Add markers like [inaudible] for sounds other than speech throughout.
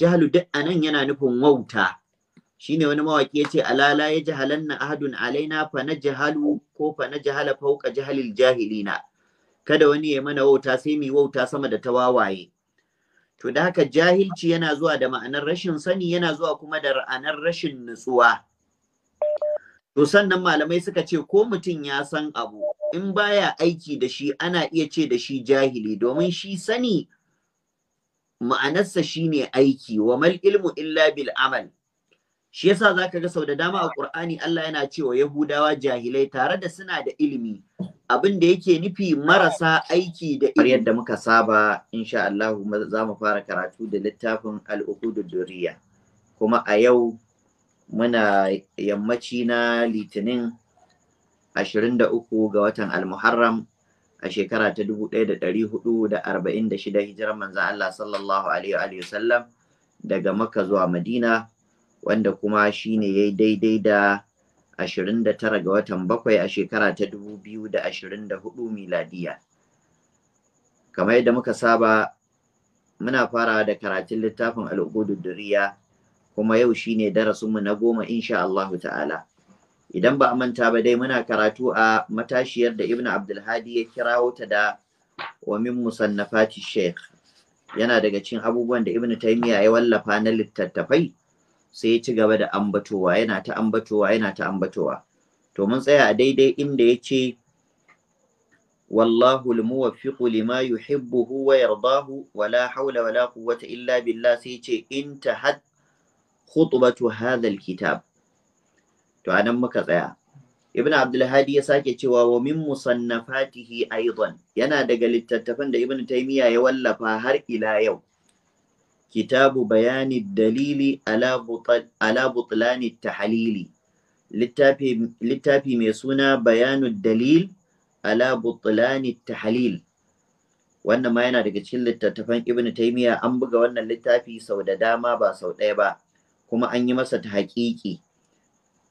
Jahalu duk anan yana nufin wauta Shi ne wani mawaki yace alala ya na ahadun alaina fa na jahalu ko fa na jahala jahalin jahili jahilina kada wani ya mana wauta sai mu wauta sama da ta wawaye. to da haka jahilci yana zuwa da ma'anar rashin sani yana zuwa kuma da ra'anar rashin nutsuwa to sannan malamai suka ce ko mutum ya san abu in baya aiki da shi ana iya ce da shi jahili domin shi sani ma'anarsa shine aiki wa mal ilmu illa bil amal shi yasa zaka ga sau da dama a Qur'ani Allah yana ce wa Yahudawa jahilai tare da suna da ilimi abin da yake nufi marasa aiki da ilimi yadda muka saba insha Allah za mu fara karatu da littafin al-uqudud duriya kuma a yau muna yammaci na Litinin 23 ga watan Al-Muharram a shekara ta 1446 hijirar manzan Allah sallallahu alaihi wasallam daga Maka zuwa Madina wanda kuma shi ne ya yi daidai da 29 ga watan bakwai a shekara ta 2024 miladiya kamar yadda muka saba muna farawa da karatun littafin al'ubudu duriya kuma yau shi ne darasinmu na goma insha Allah. ta'ala idan ba a manta ba dai muna karatu a matashiyar da ibn abdulhadi ya kirawo ta da wa musannafati sheikh yana daga cikin abubuwan da ibn taymiya ya wallafa na littattafai sai ya ci gaba da ambatowa yana ta ambatowa yana ta ambatowa to mun tsaya a daidai inda ya ce والله الموفق wala يحبه ويرضاه ولا حول ولا قوة إلا بالله سيتي انتهت خطبة هذا kitab. to anan muka tsaya ibn abdulhadi ya sake cewa wa min musannafatihi aidan yana daga littattafan da ibn taymiya ya wallafa har ila yau kitabu bayani dalili ala butlani tahalili littafi, mai suna bayanu dalil ala butlani tahalil wannan ma yana daga cikin littattafan ibn taymiya an buga wannan littafi sau da dama ba sau ɗaya ba kuma an yi masa ta haƙiƙi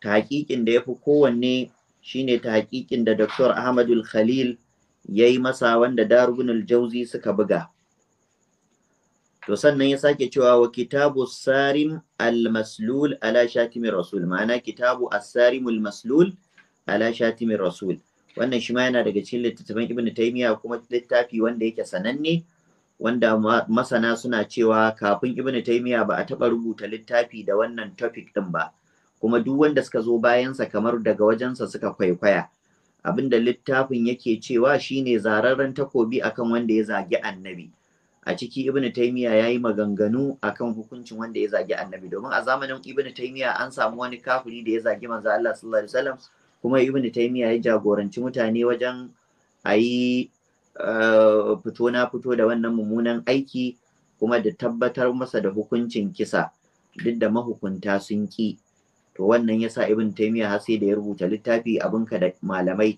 tahqiqin da ya fi kowanne shine tahqiqin da Dr. Ahmadul Khalil yi masa wanda Darugunul Jauzi suka buga to sannan ya sake cewa wa kitabu sarim al-maslul ala shatimin rasul ma'ana kitabu asarimul sarim al-maslul ala shatimin rasul wannan shi ma yana daga cikin littattafan ibn taymiya kuma littafi wanda yake sananne wanda masana suna cewa kafin ibn taymiya ba a taɓa rubuta littafi da wannan topic din ba kuma duk wanda suka zo bayansa kamar daga wajensa suka kwaikwaya abinda littafin yake cewa shine zararren takobi akan wanda ya zagi annabi a ciki ibn taymiya yayi maganganu akan hukuncin wanda ya zagi annabi domin a zamanin ibn taymiya an samu wani kafiri da ya zagi manzo Allah sallallahu alaihi wasallam kuma ibn taymiya ya jagoranci mutane wajen ayi eh, fito na fito da wannan mummunan aiki kuma da tabbatar masa da hukuncin kisa duk da mahukunta sun ki to wannan yasa ibin taymiya har sai da ya rubuta littafi abinka da malamai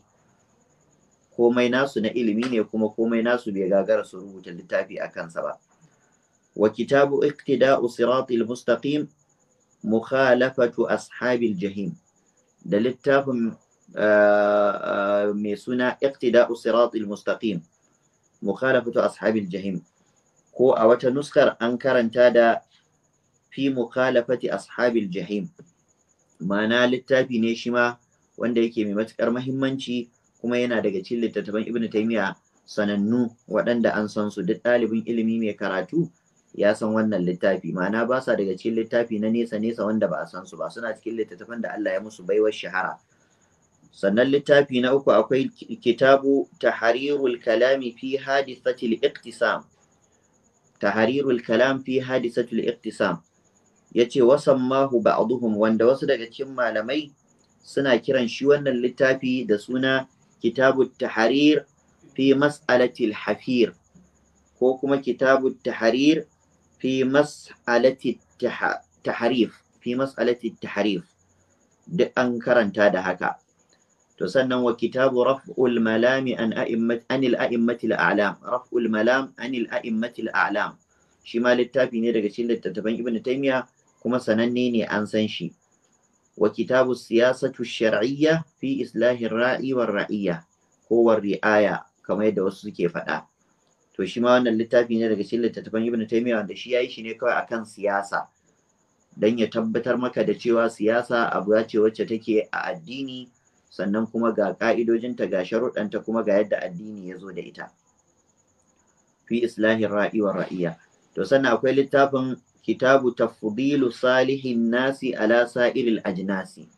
komai nasu na ilimi ne kuma komai nasu bai gagara su rubuta littafi a kansa ba wa kitabu iqtida'u siratil mustaqim mukhalafatu ashabil jahim da littafin eh, eh, mai suna iqtida'u siratil mustaqim mukhalafatu ashabil jahim ko a wata nuskar an karanta da fi mukhalafati ashabil jahim ma'ana littafi ne shi ma wanda yake mai matuƙar mahimmanci kuma yana daga cikin littattafan ibnu taymiya sanannu waɗanda an san su duk ɗalibin ilimi mai karatu ya san wannan littafi ma'ana ba sa daga cikin littafi na nesa nesa wanda ba a san su ba suna cikin littattafan da Allah ya musu baiwar shahara sannan littafi na uku akwai kitabu tahrirul kalami fi hadithatil iqtisam tahrirul kalam fi hadithatil iqtisam ya ce wasan mahu ba'duhum wanda wasu daga cikin malamai suna kiran shi wannan littafi da suna kitabu taharir fi mas'alatil hafir ko kuma kitabu taharir fi mas'alatil taharif fi mas'alatil taharif duk an karanta da haka to sannan wa kitabu raf'ul malami an anil a'immatil a'lam raf'ul malam anil a'lam shi ma littafi ne daga cikin littattafan ibnu taymiya kuma sananne ne an san shi wa kitabu siyasatu shar'iyya fi islahin ra'i war ra'iyya ko war ri'aya kamar yadda wasu suke faɗa to shi ma wannan littafi ne daga cikin littattafan Ibn Taymiyyah wanda shi yayi shi ne kawai akan siyasa dan ya tabbatar maka da cewa siyasa abu ce wacce take a addini sannan kuma ga ta ga sharuɗanta kuma ga yadda addini ya zo da ita fi islahin ra'i war ra'iyya to sannan akwai littafin kitabu tafdilu salihin nasi ala sa'iril ajnasi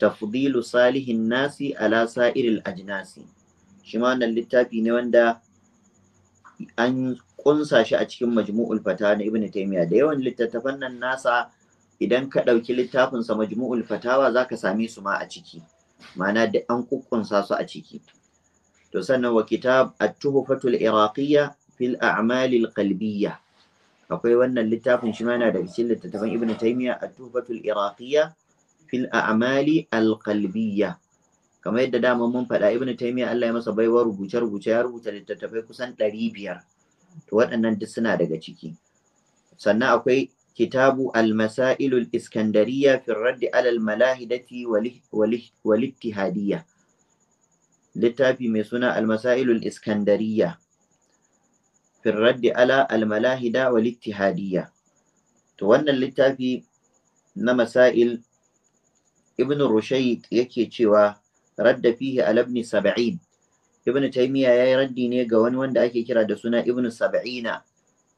tafdilu salihin nasi ala sa'iril ajnasi littafi ne wanda an kunsa shi a cikin majmu'ul fatawa na ibn taymiya da yawan littattafan nan nasa idan ka ɗauki littafinsa majmu'ul fatawa za ka same su ma a ciki mana da an kukkunsa su a ciki to sannan wa kitab at-tuhfatul iraqiyya fil a'malil qalbiyya akwai wannan littafin shi ma yana daga cikin littattafan ibnu taymiya at-tuhfatul iraqiyya fil a'mali al-qalbiyya kamar yadda dama mun faɗa ibnu taymiya Allah ya masa baiwa rubuce rubuce ya rubuta littattafai kusan 500 to waɗannan duk suna daga ciki sannan akwai kitabu al-masailul iskandariyya fi raddi ala al-malahidati littafi mai suna al-masailul iskandariyya fi raddi ala almalahida wa littihadiyya to wannan littafi na masail ibn rushayd yake cewa radda fihi ala ibn sab'in ibn taymiya yayi raddi ne ga wani wanda ake kira da suna ibn sab'ina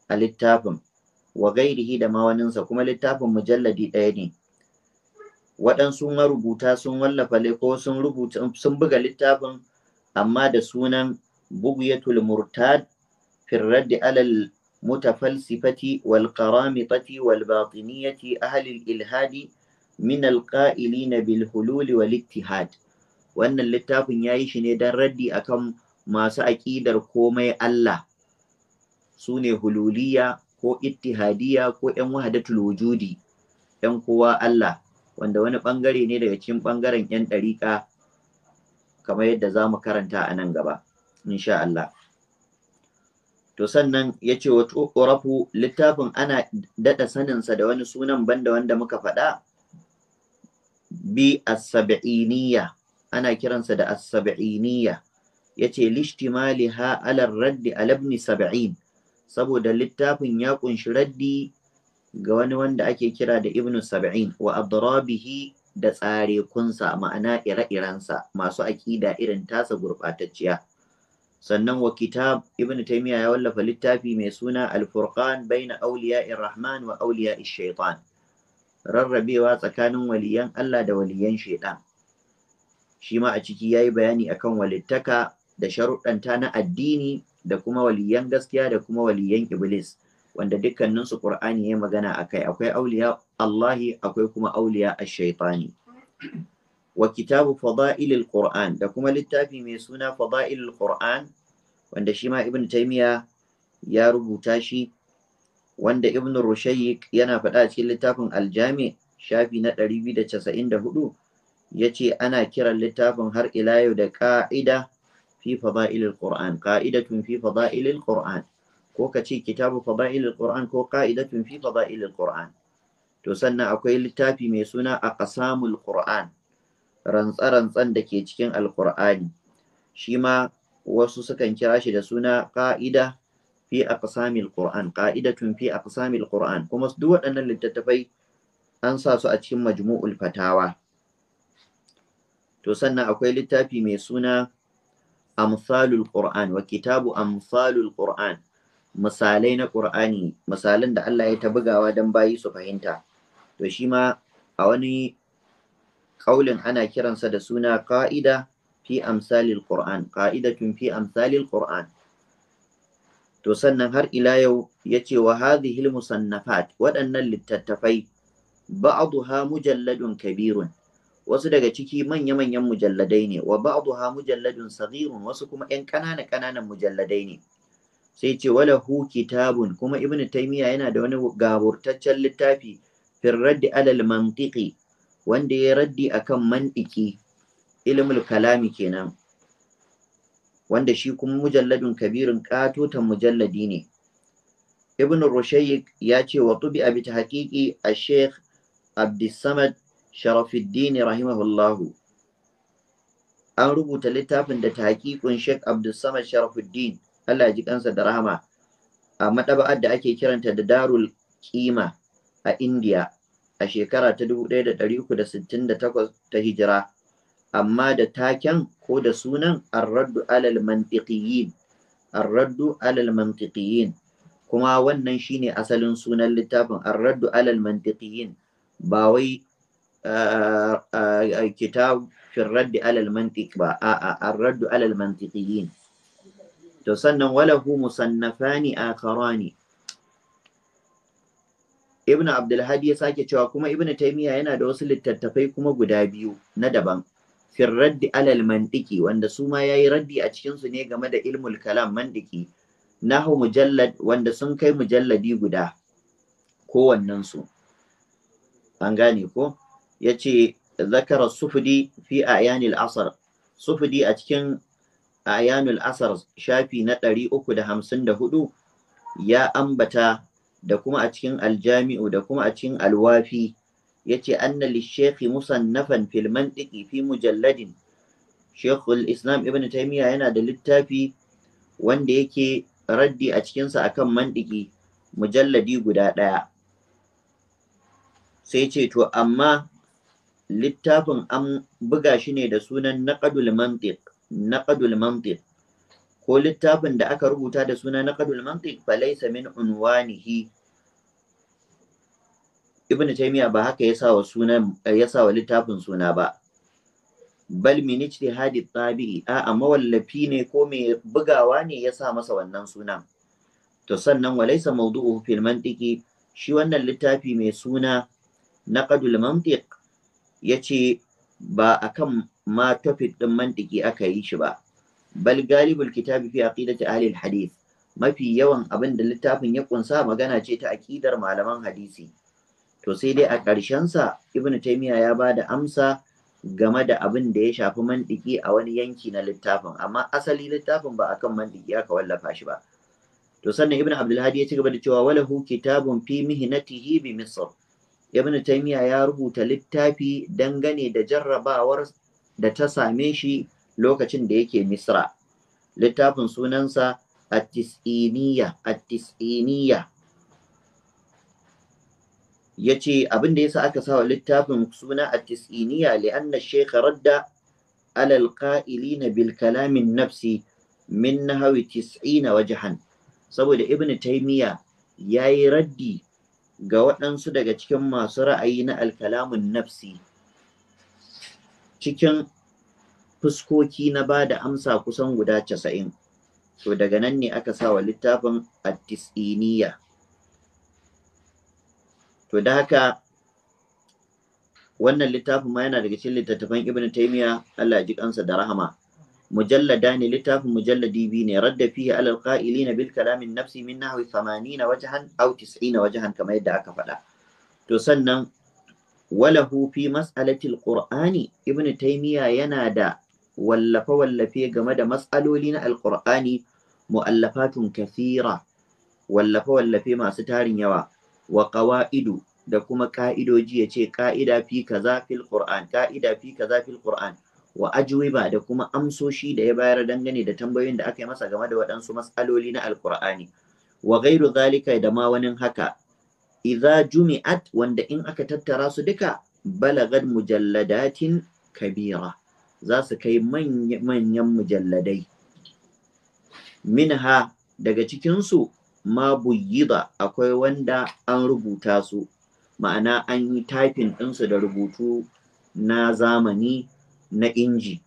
a littafin wa gairihi da waninsa kuma littafin mujalladi ɗaya ne waɗansu marubuta sun wallafa ko sun rubuta sun buga littafin amma da sunan bugiyatul murtad في الرد على المتفلسفة والقرامطة والباطنية أهل الإلهاد من القائلين بالهلول والاتهاد وأن اللتاف يعيش ندر ردي أكم ما سأكيدر كومي الله سوني هلولية ko ittihadiya ko 'yan wahadatul wujudi 'yan kowa Allah wanda wani ɓangare ne daga cikin ɓangaren 'yan ɗariƙa kamar yadda za mu karanta a nan gaba insha Allah to sannan ya ce wa tsorafu littafin ana daɗa saninsa da wani sunan banda wanda muka faɗa bi asab'iniya ana kiransa da Ya ce, yace lishtimali ha alar raddi alabni sab'in saboda littafin ya kunshi raddi ga wani wanda ake kira da ibnu sab'in wa adrabihi da tsarekunsa, ma'ana ire-irensa masu aƙida irin tasa gurɓatacciya sannan wa kitab ibn taymiya ya wallafa littafi mai suna al-furqan baina awliya'ir rahman wa awliya'ish shaitan rarrabewa tsakanin waliyan Allah da waliyan shaitan shi ma a ciki yayi bayani akan walittaka da sharuɗanta na addini da kuma waliyan gaskiya da kuma waliyan iblis wanda dukkanin su qur'ani ya magana akai akwai awliya Allahi akwai kuma awliya ash-shaytani wa kitabu fada'ilil Qur'an da kuma littafi mai suna fada'ilil Qur'an wanda shima ma Ibn Taymiya ya rubuta shi wanda Ibn Rushayyik yana faɗa cikin littafin Aljami shafi na ɗari ya ce ana kiran littafin har ila yau da ƙa'ida fi fada'ilil Qur'an qa'idatun ko ka ce kitabu fada'ilil Qur'an ko qa'idatun fi fada'ilil Qur'an to sannan akwai littafi mai suna aqsamul Qur'an rantsa-rantsan da ke cikin alkur'ani shi ma wasu sukan kira shi da suna ƙa'ida fi aqsamil qur'an qa'idatun fi aqsamil qur'an kuma duk waɗannan littattafai an sa su a cikin majmu'ul fatawa to sannan akwai littafi mai suna amsalul qur'an wa kitabu amsalul qur'an misalai na qur'ani misalan da Allah ya ta bugawa dan bayi su fahimta to shi ma a wani Ƙaulin ana kiransa da suna ƙa'ida fi amsalil Qur'an, ƙa'idatun fi amsalil Qur'an. To sannan har ila yau ya ce wa hadhihil musannafat waɗannan littattafai ba'duha mujalladun kabirun wasu daga ciki manya-manyan mujalladai ne wa ba'duha mujalladun saghirun wasu kuma 'yan ƙanana ƙananan mujalladai ne. sai ce wala hu kitabun kuma ibnu taymiya yana da wani gaburtaccen littafi firraddi alal mantiqi wanda ya raddi akan mantiki ilimin kalami kenan wanda shi kuma mujalladin kabirin katotan mujalladi ne ibn Rushayyik ya ce wa tubi abi tahqiqi ash-shaykh abdussamad sharafuddin rahimahullahu an rubuta littafin da tahqiqun shaykh abdussamad sharafuddin Allah ji kansa da rahama a madaba'ar da ake kiranta da darul kima a India a shekara ta 1368 ta hijira amma da taken ko da sunan arraddu alal mantiqiyin arraddu alal mantiqiyin kuma wannan shine asalin sunan littafin arraddu alal mantiqiyin ba wai kitab raddi alal mantiq ba a'a arraddu alal mantiqiyin to sannan walahu musannafani akharani ibn abdulhadi ya sake cewa kuma ibn taymiya yana da wasu littattafai kuma guda biyu na daban Firraddi raddi alal mandiki wanda su ma yayi raddi a cikin su ne game da ilmul kalam mandiki nahu mujallad wanda sun kai mujalladi guda kowannen su an gane ko yace zakara sufudi fi ayanil asr sufudi a cikin ayanul Asar shafi na 354 ya ambata da kuma a cikin aljami'u da kuma a cikin alwafi ya yace anna lishekhi musannafan filman ɗiki fi mujalladin shekul islam ibn Taimiyya yana da littafi wanda yake raddi a cikinsa a akan ɗiki mujalladi guda ɗaya sai ce to amma littafin an buga shi ne da sunan naqadul mantiq naqadul mantiq ko littafin da aka rubuta da suna na kadul mantiq falaisa min unwanihi ibnu taymiya ba haka ya sawa sunan ya sawa littafin suna ba bal min ijtihadi tabi'i a amma wallafi ne ko mai bugawa ne ya sa masa wannan sunan to sannan walaisa mawdu'uhu fil mantiki shi wannan littafi mai suna na Kadul mantiq yace ba akan ma topic din mantiki aka yi shi ba bal galibul kitabi fi aqidati ahli alhadith mafi yawan abin da littafin ya kunsa magana ce ta aqidar malaman hadisi to sai dai a ƙarshen sa ibnu taymiya ya ba da amsa game da abin da ya shafi mandiki a wani yanki na littafin amma asali littafin ba akan mandiki aka wallafa shi ba to sannan ibnu abdulhadi ya ci gaba da cewa walahu kitabun fi mihnatihi bi misr ibnu taymiya ya rubuta littafi dangane da jarrabawar da ta same shi lokacin da yake Misra. Littafin sunansa At-Tis'iniya, At-Tis'iniya. Ya ce abin da yasa aka sawa littafin suna At-Tis'iniya li'anna shekarar radda alal qa'ilina bil kalamin nafsi min nahawi tis'ina wajhan. Saboda Ibn ya yayi raddi ga waɗansu daga cikin masu ra'ayi na alkalamun nafsi cikin fuskoki na ba da amsa kusan guda casa'in to daga nan ne aka sa wa littafin attisiniya to da haka wannan littafin ma yana daga cikin littattafan ibnu taymiya Allah ya ji kansa da rahama mujallada ne littafin mujalladi biyu ne radda fihi alal qa'ilina bil kalamin nafsi min nahwi 80 wajhan aw 90 wajhan kamar yadda aka faɗa to sannan walahu fi mas'alatil qur'ani ibn taymiya yana da wallafe-wallafe game da matsaloli na alkur'ani mu'allafatun kathira wallafe-wallafe masu tarin yawa wa qawa'idu da kuma ka'idoji ya ce ka'ida fi kaza fil qur'an ka'ida fi kaza fil qur'an wa ajwiba da kuma amsoshi da ya bayar dangane da tambayoyin da aka yi masa game da waɗansu matsaloli na alkur'ani wa ghairu zalika da ma wani haka idza jumi'at wanda in aka tattara su duka balagad mujalladatin kabira za su kai manyan mujalladai minha daga cikinsu ma buyiba akwai wanda an rubuta su ma'ana an yi typing ɗinsu da rubutu na zamani na inji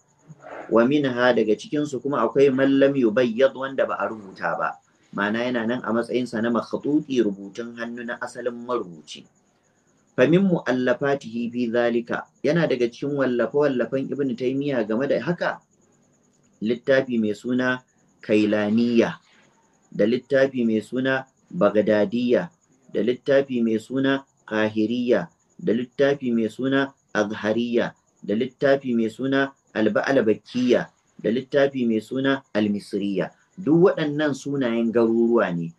wa minha daga cikinsu kuma akwai mallam yubayyad wanda ba a rubuta ba ma'ana yana nan a matsayinsa na makhatuti rubutun hannu na asalin marubuci. famin mu'allafatihi fi zalika yana daga cikin wallafe-wallafen ibn taymiya game da haka littafi mai suna kailaniya da littafi mai suna bagdadiya da littafi mai suna kahiriya da littafi mai suna azhariya da littafi mai suna alba'albakiya da littafi mai suna almisriya duk waɗannan sunayen garuruwa ne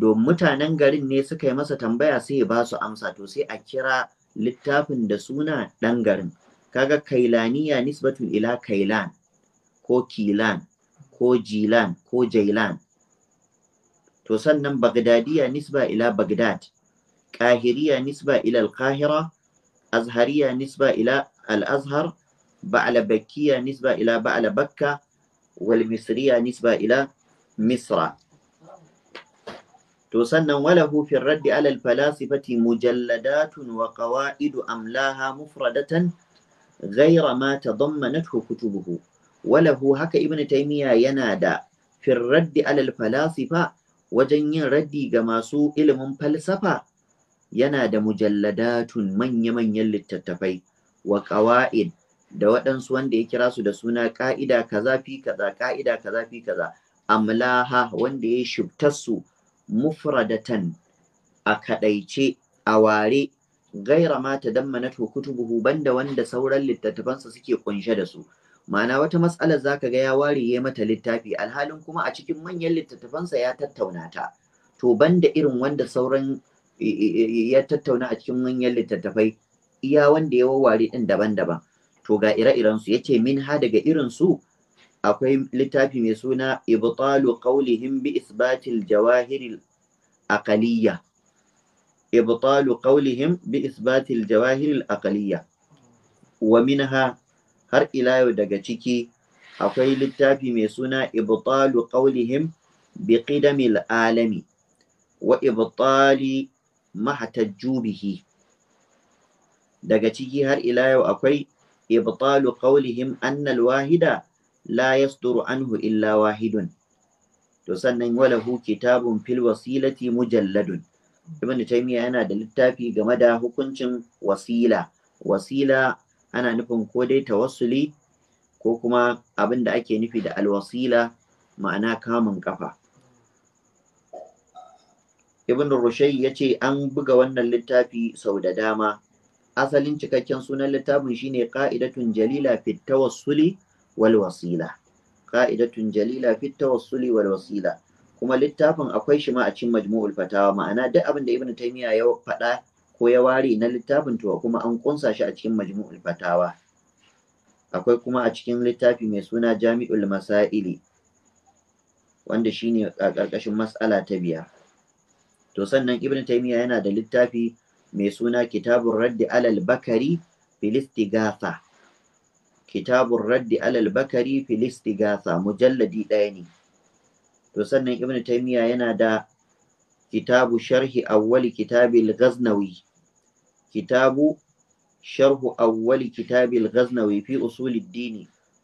domin mutanen garin ne suka yi masa tambaya sai ya ba su amsa to sai a kira littafin da suna ɗan garin kaga kailaniya nisbatun ila kailan ko kilan ko jilan ko jailan to sannan bagdadiya nisba ila bagdad ƙahiriya nisba ila alkahira azhariya nisba ila al-azhar ba'labakkiya nisba ila ba'labakka wal misriya nisba ila misra to sannan walahu fi raddi ala falasifati mujalladatun wa qawaidu amlaha mufradatan ghayra ma tadammanathu kutubuhu walahu haka ibn taymiya yana da fi raddi ala falasifa wajen yin raddi ga masu ilimin falsafa yana da mujalladatun manya-manyan littattafai wa qawa'id da waɗansu wanda ya kira su da suna ƙa'ida kaza fi kaza ƙa'ida kaza fi kaza amlaha wanda ya su. mufradatan a kaɗaice a ware gaira ma ta dammanatu kutubuhu banda wanda sauran littattafansa suke kunshe da su ma'ana wata matsalar zaka ga ya ware ya mata littafi alhalin kuma a cikin manyan littattafansa ya tattauna ta to banda irin wanda sauran ya tattauna a cikin manyan littattafai iya wanda ya wawware ɗin daban-daban to ga ire irensu su yace min ha daga irin su akwai littafi mai suna ibtalu qawlihim bi isbatil jawahiril aqaliyya ibtalu qawlihim bi isbatil aqaliyya wa minha har ila yau daga ciki akwai littafi mai suna ibtalu qawlihim bi qidamil alami wa ibtali mahtajju bihi daga ciki har ila yau akwai ibtalu qawlihim anna al wahida la yasduru anhu illa wahidun to sannan walahu kitabun fil wasilati mujalladun ibn taymiya yana da littafi game da hukuncin wasila wasila ana nufin ko dai tawassuli ko kuma abin da ake nufi da alwasila ma'ana kamun kafa ibn rushai ya ce an buga wannan littafi sau da dama asalin cikakken sunan littafin shine ka'idatun jalila fit tawassuli wal wasila ka'idatun jalila fit tawassuli kuma littafin akwai shi ma a cikin majmu'ul fatawa ma'ana dai abin da ibnu taymiya ya faɗa ko ya ware na littafin to kuma an ƙunsa shi a cikin majmu'ul fatawa akwai kuma a cikin littafi mai suna jami'ul masaili wanda shine a ƙarƙashin mas'ala ta biya to sannan ibn taymiya yana da littafi mai suna kitabun raddi alal bakari Filistigasa. kitabun raddi alal bakari gasa mujalladi ɗaya ne to sannan ibn taymiya yana da kitabu sharhi awwali kitabil ghaznawi kitabu sharhu awwali kitabil ghaznawi fi usulid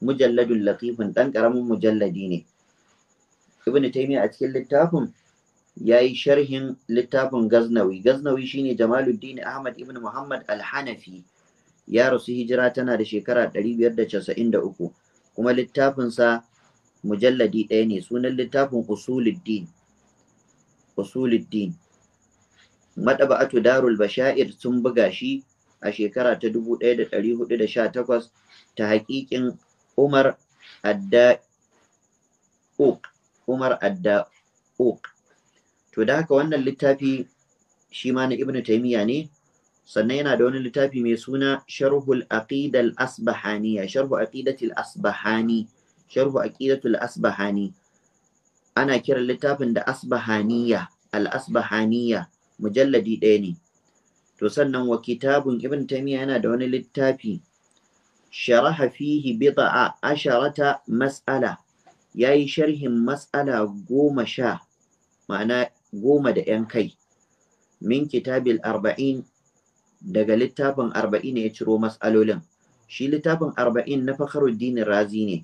mujalladun latifin dan karamin mujalladi ne ibn taymiya a cikin littafin ya yi sharhin littafin gaznawi gaznawi shine jamaluddin ahmad ibn muhammad al-hanafi ya rasu hijira tana da shekara 593 kuma littafinsa mujalladi ɗaya ne sunan littafin usuluddin usuluddin madaba'atu darul bashair sun buga shi a shekara ta 1418 ta haƙiƙin umar adda umar adda to da haka wannan littafi shi ma na ibnu taymiya ne sannan yana da wani littafi mai suna sharhul aqidal asbahaniya sharhu aqidatil asbahani sharhu asbahani ana kiran littafin da asbahaniya al asbahaniya mujalladi ɗaya ne to sannan wa kitabun ibn miya yana da wani littafi sharaha fihi bid'a asharata mas'ala yayi sharhin mas'ala goma sha ma'ana goma da 'yan kai min kitabil arba'in daga littafin arba'in ya ciro mas'alolin shi littafin arba'in na fakhruddin razi ne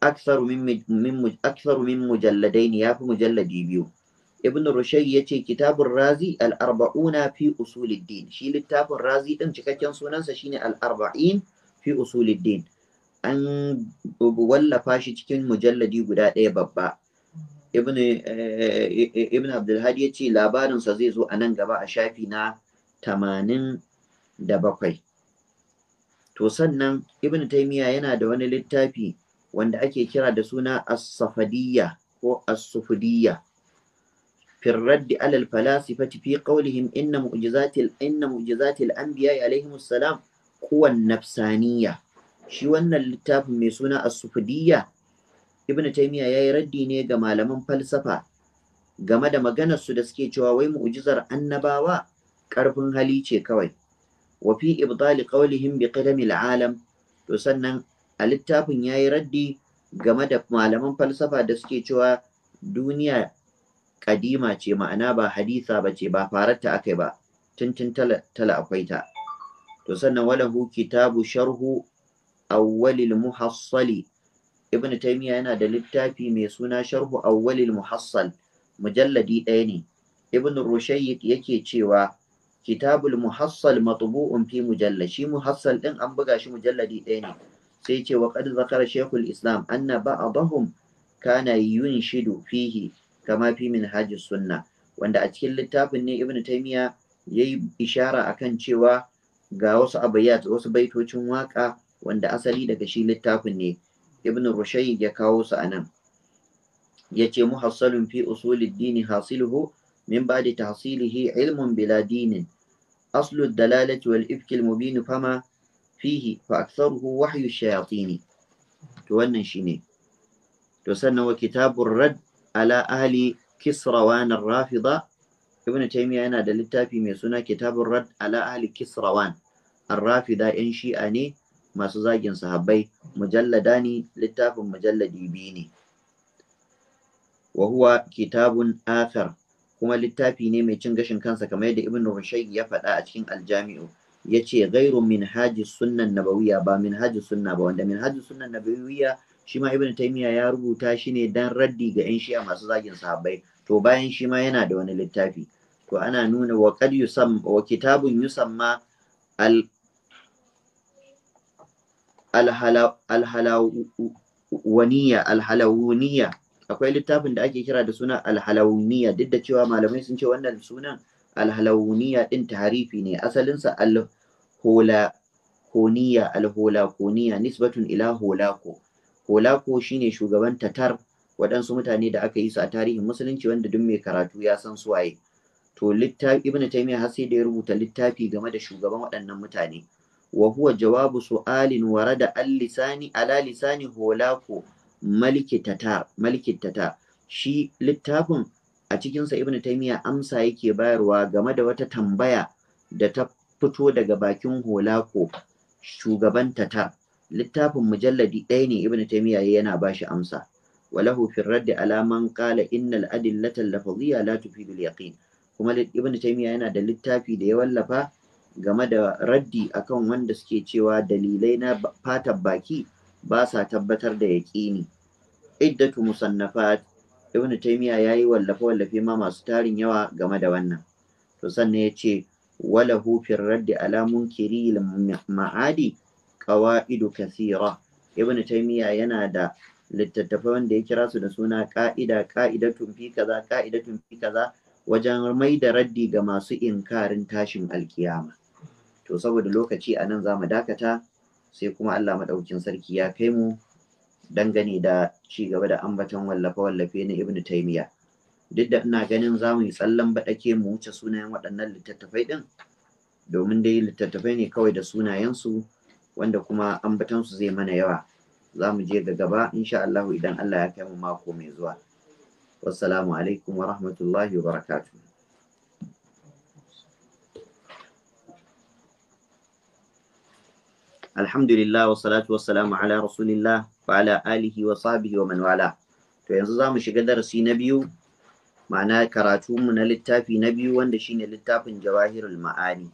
aksaru min mujalladai ne ya fi mujalladi biyu ibn rushai ya ce kitabun razi al'arba'una fi usuliddin shi littafin razi din cikakken sunansa shine al'arba'in fi usuliddin an wallafa shi cikin mujalladi guda ɗaya babba ibn eh, eh, abdulhadi ya ce labarinsa zai zo a nan gaba a shafi na tamanin da bakwai to sannan ibn taymiya yana da wani littafi wanda ake kira da suna as-safadiyya ko as-sufudiyya في الرد على الفلاسفة في قولهم إن معجزات إن معجزات الأنبياء عليهم السلام shi wannan littafin mai suna as-sufudiyya ibn taymiya yayi raddi ne ga malaman falsafa game da maganar su da suke cewa wai mu'jizar annabawa ƙarfin hali ce kawai wa fi ibdali qawlihim bi qidamil alam to sannan a littafin yayi raddi game da malaman falsafa da suke cewa duniya kadima ce ma'ana ba hadisa ba ce ba fararta akai ba tuntun tala akwai ta to sannan walahu kitabu sharhu awwalil muhassali ibn taymiya yana da littafi mai suna sharhu awwalil muhassal mujalladi ɗaya ne ibn rushayk yake cewa kitabul muhassal matubu'un fi mujalla shi muhassal din an buga shi mujalladi ɗaya ne sai ce wa qad zakara shaykhul islam anna ba'dahum kana yunshidu fihi kama fi minhaj sunna wanda a cikin littafin ne ibnu taymiya yayi ishara akan cewa ga wasu abayat wasu baitocin waka wanda asali daga shi littafin ne Ibnu rushayd ya kawo su anan yace muhassalun fi usulid dini hasiluhu من بعد تحصيله علم بلا دين أصل الدلالة والإفك المبين فما فيه فأكثره وحي الشياطين تونن شيني تسنى وكتاب الرد على أهل كسروان الرافضة ابن تيمية أنا دلتا في ميسونا كتاب الرد على أهل كسروان الرافضة إن شيئاني ما سزاجين صحابي مجلداني لتاف مجلد بيني وهو كتاب آثر kuma littafi ne mai cin gashin kansa kamar yadda Ibn Rushayi ya faɗa a cikin Aljami'u yace ghairu minhaji sunnan nabawiyya ba minhaji sunna ba wanda minhaji sunnan nabawiyya shi ma Ibn Taymiyyah ya rubuta shi ne dan raddi ga 'yan shi'a masu zagin sahabbai to bayan shi ma yana da wani littafi to ana nuna wa qad yusam wa kitabun yusamma al al alhalawuniya akwai littafin da ake kira da suna alhalawuniya duk da cewa malamai sun ce wannan sunan alhalawuniya din tarifi ne asalinsa alholakoniya alholakoniya nisbatun ila holako holako shine shugaban tatar waɗansu mutane da aka yi su a tarihin musulunci wanda duk mai karatu ya san suwaye waye to littafi ibnu taymiya har sai da ya rubuta littafi game da shugaban waɗannan mutane wa huwa jawabu su'alin warada al lisani ala lisani holako malikitata shi littafin a cikinsa ibn Taimiyya amsa yake bayarwa game da wata tambaya da ta fito daga bakin holako shugaban tata. littafin mujalladi ɗaya ne ibn Taimiyya yana ba shi amsa walahu fi raddi alaman kala qala innal adillata lafadhiya la tufidu yaqin kuma ibn Taimiyya yana da littafi da ya wallafa game da raddi akan wanda suke cewa dalilai na fatan baki ba sa tabbatar da yaƙini iddatu musannafat ibnu taymiya yayi wallafe wallafe ma masu tarin yawa game da wannan to sannan yace hu fi raddi ala munkiri ma'adi qawaidu kathira ibnu taymiya yana da littattafai wanda ya kira su da suna ka'ida ka'idatun fi kaza ka'idatun fi kaza wajen mai da raddi ga masu inkarin tashin alkiyama to saboda lokaci anan zamu dakata sai kuma Allah maɗaukin sarki ya kai mu dangane da ci gaba da ambaton wallafe-wallafe na Ibn Taymiyyah. Duk da ina ganin za mu yi tsallan baɗake mu wuce sunayen waɗannan littattafai ɗin, domin dai littattafai ne kawai da sunayensu wanda kuma ambatonsu zai mana yawa. Za mu je ga gaba insha Allah idan Allah ya kai mu mako mai zuwa. Wassalamu alaikum wa rahmatullahi wa barakatuh. alhamdulillah wa salatu salamu ala rasulillah wa ala alihi wa sahbihi wa man wala to yanzu zamu shiga darasi na biyu ma'ana karatu mu na littafi na biyu wanda shine littafin jawahirul ma'ani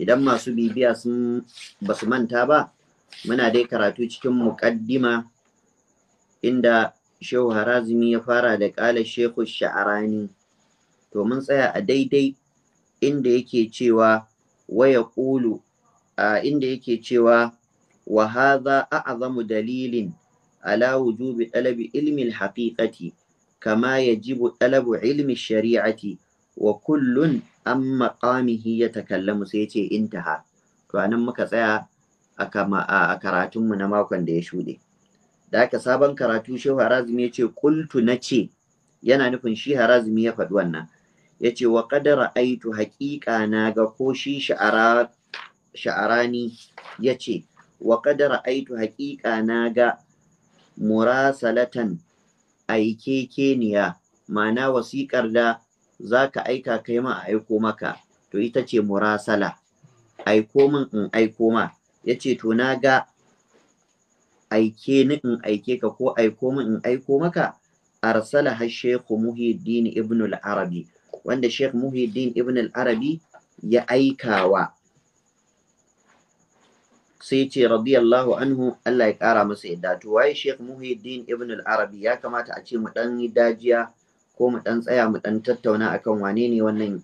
idan masu bibiya sun basu manta ba muna dai karatu cikin muqaddima inda Shehu Harazimi ya fara da ƙala Shehu Sha'arani to mun tsaya a daidai inda yake cewa waya ƙulu inda yake cewa wa hadha a'zamu dalilin ala wujubi talabi ilmi al-haqiqati kama yajibu talabu ilmi shari'ati wa kullun an maqamihi yatakallamu sai yace intaha to anan muka tsaya a karatunmu na makon da ya shuɗe da aka sabon karatu shehu harazumi ya ce kultu na ce yana nufin shi harazumi ya faɗi wannan ya ce wa ƙadara aitu haƙiƙa na ga ko shi sha'ara sha'arani ya ce wa kadara aitu haƙiƙa na ga murasalatan aikekeniya ma'ana wasiƙar da za ka aika kai ma a aiko maka to ita ce murasala aiko min in aiko ma ya ce to na ga aike ni in aike ka ko aiko min in aiko maka arsala har shekhu muhiddin ibn al-arabi wanda shekh muhiddin ibn al-arabi ya aikawa sai ce radiyallahu anhu Allah ya kara masa yadda to waye Sheikh Muhyiddin Ibn al-Arabi ya kamata a ce mu dan yi dajiya ko mu dan tsaya mu dan tattauna akan wane ne wannan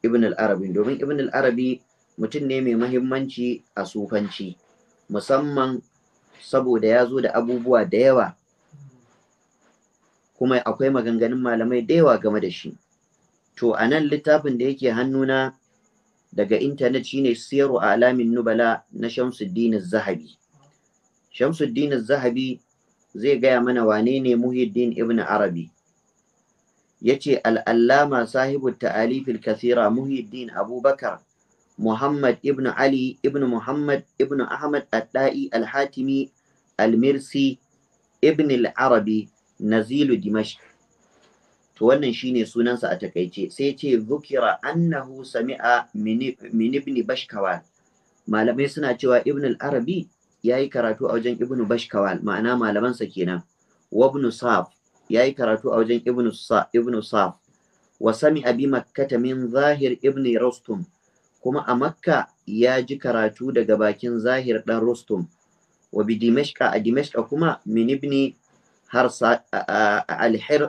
Ibn al-Arabi domin Ibn al-Arabi mutum ne mai muhimmanci a sufanci musamman saboda ya zo da abubuwa da yawa kuma akwai maganganun malamai da yawa game da shi to anan littafin da yake hannuna daga intanet shine siyaru a alamin nubala na shamsuddin zahabi shamsuddin zahabi zai gaya mana wane ne muhiddin ibn arabi ya ce al'allama sahibu ta'alifil kasira muhiddin abubakar muhammad ibn ali ibn muhammad ibn ahmad adda'i al-hatimi al-mirsi ibn al-arabi nazilu dimashq to wannan shine sunansa a takaice sai ce zukira annahu sami'a min ibn bashkawal malamai suna cewa ibn al-arabi yayi karatu a wajen ibn bashkawal ma'ana malamansa kenan wa ibn saf yayi karatu a wajen ibn sa ibn saf wa sami'a bi makkata min zahir ibn rustum kuma a makka ya ji karatu daga bakin zahir dan rustum wa bi dimashqa a dimashqa kuma min ibn harsa al hir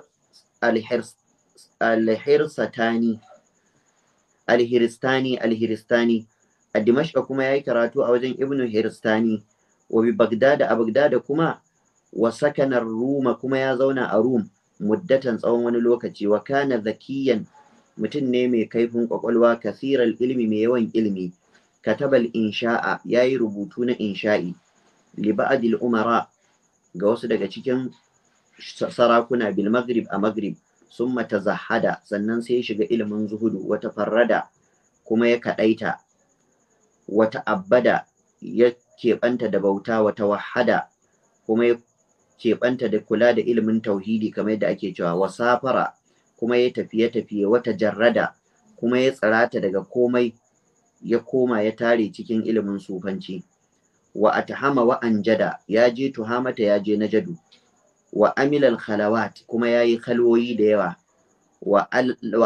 alhirsatani alhiristani alhiristani a dimashka kuma ya yi karatu a wajen ibnu hiristani wa bi bagdada a bagdada kuma wa sakanar ruma kuma ya zauna a rum muddatan tsawon wani lokaci wa kana zakiyan mutum ne mai kaifin kwakwalwa kasiral ilmi mai yawan ilmi katabal insha'a ya yi rubutu na insha'i li ba'adil umara ga wasu daga cikin sarakuna bil maghrib a maghrib sun mata zahada sannan sai ya shiga ilimin zuhudu wata farrada kuma ya kaɗaita wata abbada ya keɓanta da bauta wata wahada kuma ya keɓanta da kula da ilimin tauhidi kamar yadda ake cewa wasafara kuma ya tafiye tafiye wata jarrada kuma ya tsirata daga komai ya koma ya tare cikin ilimin sufanci wa atahama wa anjada ya je tuhamata ya je najadu wa amilal khalawat kuma yayi kalwoyi da yawa wa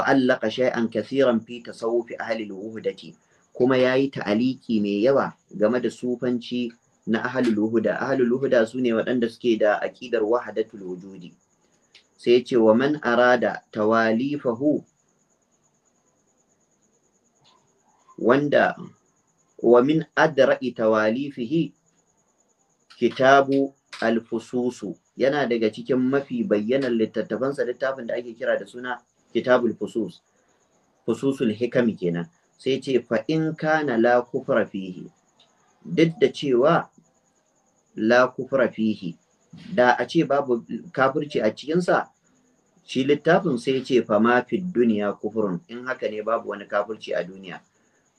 allaka shay'an kaseeran fi tasawuf ahli al-wuhdati kuma yayi ta'aliki mai yawa game da sufanci na ahlul wuhda ahlul wuhda sune waɗanda suke da aqidar wahdatul wujudi sai ya ce wa man arada tawalifahu wanda wa min adra'i tawalifihi kitabu al-fususu yana daga cikin mafi bayyanan littattafansa littafin da ake kira da suna kitabul fusus fususul hikami kenan sai ce fa in kana la kufra fihi duk da cewa la kufra fihi da a ce babu kafirci a cikinsa shi littafin sai ce fa ma fi duniya kufurun in haka ne babu wani kafirci a duniya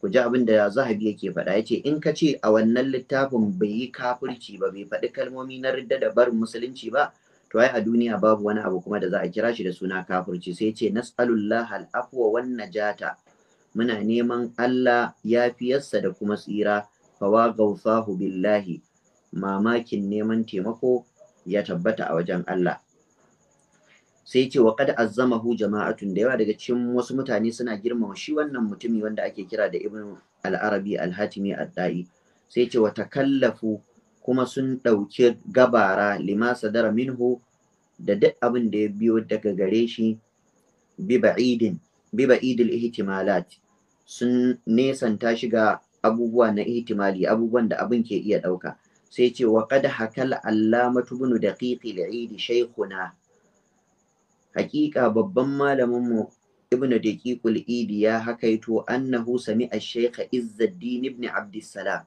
ku ji abin da zahabi yake faɗa yace in ka ce a wannan littafin bai yi kafirci ba bai faɗi kalmomi na ridda da barin musulunci ba to ai a duniya babu wani abu kuma da za a kira shi da suna kafirci sai ce nas'alullah al-afwa wan najata muna neman Allah yafiyarsa da kuma tsira fawa gausahu billahi mamakin neman taimako ya tabbata a wajen Allah sai ce wa kad azzamahu jama'atun da yawa daga cikin wasu mutane suna girmama shi wannan mutumi wanda ake kira da ibn al-arabi al-hatimi ad-da'i sai ce wa takallafu kuma sun ɗauki gabara lima sadara minhu da duk abin da ya biyo daga gare shi bi ba'idin bi ba'idil ihtimalat sun nesanta shi ga abubuwa na ihtimali abubuwan da abin ke iya ɗauka sai ce wa kada hakal allamatu tubunu daqiqi idi shaykhuna Haƙiƙa babban malamin mu ibnu daqiqul idi ya hakaito annahu sami'a shaykha izzuddin ibn abdussalam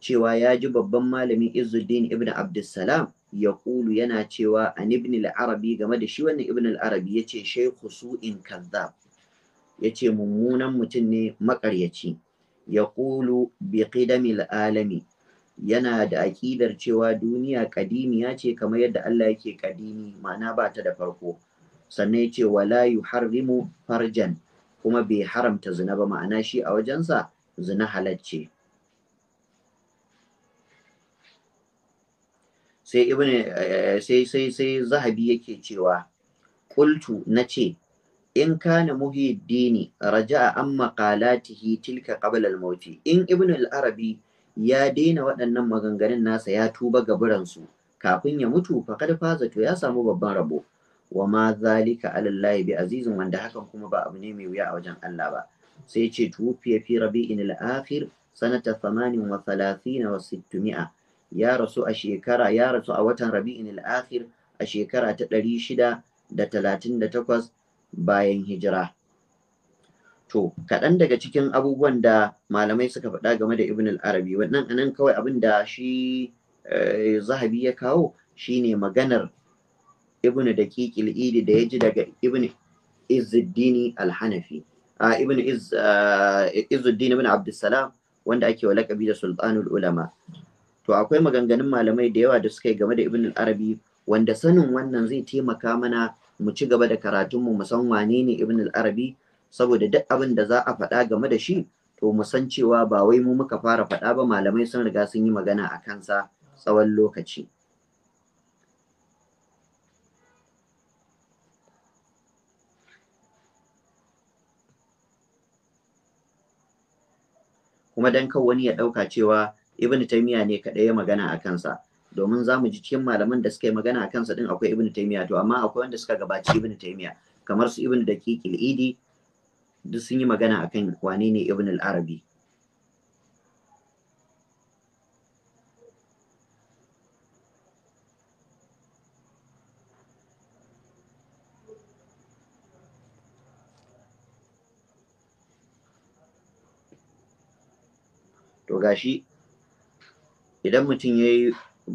cewa ya ji babban malamin izzuddin ibn abdussalam ya kulu yana cewa an ibn al-arabi game da shi wannan ibn al-arabi yace shaykhu su'in kazzab yace mummunan mutum ne makaryaci ya kulu bi qidamil alami yana da aƙidar cewa duniya kadimiya ce kamar yadda Allah yake kadimi ma'ana ba ta da farko sannan ya ce wala yuharrimu farjan kuma bai haramta zina ba ma'ana shi a wajensa zina halacce sai ibn eh, sai sai sai zahabi yake cewa qultu nace in kana muhiddini raja'a an maqalatihi tilka qabla al in ibn al-arabi ya daina waɗannan maganganun nasa ya tuba gaburansu biransu, kafin ya mutu faqad faza to ya samu babban rabo wa ma zalika alallahi bi azizin wanda hakan kuma ba abu ne mai wuya a wajen Allah ba sai ce tufiya fi rabi'in al-akhir sanata 38 wa 600 ya rasu a shekara ya rasu a watan rabi'in al-akhir a shekara ta 638 bayan hijira to kaɗan daga cikin abubuwan da malamai suka faɗa game da ibn al-arabi wannan anan kawai abin da shi eh, zahabi ya kawo shine maganar ibn daqiq al-idi da yaji daga ibn izzuddin al-hanafi ibn izzuddin ibn abdussalam wanda ake wa lakabi da sultanul ulama to akwai maganganun malamai da yawa da suka yi game da ibn al-arabi wanda sanin wannan zai taimaka mana mu ci gaba da karatunmu mu san wane ne ibn al-arabi saboda duk abin da za a faɗa game da shi to mu san cewa ba wai mu muka fara faɗa ba malamai sun riga sun yi magana a kansa tsawon lokaci. kuma dan kawai wani ya ɗauka cewa ibnu taymiya ne kadai ya magana a kansa domin za mu ji cikin malaman da suka yi magana a kansa din akwai ibnu taymiya to amma akwai wanda suka gabaci ibnu taymiya kamar su ibnu daqiq al-idi duk sun yi magana akan wane ne ibnu al-arabi to gashi idan mutum ya yi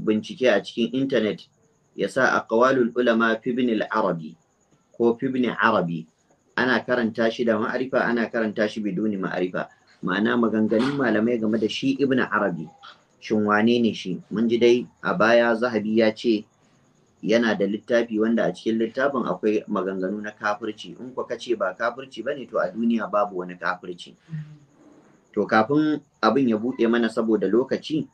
bincike a cikin intanet ya sa kawalul ulama fibin ibn arabi ko fibin arabi ana karanta shi da ma'arifa ana karanta shi biduni ma'arifa ma'ana maganganun malamai game da shi ibn arabi shin wane ne shi mun ji dai a baya zahabi ya ce yana da littafi wanda a cikin littafin akwai maganganu na kafirci in kuka ce ba kafirci ne, to a duniya babu wani kafirci to kafin abin ya buɗe mana saboda lokaci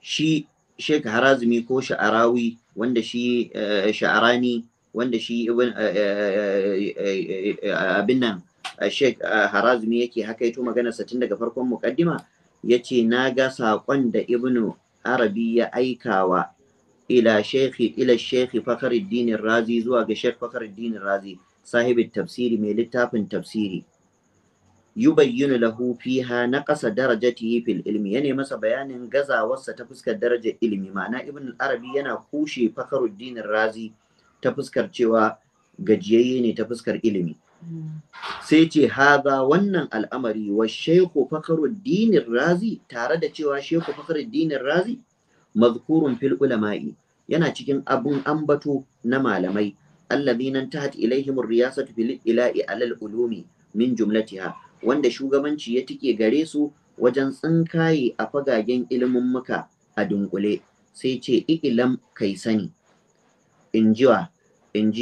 shi Sheikh Harazmi ko Sha'arawi wanda shi eh, Sha'arani wanda shi ibn eh, eh, abin nan Sheikh Harazmi yake hakaito magana satin daga farkon mukaddima yace na ga saƙon da Ibnu Arabi ya aikawa ila Sheikh ila Sheikh Fakhruddin Razi zuwa ga Sheikh Fakhruddin Razi sahibin tafsiri mai littafin tafsiri yubayyinu lahu fiha naqasa darajatihi fil ilmi yana masa bayanin gazawarsa ta fuskar darajar ilmi ma'ana ibn arabi yana kushe fakaruddin razi ta fuskar cewa gajiyayye ne ta fuskar ilimi sai ce haza wannan al'amari wa shehu fakaruddin razi tare da cewa shehu fakaruddin razi mazkurun fil ulama'i yana cikin abun ambato na malamai alladhina tahat ilaihim ar-riyasatu fil ila'i alal ulumi min jumlatiha wanda shugabanci ya tike gare su wajen tsinkaye a fagagen ilimin muka a dunkule sai ce ikilam kai sani in jiwa in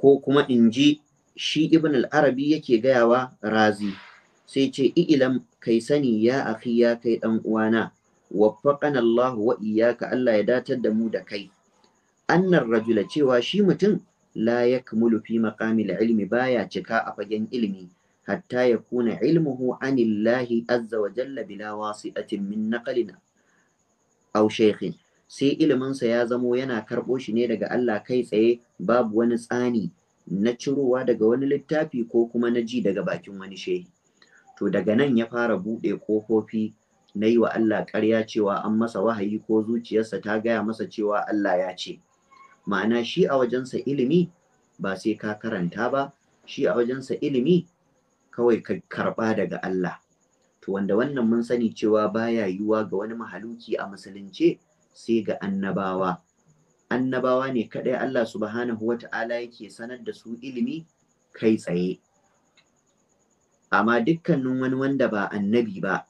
ko kuma inji, shi ibn al-arabi yake gayawa razi sai ce ikilam kai sani ya akhi ya kai dan uwana waffaqan Allah wa iyyaka Allah ya datar da mu da kai annar rajula cewa shi mutum Layak yakmulu fi maqamil ilmi baya cika a fagen ilimi hatta ya kuna ilmuhu anillahi azza wa jalla bila wasi'atin min naqalin aw shaykhin sai iliminsa ya zamo yana karɓo shi ne daga Allah kai tsaye babu wani tsani na cirowa daga wani littafi ko kuma na ji daga bakin wani shehi to daga nan ya fara buɗe ƙofofi na yi wa Allah ƙarya cewa an masa wahayi ko zuciyarsa ta gaya masa cewa Allah ya ce ma'ana shi a wajensa ilimi ba sai ka karanta ba shi a wajensa ilimi kawai ka karɓa daga Allah to wanda wannan mun sani cewa baya yiwuwa ga wani mahaluki a musulunce sai ga annabawa annabawa ne kaɗai Allah subhanahu wa ta'ala yake sanar da su ilimi kai tsaye amma dukkanin wani wanda ba annabi ba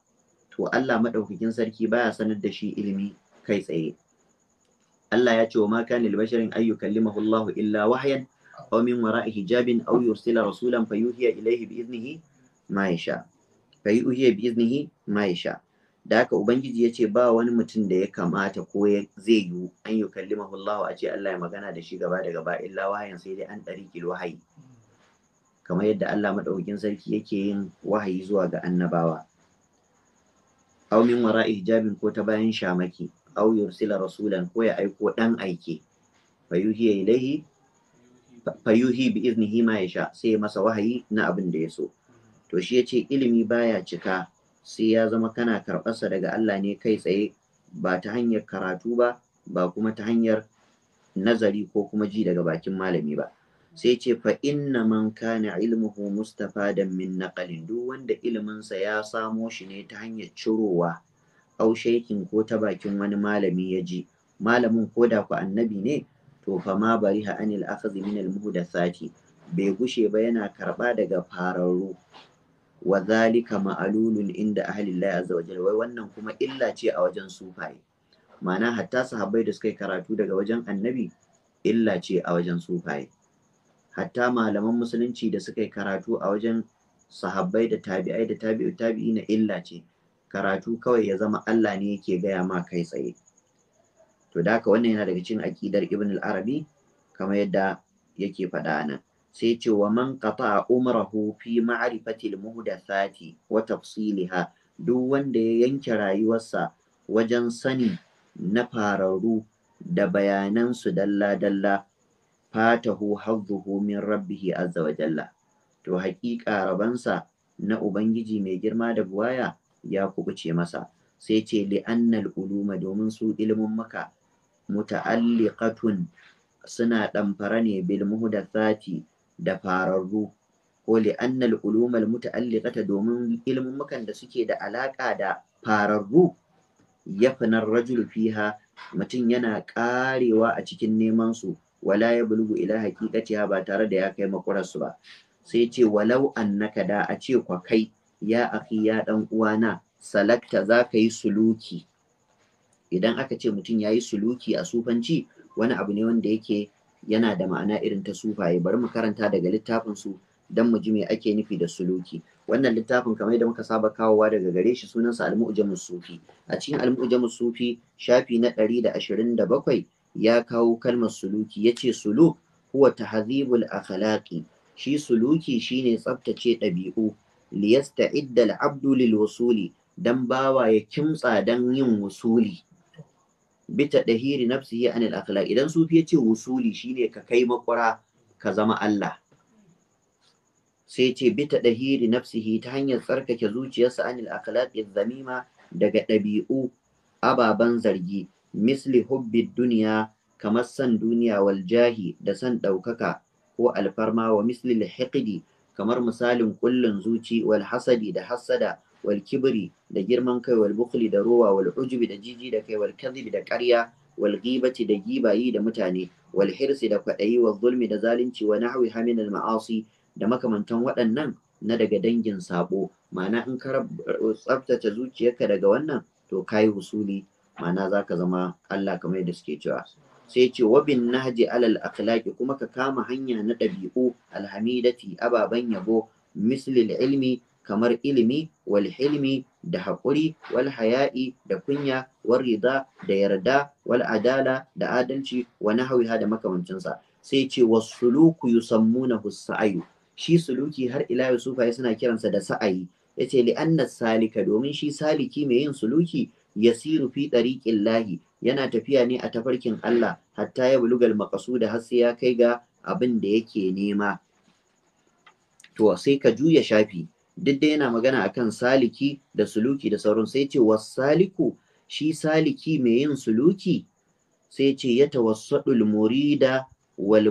to Allah maɗaukakin sarki baya sanar da shi ilimi kai tsaye Allah ya ce wa ma kana libasharin ayyu kallimahu Allah illa wahyan aw min wara'i hijabin aw yursila rasulan fayuhiya ilayhi bi ma yasha fayuhiya bi ma yasha da haka ubangiji ya ce ba wani mutum da ya kamata ko zai yiwu an yi kallimahu Allah a ce Allah ya magana da shi gaba da gaba illa wahayin sai dai an ɗari kilo wahayi kamar yadda Allah maɗaukin sarki yake yin wahayi zuwa ga annabawa aw min wara'i hijabin ko ta bayan shamaki aw yursila rasulan ko ya aiko dan aike fayuhi ilaihi fayuhi bi iznihi ma yasha sai masa wahayi na abin da ya so to shi yace ilimi baya cika sai ya zama kana karɓarsa daga Allah ne kai tsaye ba ta hanyar karatu ba ba kuma ta hanyar nazari ko kuma ji daga bakin malami ba sai ce fa inna man kana ilmuhu mustafadan min naqalin duk wanda iliminsa ya samo shi ne ta hanyar cirowa au ko ta bakin wani malami ya ji malamin ko da ku annabi ne to fa ma ha anil akhadhi min al muhdathati bai gushe ba yana karba daga fararru wa zalika ma'alulun inda ahli Allah azza wa jalla wai wannan kuma illa ce a wajen sufaye ma'ana hatta sahabbai da suka karatu daga wajen annabi illa ce a wajen sufaye hatta malaman musulunci da suka karatu a wajen sahabbai da tabi'ai da tabi'u tabi'i na illa ce karatu kawai ya zama Allah ne yake gaya ma kai tsaye to da haka wannan yana daga cikin aƙidar ibn al-arabi kamar yadda yake faɗa nan sai ce wa man qata umrahu fi ma'rifati al-muhdathati wa tafsilha duk wanda ya yanke rayuwarsa wajen sani na fararru da bayanan su dalla-dalla fatahu hazzuhu min rabbihi azza wa jalla to haƙiƙa rabansa na ubangiji mai girma da buwaya ya kubuce masa sai ce li'annal uluma domin su ilimin maka muta'alliqatun suna ɗamfara ne bil muhdathati da fararru ko li'annal ulumal muta'alliqata domin ilimin mukan da suke da alaka da fararru ya fanar rajul fiha mutum yana karewa a cikin neman su wala ya bulugu ila haqiqatiha ba tare da ya kai makurarsu ba sai ce walau annaka da a ce kwa kai ya akhi ya dan uwana salakta za ka yi suluki idan aka ce mutum ya yi suluki a sufanci wani abu ne wanda yake yana da ma'ana irin ta sufaye bari mu karanta daga littafin su dan mu ji me ake nufi da suluki wannan littafin kamar yadda muka saba kawowa daga gare shi sunansa al-mu'jamus sufi a cikin al-mu'jamus sufi shafi na 127 ya kawo kalmar suluki yace suluk huwa tahdhibul akhlaqi shi suluki shine tsaftace ɗabi'u Liyasta, al-abdu lil wusuli dan bawa ya kimtsa dan yin wusuli bita dahiri nafsihi anil akhlaq idan sufi yace wusuli shine ka kai makwara ka zama Allah sai ce bita dahiri nafsihi ta hanyar tsarkake zuciyarsa anil akhlaq zamima daga ɗabi'u ababan zargi misli hubbi duniya kamar san duniya wal jahi da san ɗaukaka ko alfarma wa misli hiqidi kamar misalin ƙullun zuci wal hasadi da hassada, wal kibri da girman kai wal bukli da rowa wal ujubi da jiji da kai wal kadhibi da ƙarya wal ghibati da gibayi da mutane wal hirsi da kwaɗayi wal zulmi da zalunci wa nahwi hamin al ma'asi da makamantan waɗannan na daga dangin sabo ma'ana in ka tsabtace zuciyarka daga wannan to kayi husuli ma'ana zaka zama Allah kamar yadda suke cewa sai ce wa nahji alal akhlaqi kuma ka kama hanya na ɗabi'u alhamidati ababan yabo mislil ilmi kamar ilimi wal hilmi da haƙuri wal haya'i da kunya wal rida da yarda wal adala da adalci wa nahawiha da makamancinsa sai ce wasuluku yusammunahu sa'ayu shi suluki har ila yusufa suna kiransa da sa'ayi yace li anna salika domin shi saliki mai yin suluki yasiru fi dariqin lahi yana tafiya ne a tafarkin Allah hatta ya bulugal maqasuda har sai ya kai ga abin da yake nema to sai ka juya shafi duk da yana magana akan saliki da suluki da sauran sai ce saliku shi saliki mai yin suluki sai ce ya tawassadul murida wal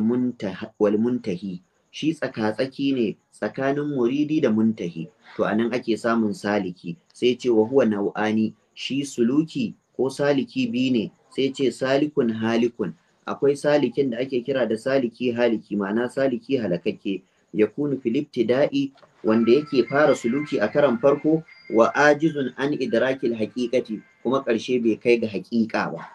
muntahi shi tsakatsaki ne tsakanin muridi da muntahi to anan ake samun saliki sai ce wa huwa nau'ani shi suluki ko saliki biyu ne sai ce salikun halikun akwai salikin da ake kira da saliki haliki ma'ana saliki halakakke ya kunu filipti da'i wanda yake fara suluki a karan farko wa ajizun an idrakil haƙiƙati kuma ƙarshe bai kai ga haƙiƙa ba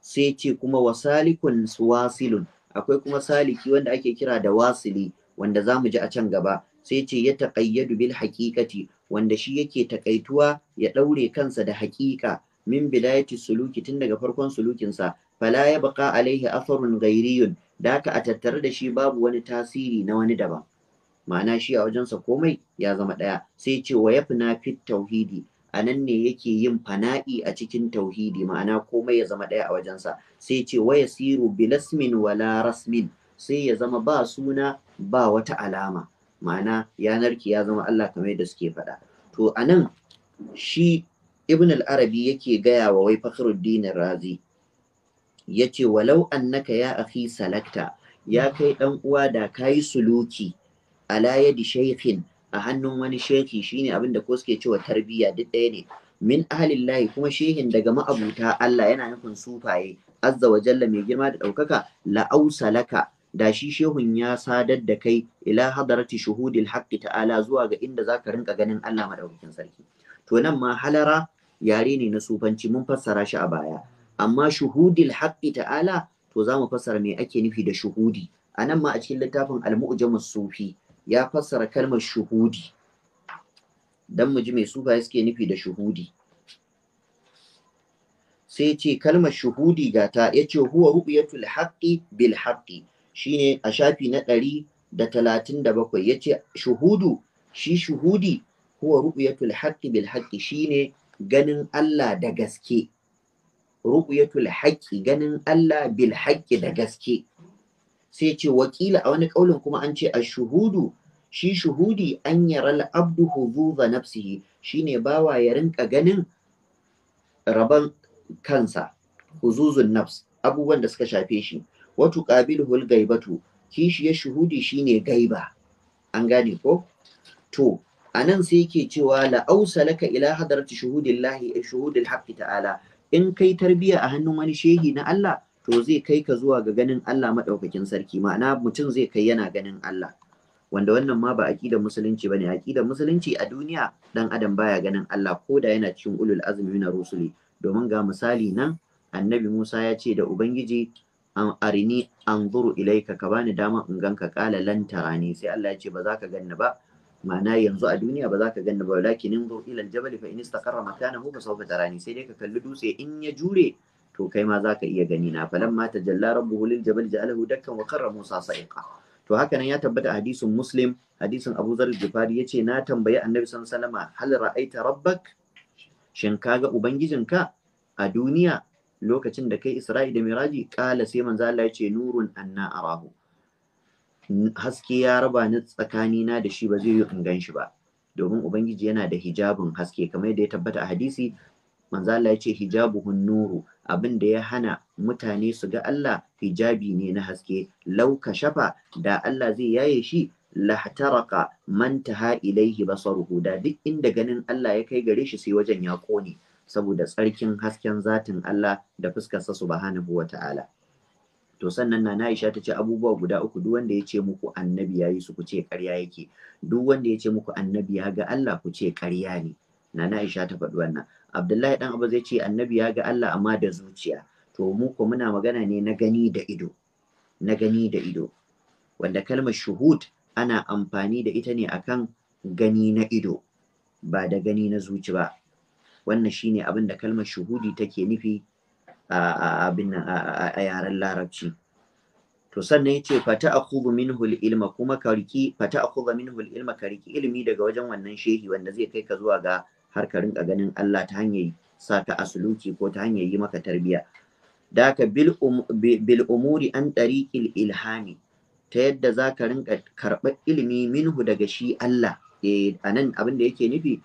sai ce kuma wa salikun wasilun akwai kuma saliki wanda ake kira da wasili wanda za mu ji a can gaba sai ce ya taƙayyadu bil haƙiƙati wanda shi yake taƙaituwa ya ɗaure kansa da haƙiƙa min bidayati suluki tun daga farkon sulukinsa fala ya baka alaihi asarun gairiyun da haka a tattare da shi babu wani tasiri na wani daban ma'ana shi a wajensa komai ya zama ɗaya sai ce wa yafna fit tauhidi a nan ne yake yin fana'i a cikin tauhidi ma'ana komai ya zama ɗaya a wajensa sai ce wa yasiru bilasmin wala rasmin sai ya zama ba suna ba wata alama ma'ana yanarki ya zama Allah kamar da suke faɗa to anan shi ibn al-arabi yake gaya wa wai fakhruddin razi yace walau annaka ya akhi salakta ya kai dan uwa da kai suluki ala yadi shaykhin a hannun wani sheki shine abin da ko suke cewa tarbiyya duk ɗaya ne min ahlillahi kuma shehin daga ma'abuta Allah yana nufin sufaye azza wa jalla mai girma da ɗaukaka la'ausalaka da shi shehun ya sadar da kai ila hadarati shuhudil haqqi ta'ala zuwa ga inda zaka rinka ganin Allah madaukakin sarki to nan ma halara yare ne na sufanci mun fassara shi a baya amma shuhudil haqqi ta'ala to za mu fassara me ake nufi da shuhudi a nan ma a cikin littafin al-mu'jamus sufi ya fassara kalmar shuhudi dan mu ji me sufa suke nufi da shuhudi sai ce kalmar shuhudi gata yace huwa ru'yatul haqqi bil haqqi shine a shafi na ɗari da talatin da bakwai yace shuhudu shi shuhudi huwa ru'yatul haqqi bil haqqi shine ganin Allah da gaske ru'yatul haqqi ganin Allah bil haqqi da gaske sai ce wakila a wani kaulin kuma an ce ashuhudu shi shuhudi an yara abdu huzuza nafsihi shine bawa ya rinka ganin raban kansa huzuzun nafs abubuwan da suka shafe shi watu hul gaibatu kishi ya shuhudi shine gaiba an gane ko to a nan sai yake cewa la'ausa laka ila hadarati shuhudillahi eh, shuhudil haqqi ta'ala in kai tarbiya a hannun wani shehi na Allah to zai kai ka zuwa ga ganin Allah madaukakin sarki ma'ana mutum zai kai yana ganin Allah wanda wannan ma ba aqidar musulunci bane aqidar musulunci a duniya dan adam baya ganin Allah ko da yana cikin ulul azmi na rusuli domin ga misali nan annabi Musa ya ce da ubangiji an arini anzuru ilaika ka bani dama in ganka qala lan tarani sai Allah ya ce ba za ka ganni ba ma'ana yanzu a duniya ba za ka ganni ba lakinin in zo ilal jabal fa in istaqarra makanahu fa sawfa tarani sai dai ka kalli dutse in ya jure to kai ma za ka iya gani na mata tajalla rabbuhu lil jabal ja'alahu dakkan wa qarra musa sa'iqa to haka nan ya tabbata hadisin muslim hadisin abu zar jifari ya ce na tambayi annabi sallallahu alaihi wasallam hal ra'aita rabbak shin kaga ubangijinka a duniya lokacin da kai isra'i da miraji kala sai manzo Allah ya ce nurun anna arahu haske ya raba ni tsakanina da shi ba zai yi in gan shi ba domin ubangiji yana da hijabin haske kamar yadda ya tabbata a hadisi manzo Allah ya ce hijabuhun nuru abin da ya hana mutane su ga Allah hijabi ne na haske lau shafa da Allah zai yaye shi lahtaraka man taha ilaihi basaruhu da duk inda ganin Allah ya kai gare shi sai wajen ya kone saboda tsarkin hasken zatin Allah da fuskar sa subhanahu wata'ala to sannan na Aisha ta ce abubuwa guda uku duk wanda ya ce muku annabi ya yi su ku ce ƙarya yake duk wanda ya ce muku annabi ya ga Allah ku ce ƙarya ne na Aisha ta faɗi wannan Abdullahi dan Abu zai ce annabi ya ga Allah amma da zuciya to mu ko muna magana ne na gani da ido na gani da ido wanda kalmar shuhud ana amfani da ita ne akan gani na ido ba da gani na zuci ba wannan shine abin da kalmar shuhudi take nufi a abin a yaren larabci to sannan yace fata akhudhu minhu ilma kuma ka fata akhudha minhu ilma ka riki ilimi daga wajen wannan shehi wanda zai kai ka zuwa ga har ka rinka ganin Allah ta hanyar sa ka asuluki ko ta hanyar yi maka tarbiya daka bil um-, bil umuri an tariqil ilhami ta yadda zaka rinka karɓar ilimi minhu daga shi Allah eh anan abin da yake nufi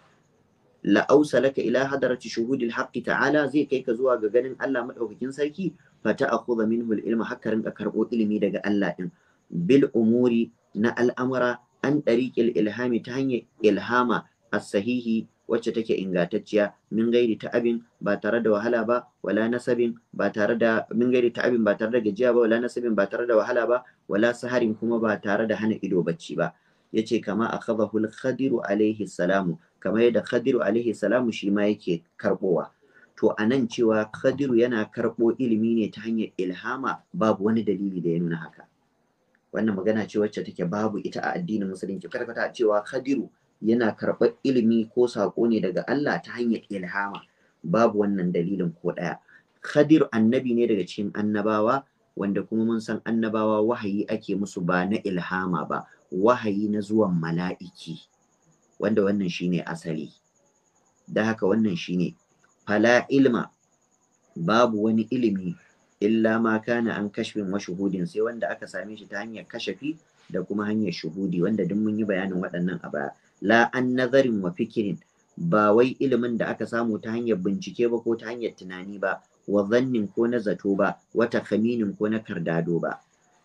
La'ausa laka ila hadarati shuhudil haqqi ta'ala zai kai ka zuwa ga ganin Allah madaukakin sarki fa ta'khudha minhu al-ilma hakka rinka karbo ilimi daga Allah din bil umuri na al'amara an dariqil ilhami ta hanyar ilhama as-sahihi wacce take ingantacciya min gairi ta'abin ba tare da wahala ba wala nasabin ba tare da min gairi ta'abin ba tare da gajiya ba wala nasabin ba tare da wahala ba wala saharin kuma ba tare da hana ido bacci ba Ya ce kama a al-khadiru alaihi salamu kamar yadda khadiru alaihi salamu shi ma yake karbowa to a nan cewa khadiru yana karbo ilimi ne ta hanyar ilhama babu wani dalili da ya nuna haka wannan magana ce wacce take babu ita a addinin musulunci karkata cewa khadiru yana karɓar ilimi ko saƙo ne daga Allah ta hanyar ilhama babu wannan dalilin ko ɗaya khadiru annabi ne daga cikin annabawa wanda kuma mun san annabawa wahayi ake musu ba na ilhama ba wahayi na zuwan mala'iki wanda wannan shine asali da haka wannan shine fala ilma babu wani ilimi illa ma kana an kashfin wa shuhudin sai wanda aka same shi ta hanyar kashafi da kuma hanyar shuhudi wanda duk mun yi bayanin waɗannan a baya la an nazarin wa fikirin ba wai ilimin da aka samu ta hanyar bincike ba ko ta hanyar tunani ba wa zannin ko na zato ba wata kaminin ko na kardado ba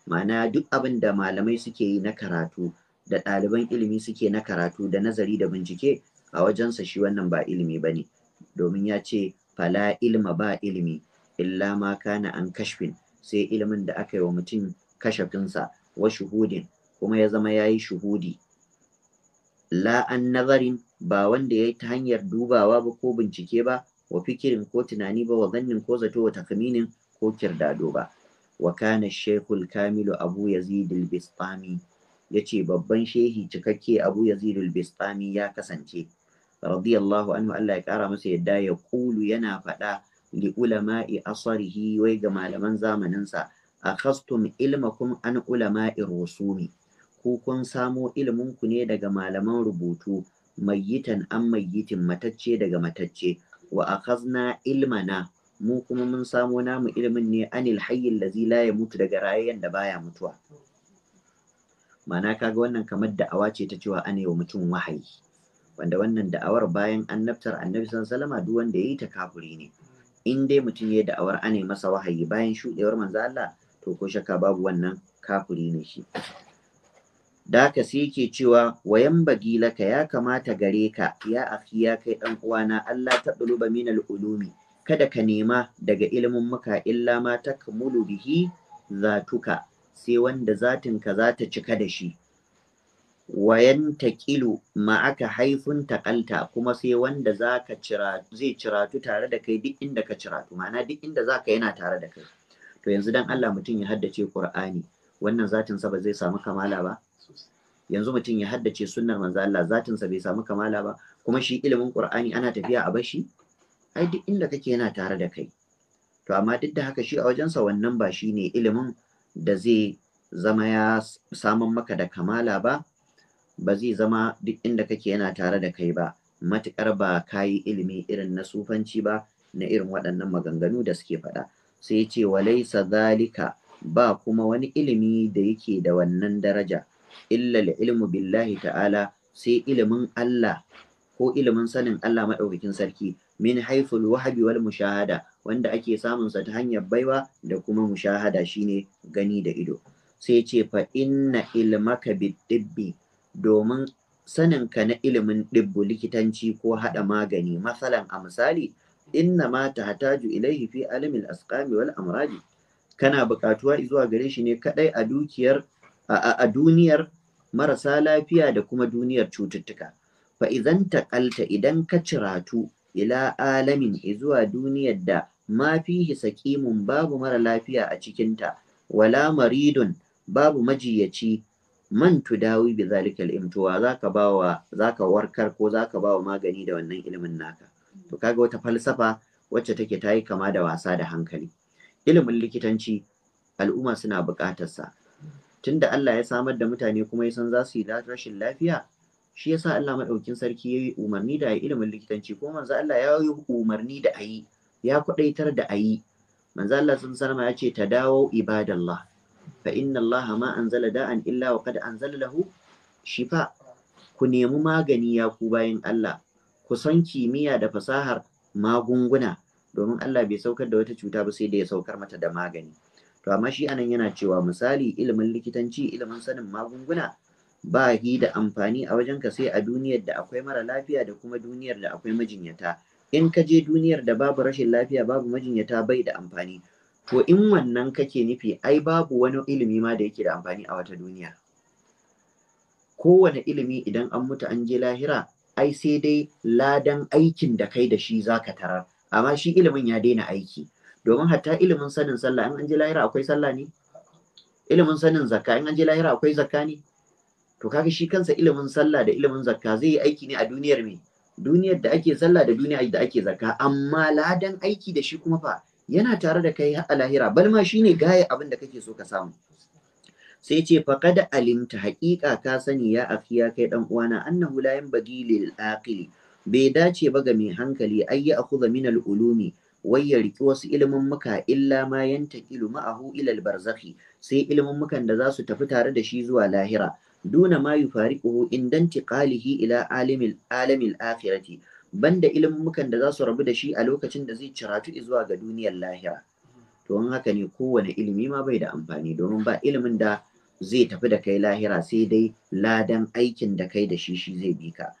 ma'ana duk abin da malamai suke yi na karatu da ɗaliban ilimi suke na karatu da nazari da bincike a wajensa shi wannan ba ilimi ba ne domin ya ce fala ilma ba ilimi illa ma kana an kashfin sai ilimin da aka yi wa mutum kashafinsa wa shuhudin kuma ya zama ya yi shuhudi la an nazarin ba wanda ya yi ta hanyar dubawa ba ko bincike ba wa fikirin ko tunani ba wa zannin ko zato wa takaminin ko kirdado ba wa kana kamilu abu yazid al-bistami yace babban shehi cikakke abu yazid al-bistami ya kasance radiyallahu anhu Allah ya kara masa yadda ya kulu yana faɗa li ulama'i asarihi wai ga malaman zamaninsa akhastum ilmakum an ulama'i rusumi ku kun samo ilminku ne daga malaman rubutu mayyitan an mayyitin matacce daga matacce wa akhazna ilmana mu kuma mun samo namu ilimin ne anil hayyin lazi la ya mutu daga rayayyen da baya mutuwa ma'ana kaga wannan kamar da'awa ce ta cewa ana wa mutum wahayi wanda wannan da'awar bayan annabtar annabi salama duk wanda yayi ta kafuri ne in dai mutum ya da'awar ana masa wahayi bayan shuɗewar manzo Allah to ko shaka babu wannan kafuri ne shi da haka sai yake cewa wayan bagi laka ya kamata gare ka ya akhi ya kai dan uwana Allah ta duluba min al-ulumi kada ka nema daga ilimin muka illa ma kamulu bihi zatuka sai wanda zatinka za ta cika da shi wayan ma ma'aka haifun kalta, kuma sai wanda ka cira zai ciratu tare da kai duk inda ka ciratu ma'ana duk inda za ka yana tare da kai to yanzu dan Allah mutum ya haddace Qur'ani wannan zatin sa ba zai samu kamala ba yanzu mutum ya haddace sunnar manzo Allah zatin sa bai samu kamala ba kuma shi ilimin Qur'ani ana tafiya a bashi ai duk inda kake yana tare da kai to amma duk da haka shi a wajensa wannan ba shi ne ilimin da zai zama ya saman maka da kamala ba ba zai zama duk inda kake yana tare da kai ba matukar ba ka ilimi irin na sufanci ba na irin waɗannan maganganu da suke faɗa sai ce walaisa zalika ba kuma wani ilimi da yake da wannan daraja illa ilmu billahi ta'ala sai ilimin Allah ko ilimin sanin Allah maɗaukakin sarki min haiful wahabi wal mushahada wanda ake samun sa ta hanyar baiwa da kuma mushahada shine gani da ido sai ce fa inna ilmaka bidibbi domin saninka na ilimin dibbu likitanci ko hada magani masalan a misali inna ma tahtaju ilaihi fi alamil asqami wal amraji kana buƙatuwa zuwa gare shi ne kadai a dukiyar a duniyar marasa lafiya da kuma duniyar cututtuka fa idan taqalta idan ka ciratu ila alamin zuwa duniyar da ma fihi sakimun babu mara lafiya a cikinta wala maridun babu majiyaci man tudawi bi zalikal imtuwa zaka bawa zaka warkar ko zaka bawa magani da wannan ilimin naka to kaga wata falsafa wacce take tayi kama da wasa da hankali ilimin likitanci al'umma suna buƙatarsa tunda Allah ya samar da mutane kuma ya san za su yi rashin lafiya shi yasa Allah madaukin sarki ya yi umarni da ayi ilimin likitanci ko manzo Allah ya yi umarni da ayi ya kudaitar da ayi manzo Allah sun sarma ya ce dawo ibadallah fa inna Allah ma anzala da'an illa wa qad anzala lahu shifa ku nemi magani ya ku bayin Allah ku san kimiyya da fasahar magunguna domin Allah bai saukar da wata cuta ba sai da ya saukar mata da magani to amma shi anan yana cewa misali ilimin likitanci ilimin sanin magunguna ba yi da amfani a wajen ka sai a duniyar da akwai mara lafiya da kuma duniyar da akwai majinyata in ka je duniyar da babu rashin lafiya babu majinyata bai da amfani to in wannan kake nufi ai babu wani ilimi ma da yake da amfani a wata duniya kowane ilimi idan an mutu an je lahira ai sai dai ladan aikin da kai da shi zaka tarar amma shi ilimin ya daina aiki domin hatta ilimin sanin sallah in an je lahira akwai sallah ne ilimin sanin zakka in an je lahira akwai zakka ne to kaga shi kansa ilimin sallah da ilimin zakka zai yi aiki ne a duniyar me duniyar da ake sallah da duniyar da ake zakka amma ladan aiki da shi kuma fa yana tare da kai a lahira bal ma shine gaya abin da kake so ka samu sai ce faqad alimta haqiqa ka sani ya ya kai dan uwana annahu la yanbaghi lil bai dace ba ga mai hankali ai ya akhudha min al ulumi wai ya riki wasu ilimin muka illa ma yantaqilu ma'ahu ila al barzakhi sai ilimin mukan da za su tafi tare da shi zuwa lahira duna in yufariquhu indantiqalihi ila alimil alamil akhirati banda ilmumukan da za su rabu da shi a lokacin da zai ciratu zuwa ga duniyar lahira to in haka ne kowane ilimi ma bai da amfani domin ba ilimin da zai tafi da kai lahira sai dai ladan aikin da kai da shi shi zai bi ka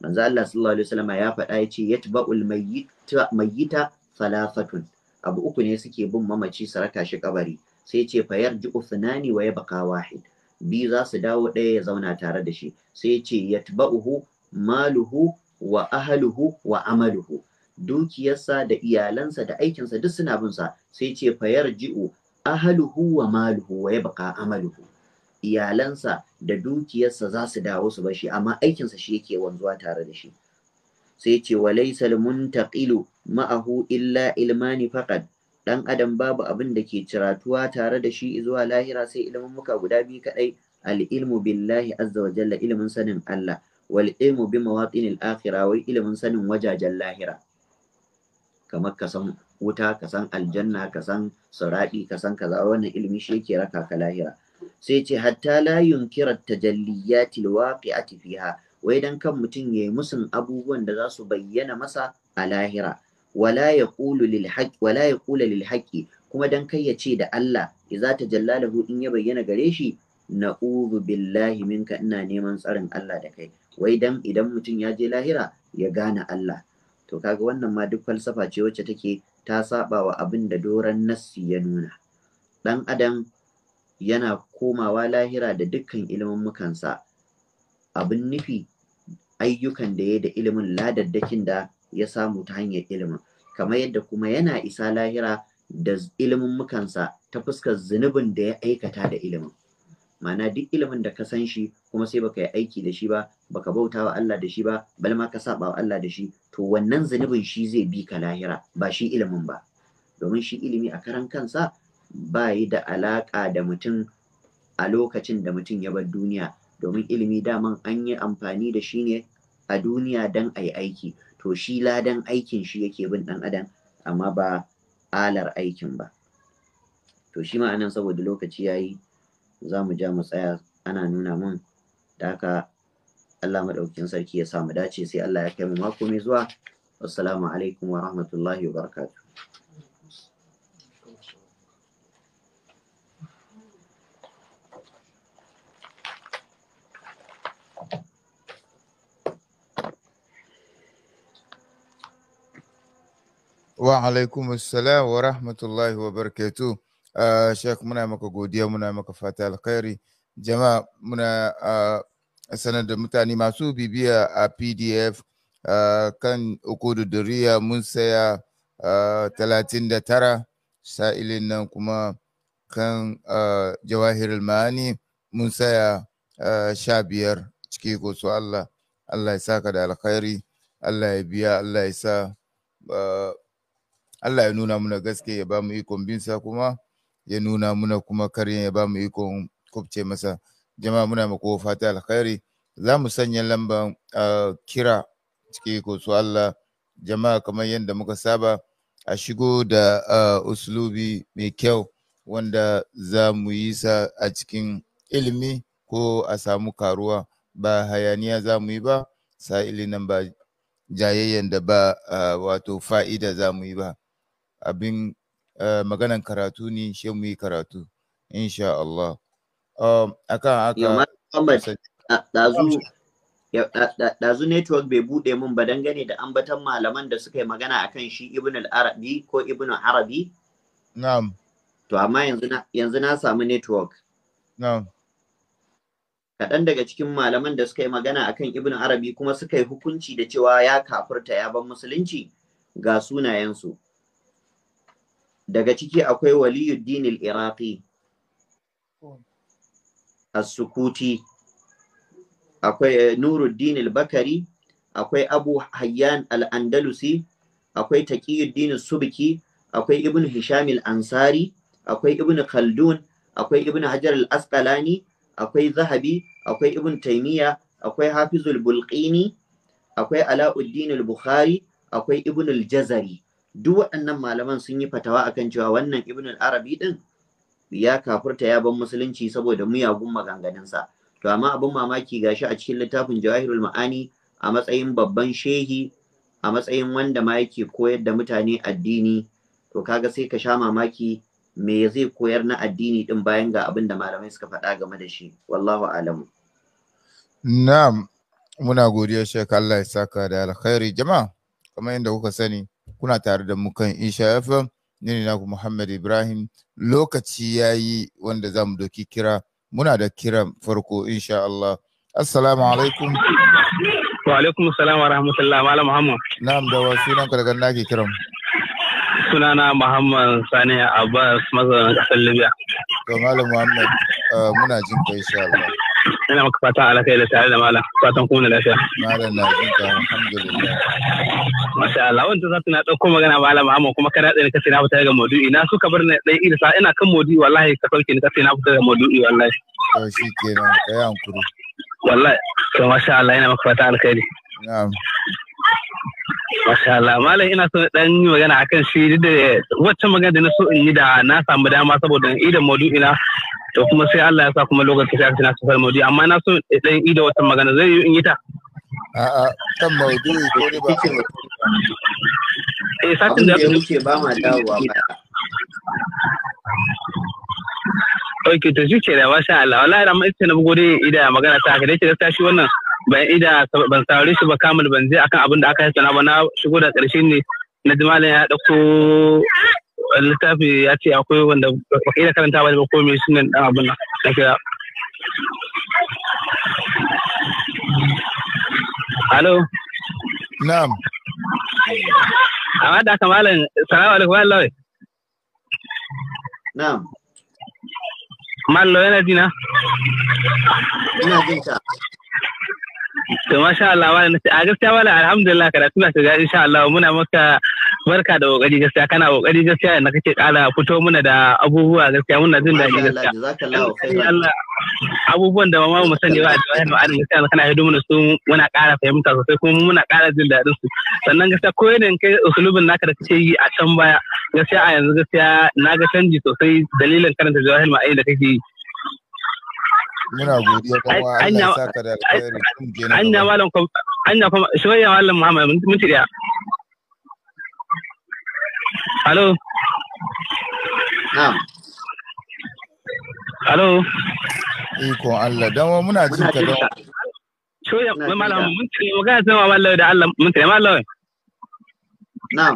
manzo Allah sallallahu alaihi wasallam ya faɗa ya ce yatba'ul mayyita mayyita salafatun abu uku ne suke bin mamaci saraka shi kabari sai ce fa ji thanani wa yabqa wahid biyu za su dawo ɗaya ya zauna tare da shi sai ce yatba'uhu maluhu wa ahaluhu wa amaluhu dukiyarsa da iyalansa da aikinsa duk suna binsa sai ce Ji'u, ahluhu wa maluhu wa baka amaluhu iyalansa da dukiyarsa za su dawo su bashi amma aikinsa shi yake wanzuwa tare da shi sai ce wa laisal muntaqilu ma'ahu illa ilmani faqad dan adam babu abin da ke ciratuwa tare da shi zuwa lahira sai ilimin muka guda biyu kaɗai, al-ilmu billahi azza wa jalla ilimin sanin Allah wal ilmu bi al akhirah wai ilimin sanin wajajen lahira kamar ka san wuta ka san aljanna ka san siradi ka san kaza wannan ilimi shi yake raka ka lahira sai ce hatta la yunkira tajalliyatil waqi'ati fiha wai dan kan mutum yayi musun abubuwan da za su bayyana masa a lahira wala ya kula haqq lil kuma dan kai ya ce da Allah ta tajallalahu in ya bayyana gare shi na'udhu billahi minka ina neman tsarin Allah da kai wai dan idan mutum ya je lahira ya gane Allah to kaga wannan ma duk falsafa ce wacce take ta saba wa abin da doran nassi ya nuna Ɗan adam yana komawa lahira da dukkan ilimin mukansa abin nufi ayyukan da ya da ilimin ladaddakin da ya samu ta hanyar ilimin kamar yadda kuma yana isa lahira da ilimin mukansa ta fuskar zunubin da ya aikata da ilimin ma'ana duk ilimin da ka san shi kuma sai baka yi aiki da shi ba baka bauta wa Allah da shi ba bal ma ka saba wa Allah da shi to wannan zunubin shi zai bi ka lahira ba shi ilimin ba domin shi ilimi a karan kansa ba yi da alaka da mutum a lokacin da mutum ya bar duniya domin ilimi daman an yi amfani da shi ne a duniya don a yi aiki to shi ladan aikin shi yake bin ɗan adam amma ba alar aikin ba to shi ma'anan saboda lokaci yayi za mu ja mu tsaya ana nuna mun da haka Allah maɗaukin sarki ya samu dace sai Allah ya kai mu mako mai zuwa assalamu alaikum wa rahmatullahi wa barakatuh Wa alaikumussalam wa rahmatullahi wa barakatu Uh, ah, muna maka godiya muna maka fata alkhairi. Jama'a muna ah, sanar da mutane masu bibiya a PDF uh, ah, kan uku duriya mun saya talatin da tara sa'ilin nan kuma kan jawahir ma'ani mun saya sha biyar ciki ko su Allah. Allah ya saka da alkhairi. Allah ya biya Allah ya sa Allah ya nuna muna gaske ya ba mu ikon binsa kuma ya nuna muna kuma karyan ya ba mu ikon kubce masa jama'a muna mako fata alkhairi za mu sanya lambar kira ciki ko su Allah jama'a kamar yadda muka saba a shigo da uslubi mai kyau wanda za mu yi sa a cikin ilimi ko a samu karuwa ba hayaniya za mu yi ba sa'ili nan ba jayayyen da ba wato fa'ida za mu yi ba abin eh, maganan karatu ne shi mu yi karatu insha Allah um, akan haka ɗazu network bai buɗe mun ba dangane da ambatan malaman da suka yi magana akan shi ibn al-arabi ko ibn arabi na'am to amma yanzu na samu network na'am kaɗan daga cikin malaman da suka yi magana akan ibn arabi kuma suka yi hukunci da cewa ya kafurta ya ban musulunci ga sunayensu. daga ciki akwai waliyuddin iraqi as-sukuti akwai eh, nuruddin al-bakari akwai abu hayyan al-andalusi akwai taqiyuddin subki akwai ibnu hisham al-ansari akwai ibnu khaldun akwai ibnu hajar al-asqalani akwai zahabi akwai ibnu taymiya akwai hafizul bulqini akwai alauddin al-bukhari akwai ibn al-jazari duk waɗannan malaman sun yi fatawa akan cewa wannan ibn al-arabi din ya kafurta ya ban musulunci saboda miyagun maganganunsa to amma abin mamaki gashi a cikin littafin jawahirul ma'ani a matsayin babban shehi a matsayin wanda ma yake koyar da mutane addini to kaga sai ka sha mamaki me zai koyar na addini din bayan ga abin da malamai suka faɗa game da shi wallahu alamu na'am muna godiya shek Allah ya saka da alkhairi jama'a kamar yadda kuka sani kuna tare da mu kan Isha FM ni ne naku Muhammad Ibrahim lokaci yayi wanda zamu doki kira muna da kiran farko insha Allah assalamu alaikum wa alaikum salam wa rahmatullah malam Muhammad na'am da wa sunan ka daga nake kiran sunana Muhammad Sani Abbas mazan kasar Libya to malam Muhammad uh, muna jin ka insha Allah ina maka fata alakai da tare da malam fatan kuma da lafiya malam na jika alhamdulillah masha Allah wanda za ta na dauko magana malam amma kuma kana da kace na fita daga maudu'i na su ka bar na dai irsa ina kan maudu'i wallahi ka sauke ni kace na fita daga maudu'i wallahi to shi kenan kai hankuri wallahi to masha Allah ina maka fata alkhairi na'am Masha Allah, Malam ina so dan yi magana akan shi da wacce magana da na so in yi da na samu dama saboda idan ina to kuma sai Allah ya sa kuma lokacin sai na so modu amma na so dan yi da wata magana zai yi in yi ta. A'a, kan modu ko ne ba. Eh, satin da ya wuce ba ma dawowa ba. ok to shi da masha Allah wallahi da mai na gode ida magana ta haka dace gaskiya shi wannan ban ida ban saurare shi ba kamul ban je akan abin da aka yi sana ba na shigo da karshe ne na jimalin ya dauko littafi ya ce akwai wanda ba ida karanta ba ne ko me shi nan dan abin nan na kira Hello. Na'am. Amma da kamalan salamu alaikum wallahi. Na'am. Mallo yana jina? Ina jin ka. To masha Allah wala a gaskiya wala alhamdulillah karatu na shiga insha Allah muna maka barka da kokari gaskiya kana kokari gaskiya yana kake kara fito muna da abubuwa gaskiya muna jin daɗi gaskiya Allah abubuwan da ma mu sani ba da wani ma'anar gaskiya kana hidu mana su muna ƙara fahimta sosai kuma muna ƙara jin daɗin su sannan gaskiya ko yanayin kai usulubin naka da kake yi a can baya gaskiya a yanzu gaskiya na ga canji sosai dalilin karanta jawahir ma'ai da kake yi muna godiya kuma Allah ya saka da alkhairi anya malam anya kuma shoyya malam Muhammad mun tiya Halo. Na'am. Halo. Iko Allah, dan muna jin ka don. Shoya malam mun tare mu ga sama wallahi da Allah mun tare malam. Na'am.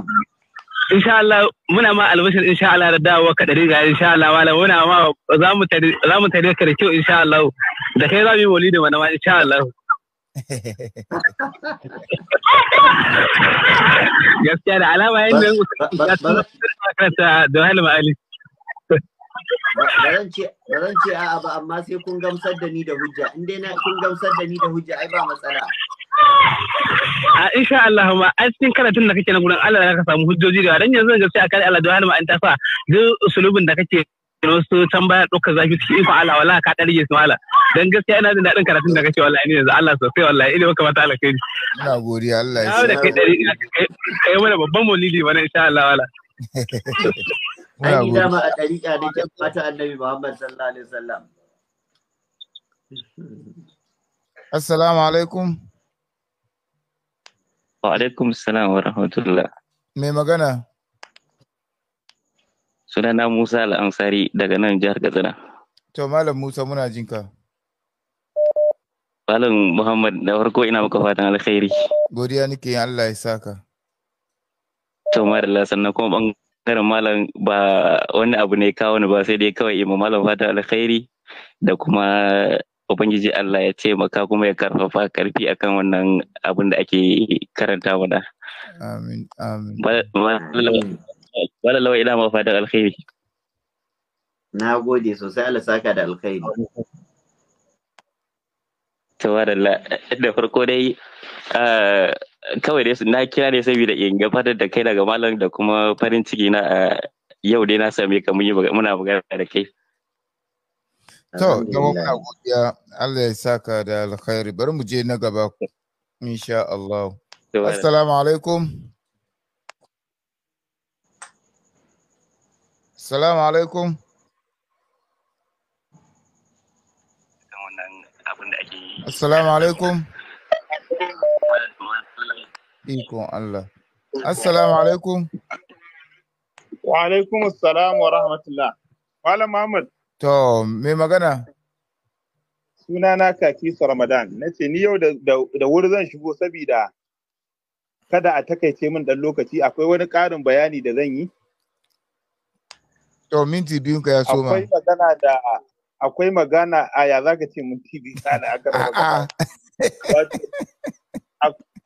Insha Allah muna ma albashir insha Allah da dawo ka dari ga insha Allah malam muna ma za mu tare za mu tare ka da kyau insha Allah. Da kai za mu yi da mana ma insha Allah. [laughs] gaskiya da alama yin da karanta da halima ali Baran ce a'a ba amma sai kun gamsar da ni da hujja in dai kun gamsar da ni da hujja ai ba matsala a insha Allah ma a cikin karatun da kake na gudan Allah da ka samu hujjoji da dan yanzu gaskiya kare Allah da halima an tafa duk usulubin da kake wasu can baya ɗaukar zafi su iko Allah wallahi ka ɗan rage su mala dan gaskiya ina jin daɗin karatun da kake wallahi ne yanzu Allah sosai wallahi ina mata ina ya sa da kai dari kai mana babban insha Allah wala [laughs] a dariƙa ke fata assalamu alaikum wa alaikum assalam wa rahmatullah Me magana sunana Musa Al'ansari daga nan jihar Katsina. To Malam Musa muna jinka. Malam Muhammad da farko ina maka fatan alkhairi. Godiya nake yin Allah ya saka. To Madalla sannan kuma bangaren Malam ba wani abu ne kawo ni ba sai dai kawai ima Malam fatan alkhairi da kuma Ubangiji Allah ya taimaka kuma ya karfafa karfi akan wannan abin da ake karanta mana. Amin. Amin. wala lawa ina ma fatan alkhairi na gode sosai ala saka da alkhairi tawaralla da farko dai kawai dai na kira ne saboda in gabatar da kai daga malam da kuma farin ciki na yau dai na same ka mun yi muna magana da kai to gaba muna godiya Allah ya saka da alkhairi bari mu je na gaba insha Allah assalamu alaikum Salamu alaikum. Assalamu alaikum. Ikon Allah. Assalamu alaikum. Wa alaikum assalam wa rahmatullah. Malam Muhammad. To, me magana? Suna na kaki su Ramadan. Na ce ni yau da wuri zan shigo saboda kada a takaice min ɗan lokaci akwai wani ƙarin bayani da zan yi. To minti biyun ka ya so ma. Akwai magana da akwai magana a ya zaka ce minti biyu ka da aka magana.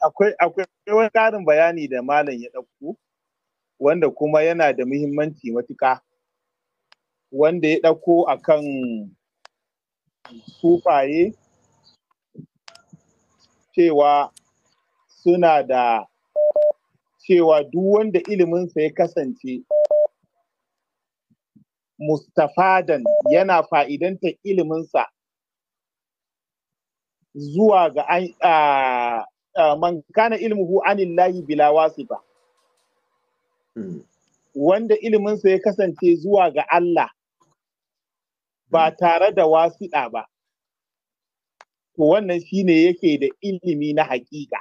Akwai akwai wani ƙarin bayani da malam ya ɗauko wanda kuma yana da muhimmanci matuƙa wanda ya ɗauko akan sufaye cewa suna da cewa duk wanda iliminsa ya kasance mustafadan yana fa'idanta iliminsa zuwa ga man kana ilmuhu anillahi bila wasifa hmm. wanda iliminsa ya kasance zuwa ga Allah ba hmm. tare da wasiɗa ba to wannan shine yake da ilimi na haƙiƙa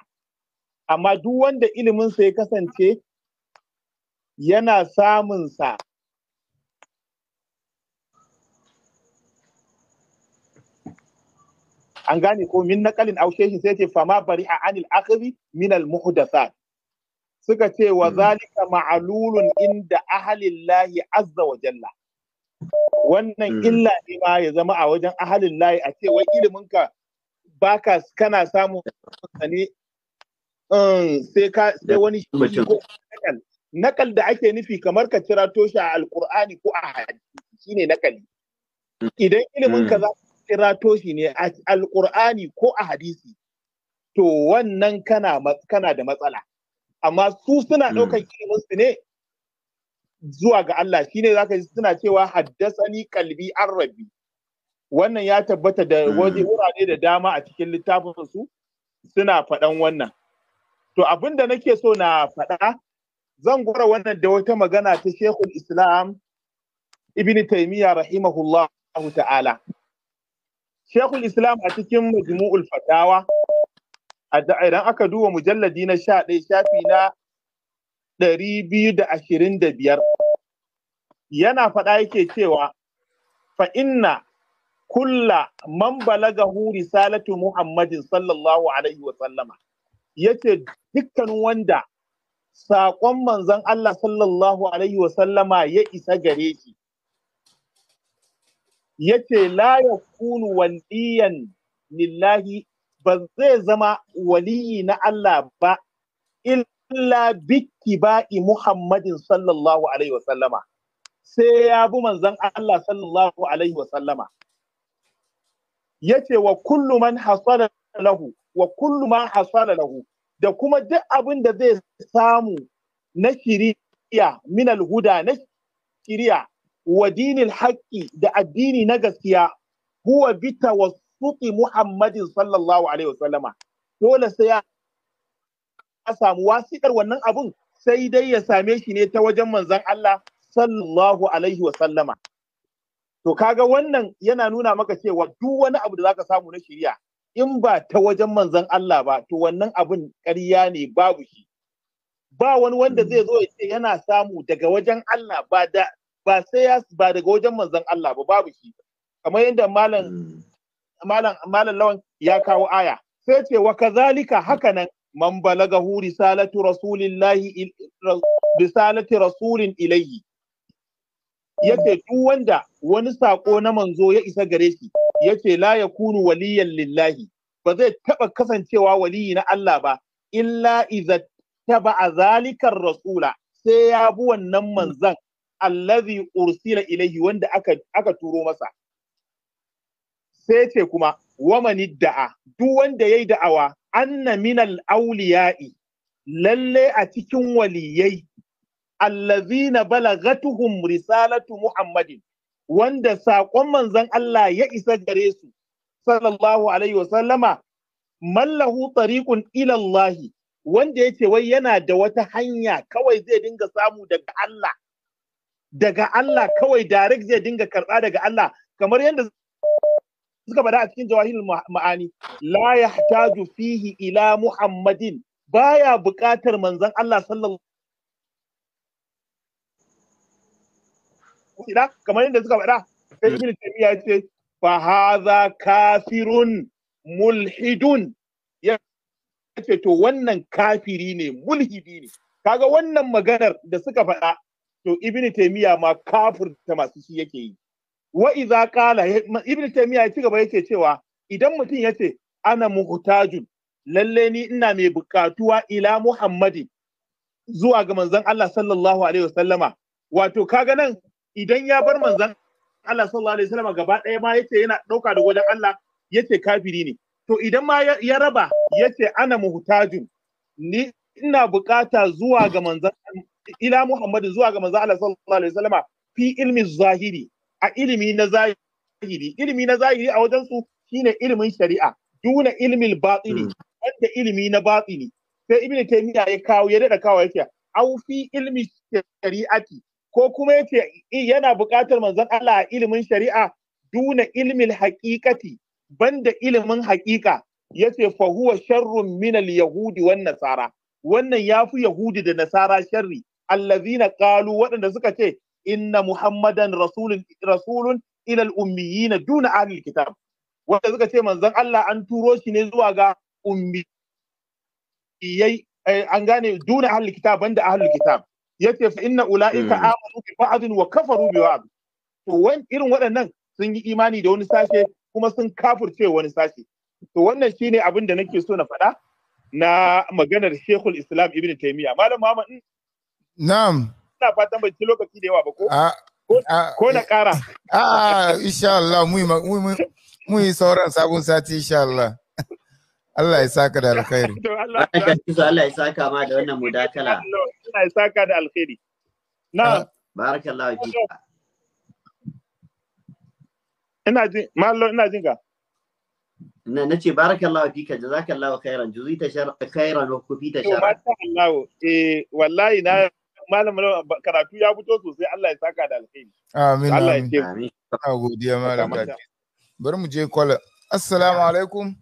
amma duk wanda iliminsa ya kasance yana samun sa. an gane ko min naqalin aw shehin sai ce fama bari a anil akhri min al muhdathat suka ce wa hmm. zalika ma'lulun inda ahlillahi azza wa jalla wannan hmm. illa ne ma ya zama a wajen ahlillahi a ce wai ilimin ka baka kana samu ne um, sai ka sai wani nakal da ake nufi kamar ka cira toshi a alkur'ani ko a hadisi shine nakali hmm. idan ilimin ka za ka tsirato shi ne a alƙur'ani ko a hadisi to wannan kana kana da matsala amma su suna hmm. ɗaukar ilimin ne zuwa ga Allah shi shine zaka ji suna cewa haddasa ni kalbi an rabbi wannan ya tabbata da hmm. waje wurare da dama a cikin littafinsu su suna faɗan wannan to abin da nake so na faɗa zan gwara wannan da wata magana ta shekul Islam Ibn Taymiyyah rahimahullah ta'ala Shekul Islam a cikin Majmu'ul Fatawa idan aka duba mujalladi na sha ɗaya shafi na ɗari biyu da ashirin da biyar yana faɗa yake cewa fa inna kulla man balagahu risalatu Muhammadin sallallahu alaihi wa sallama yace dukkan wanda saƙon manzon Allah sallallahu alaihi wa sallama ya isa gare shi yace la yakunu waliyan lillahi ba zai zama waliyi na Allah ba illa biki ba'i Muhammadin sallallahu alaihi wa sallama sai ya bi manzon Allah sallallahu alaihi wa sallama yace wa kullu man hasala lahu wa kullu man hasala lahu da kuma duk abin da zai samu na shiriya min alhuda na shiriya wa dinil da addini na gaskiya huwa bi tawassuqi Muhammadin sallallahu alaihi wasallama dole sai ya samu wasiƙar wannan abun sai dai ya same shi ne ta wajen manzon Allah sallallahu alaihi wasallama to kaga wannan yana nuna maka cewa duk wani abu da za ka samu na shari'a in ba ta wajen manzon Allah ba to wannan abun karya ne babu shi ba wani wanda zai zo ya ce yana samu daga wajen Allah ba da ba sai ya ba daga wajen manzon Allah ba babu shi kamar yadda malam hmm. malam malam lawan ya kawo aya sai ce wa kazalika hakanan man balagahu risalatu rasulillahi risalati rasulin ilayhi yace duk wanda wani sako na manzo ya isa gare shi yace la yakunu waliyan lillahi ba zai taba kasancewa waliyi na Allah ba illa iza taba zalikar rasula sai ya bi wannan manzan allazi ursila ilayhi wanda aka aka turo masa sai ce kuma wamani da'a duk wanda yayi da'awa anna al auliya'i lalle a cikin waliyai allazina balagatuhum risalatu muhammadin wanda saƙon manzon Allah ya isa gare su sallallahu alaihi wasallama mallahu tariqun ila Allah wanda yake wai yana da wata hanya kawai zai dinga samu daga Allah daga Allah kawai direct zai dinga karɓa daga Allah kamar yadda suka faɗa a cikin jawahirul ma'ani la yahtaju fihi ila muhammadin baya buƙatar manzon Allah sallallahu alaihi kamar yadda suka faɗa sai ibn taymiya ce fa hadha kafirun mulhidun ya ce to wannan kafiri ne mulhidi ne kaga wannan maganar da suka faɗa to ibn taymiya ma ta masu shi yake yi wa idza qala ibn taymiya ya ci gaba yake cewa idan mutum yace ana muhtajun lalle ni ina mai bukatuwa ila muhammadi zuwa ga manzon Allah sallallahu alaihi wasallama wato kaga nan idan ya bar manzon Allah sallallahu alaihi wasallama gaba ɗaya ma yace yana ɗauka da wajen Allah yace kafiri ne to idan ma ya raba yace ana muhtajun ni ina bukata zuwa ga manzon ila Muhammadu zuwa ga manzo Allah sallallahu alaihi wasallama fi ilmi zahiri a ilimi na zahiri ilimi na zahiri a wajen su shine ilimin shari'a duna ilmil batini hmm. wanda ilimi na batini sai ibnu taymiya ya kawo ya dada kawo yake au fi ilmi shari'ati ko kuma yace yana buƙatar manzon Allah a ilimin shari'a duna ilmil haqiqati banda ilimin haqiqa yace fa huwa sharrun min al yahudi wan nasara wannan yafi yahudi da nasara sharri allazina qalu waɗanda suka ce inna muhammadan rasulun rasulun ila al-ummiyina duna ahli kitab wanda suka ce manzon Allah an turo shi ne zuwa ga ummi yayi eh, an gane duna ahli kitab banda ahli kitab yace fa inna ulaika hmm. amanu bi ba'd wa kafaru bi ba'd to wan irin waɗannan sun yi imani da wani sashe kuma sun kafirce wani sashe to wannan shine abin da nake so na faɗa na maganar Sheikhul Islam Ibn Taymiyyah malam Muhammad Na'am. Ina fatan bai ci lokaci da yawa ba ko? Ko na kara. Ah, insha Allah mu yi sauran sabon sati insha Allah. Allah ya saka da alkhairi. [laughs] Allah ya saka ma da wannan mudakala. Allah ya saka da alkhairi. Na'am. Barakallahu fi. Ina ji, mallo ina jin ka. na ce barakallahu fika jazakallahu khairan juzita khairan wa kufita sharran. Masha Allah eh wallahi na malam karatu ya fito sosai Allah ya saka da alkhairi amin Allah ya ce amin godiya malam bari mu je kwala assalamu alaikum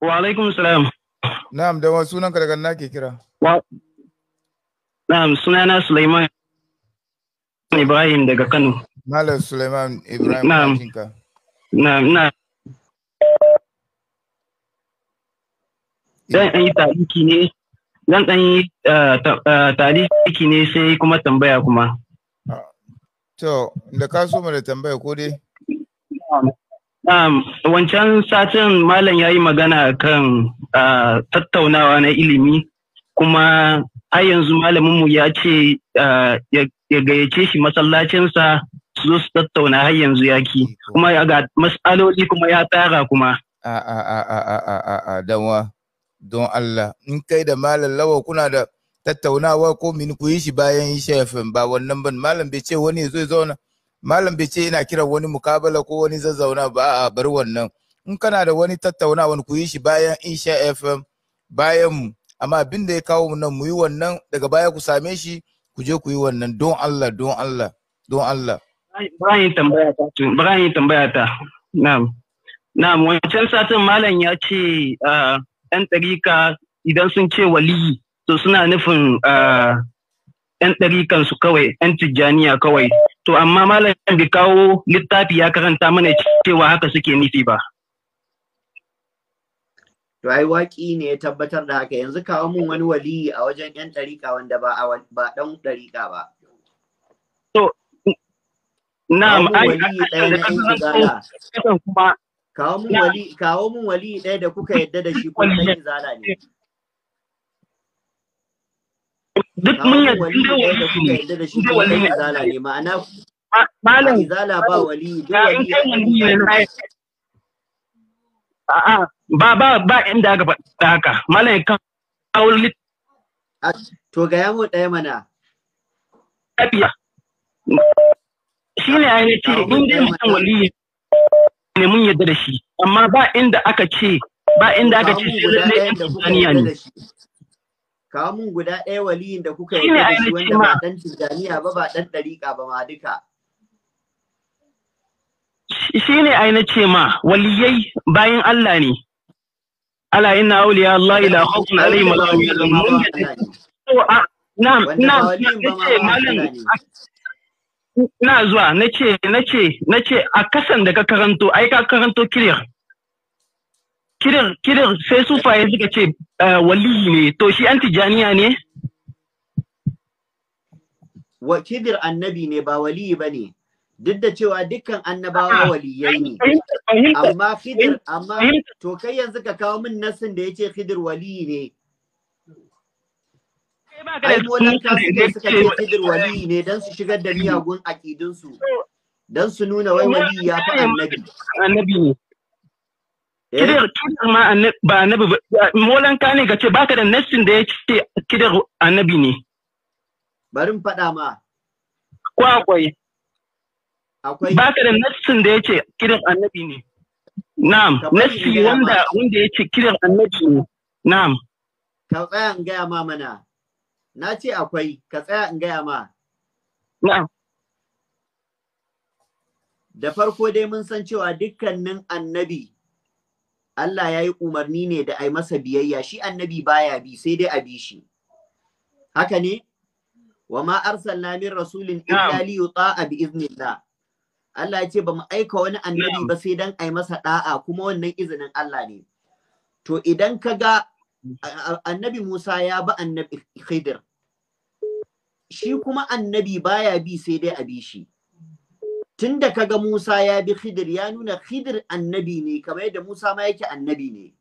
wa alaikum salam na'am da wasu nan daga na ke kira na'am sunana Sulaiman Ibrahim daga Kano malam Sulaiman Ibrahim na'am na'am na'am dan an yi tariki ne zan ɗan yi ciki eh, eh, ne sai kuma tambaya kuma. To, da ka so da tambaya ko dai? Wancan satin Malam ya yi magana kan eh, tattaunawa na ilimi, kuma har yanzu malaminmu ya ce ya gayyace shi masallacinsa su zo su tattauna har yanzu ya ki, kuma ga matsaloli kuma ya tara kuma. A, a, a, a, a, a, a, don Allah in kai da malam lawa kuna da tattaunawa ko min ku yi shi bayan shefin ba wannan ban malam bai ce wani zai zauna malam bai ce ina kiran wani mukabala ko wani zauna ba a bar wannan in kana da wani tattaunawa ku yi shi bayan insha fm bayan mu amma abin da ya kawo mu nan mu yi wannan daga baya ku same shi ku je ku yi wannan don Allah don Allah don Allah bayan tambaya ta bayan tambaya ta na'am na'am wancan satin malam ya ce ah, 'yan ɗarika idan sun ce waliyi to suna nufin ah, ‘yan ɗarikan su kawai, ‘yan tijjaniya kawai. To amma malam bai kawo littafi ya karanta mana cewa haka suke nufi ba. To ai waƙi ne ya tabbatar da haka yanzu kawo mun wani waliyi a wajen ‘yan ɗarika wanda ba ba ɗan ɗarika ba. To na'am ai [laughs] kuma kawo mun wali kawo mun wali ɗaya da kuka yadda da shi ko dan izala ne duk mun yadda da kuka yadda shi ko dan izala ne ma'ana malam izala ba wali duk wali ne a'a ba ba ba inda aka faɗa haka malam kan kawo to ga yamu ɗaya mana shi ne ainihin ce in dai mutum wali ne mun yadda da shi amma ba inda aka ce ba inda aka ce sai lalle ɗan tanzaniya ne kamun guda ɗaya waliyin da kuka yi da shi wanda ba ɗan tanzaniya ba ba ɗan ɗariƙa ba ma duka shi ne ai ce ma waliyai bayan Allah ne ala inna auliya Allah ila khawfun alaihim wa la hum na na'am na'am ce malam ina zuwa nace nace nace a kasan da ka karanto ai ka karanto kirir. kirir kirir sai sufaye suka ce eh, waliyi ne to shi an tijaniya ne wa kidir annabi ne ba waliyi ba ne duk da cewa dukkan annabawa ah, waliyai ne amma kidir amma to kai yanzu ka kawo min nasin da yace kidir waliyi ne ai wannan kafirai suka ce Khidir wali ne don su shigar da miyagun akidun don su nuna wai wali ya fi annabi annabi ne eh? Kidar kidar ma ba annabi ba molan ka ne kace baka da nassin da ya yake kidar annabi ne bari mu faɗa ma ko akwai akwai baka da nassin da ya yake kidar annabi ne na'am nassi wanda wanda yake kidar annabi ne na'am ka tsaya gaya ma mana Na ce akwai, ka tsaya in gaya ma. Na'am. Da farko dai mun san cewa dukkanin annabi Allah ya yi umarni ne da ai masa biyayya, shi annabi baya bi sai dai a bi shi. Haka ne? Wa ma arsalna min rasulin illa li yuta'a bi iznillah. Allah ya ce ba mu aika wani annabi ba sai dan ai masa da'a kuma wannan izinin Allah ne. To idan ka ga annabi Musa ya bi annabi Khidir shi kuma annabi baya bi sai dai a bi shi tunda kaga Musa ya bi Khidir ya nuna Khidir annabi ne kamar yadda Musa ma yake annabi ne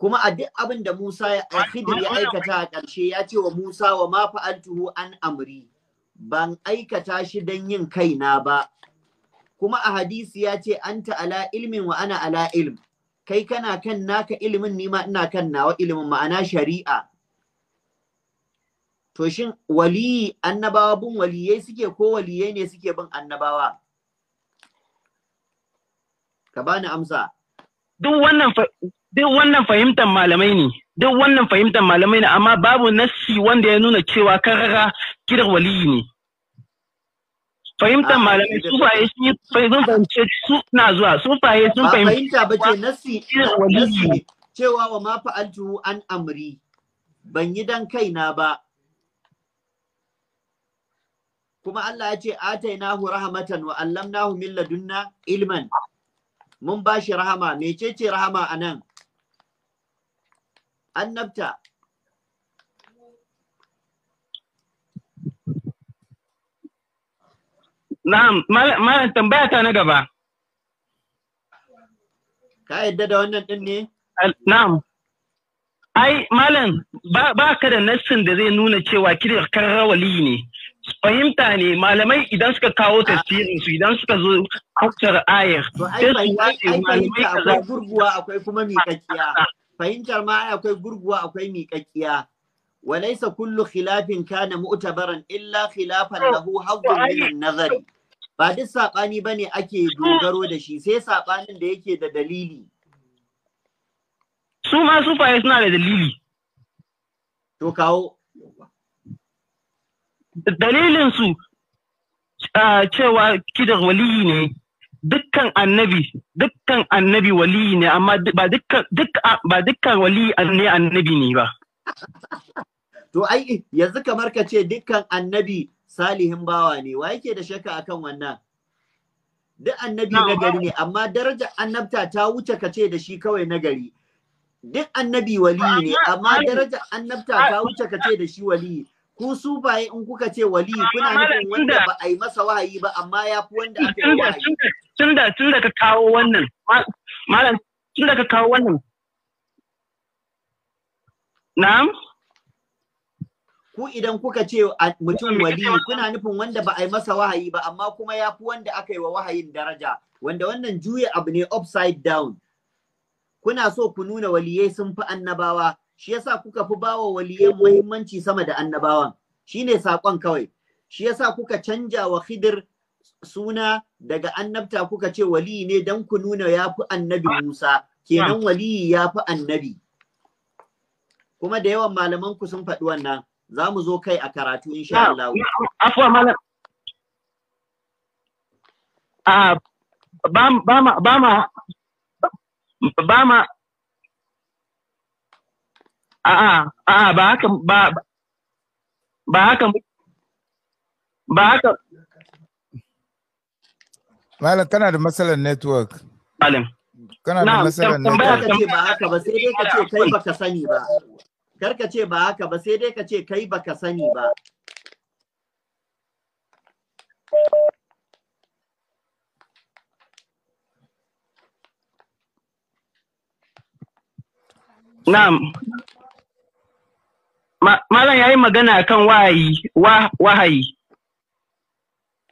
kuma a duk abin da Musa ya Khidir ya aikata a ƙarshe ya ce wa Musa wa ma fa'altuhu an amri ban aikata shi dan yin kaina ba kuma a hadisi ya ce anta ala ilmin wa ana ala ilm kai kana kan naka ilimin nima ina kan nawa ilimin ma'ana shari'a to shin waliyi annabawa bin waliyai suke ko waliyai ne suke bin annabawa ka bani amsa duk wannan duk wannan fahimtar malamai ne duk wannan fahimtar malamai ne amma babu nassi wanda ya nuna cewa karara kirar waliyi ne fahimtar ah, malamai eh, sufaye sun yi sun su suna zuwa faye sun fahimta. fahimta ba ce nasi nasi cewa wa ma aljuhu an amri ban yi dan kaina ba kuma Allah ya ce atainahu rahmatan wa allamnahu min ladunna ilman mun bashi rahama mecece rahama anan annabta Na'am, malam tambaya ta na gaba. Ka yadda da wannan din ne? Na'am. Ai, malam, ba ka da nassin da zai nuna cewa kirkar rawali ne. Fahimta ne, malamai idan suka kawo tasirin su idan suka zo hauktar ayar. To, ai, fahimta akwai gurguwa akwai kuma miƙaƙiya. Fahimtar ma akwai gurguwa akwai miƙaƙiya. وليس كل خلاف كان مؤتبرا illa خلافا له حظ من nazari. ba duk saɓani ba ne ake dogaro da shi sai saɓanin da yake da dalili. Su ma sufaye suna da dalili. To kawo. Dalilinsu cewa kidar waliyi ne dukkan annabi dukkan annabi waliyi ne amma ba dukkan ba dukkan waliyi ne annabi ne ba. [laughs] To ai yanzu kamar ka ce dukkan annabi salihin bawa ne wa yake da shakka akan wannan duk annabi nagari ne amma daraja annabta ta wuce ka ce da shi kawai nagari duk annabi wali ne amma daraja annabta ta wuce ka ce da shi wali ku sufaye in kuka ce wali kuna nufin wanda ba a yi masa wahayi ba amma ya fi wanda aka yi wahayi tunda tunda ka kawo wannan malam tunda ka kawo wannan na'am ku idan kuka ce mutum wali kuna nufin wanda ba a yi masa wahayi ba amma kuma ya fi wanda aka yi wa wahayin daraja wanda wannan juya abu ne upside down kuna so ku nuna waliyai sun fi annabawa shi yasa kuka fi bawa waliyan muhimmanci sama da annabawan shine sakon kawai shi yasa kuka canja wa khidir suna daga annabta kuka ce wali ne dan ku nuna ya fi annabi Musa kenan wali ya fi annabi kuma da yawan malaman ku sun faɗi wannan za mu zo kai a karatu insha Allah. Afuwa malam. Ah, ba ma ba ma ba ma a'a ah, a'a ah, ba haka ba ba haka ba haka Malam kana da matsalar network. Malam. Kana da matsalar network. Ba haka ba sai dai ka ce kai baka sani ba. kar ka ce ba haka ba sai dai ka ce kai ka sani ba Na'am. Malam ya yi magana kan wahayi, wahayi.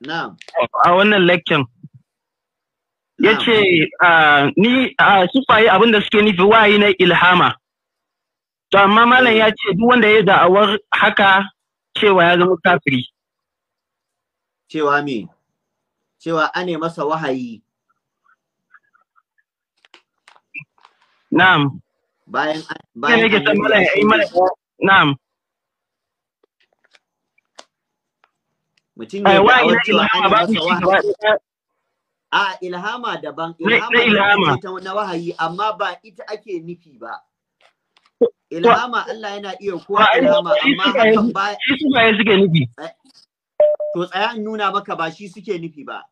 A wannan lecture. Ya ce, ah, ni a ah, sufaye abinda suke nufi wahayi na ilhama. To amma malam ya ce duk wanda ya da'awar haka cewa ya zama kafiri. Cewa me? Cewa ane masa wahayi. Na'am. Bayan bayan Na'am. Mutum ya yi cewa ane masa wahayi. A ilhama daban, ilhama ta na wahayi amma ba ita ake nufi ba. ilhama Allah yana iya kowa ilhama amma hakan ba shi suka suke nufi eh, to tsaya in nuna maka ba shi suke nufi ba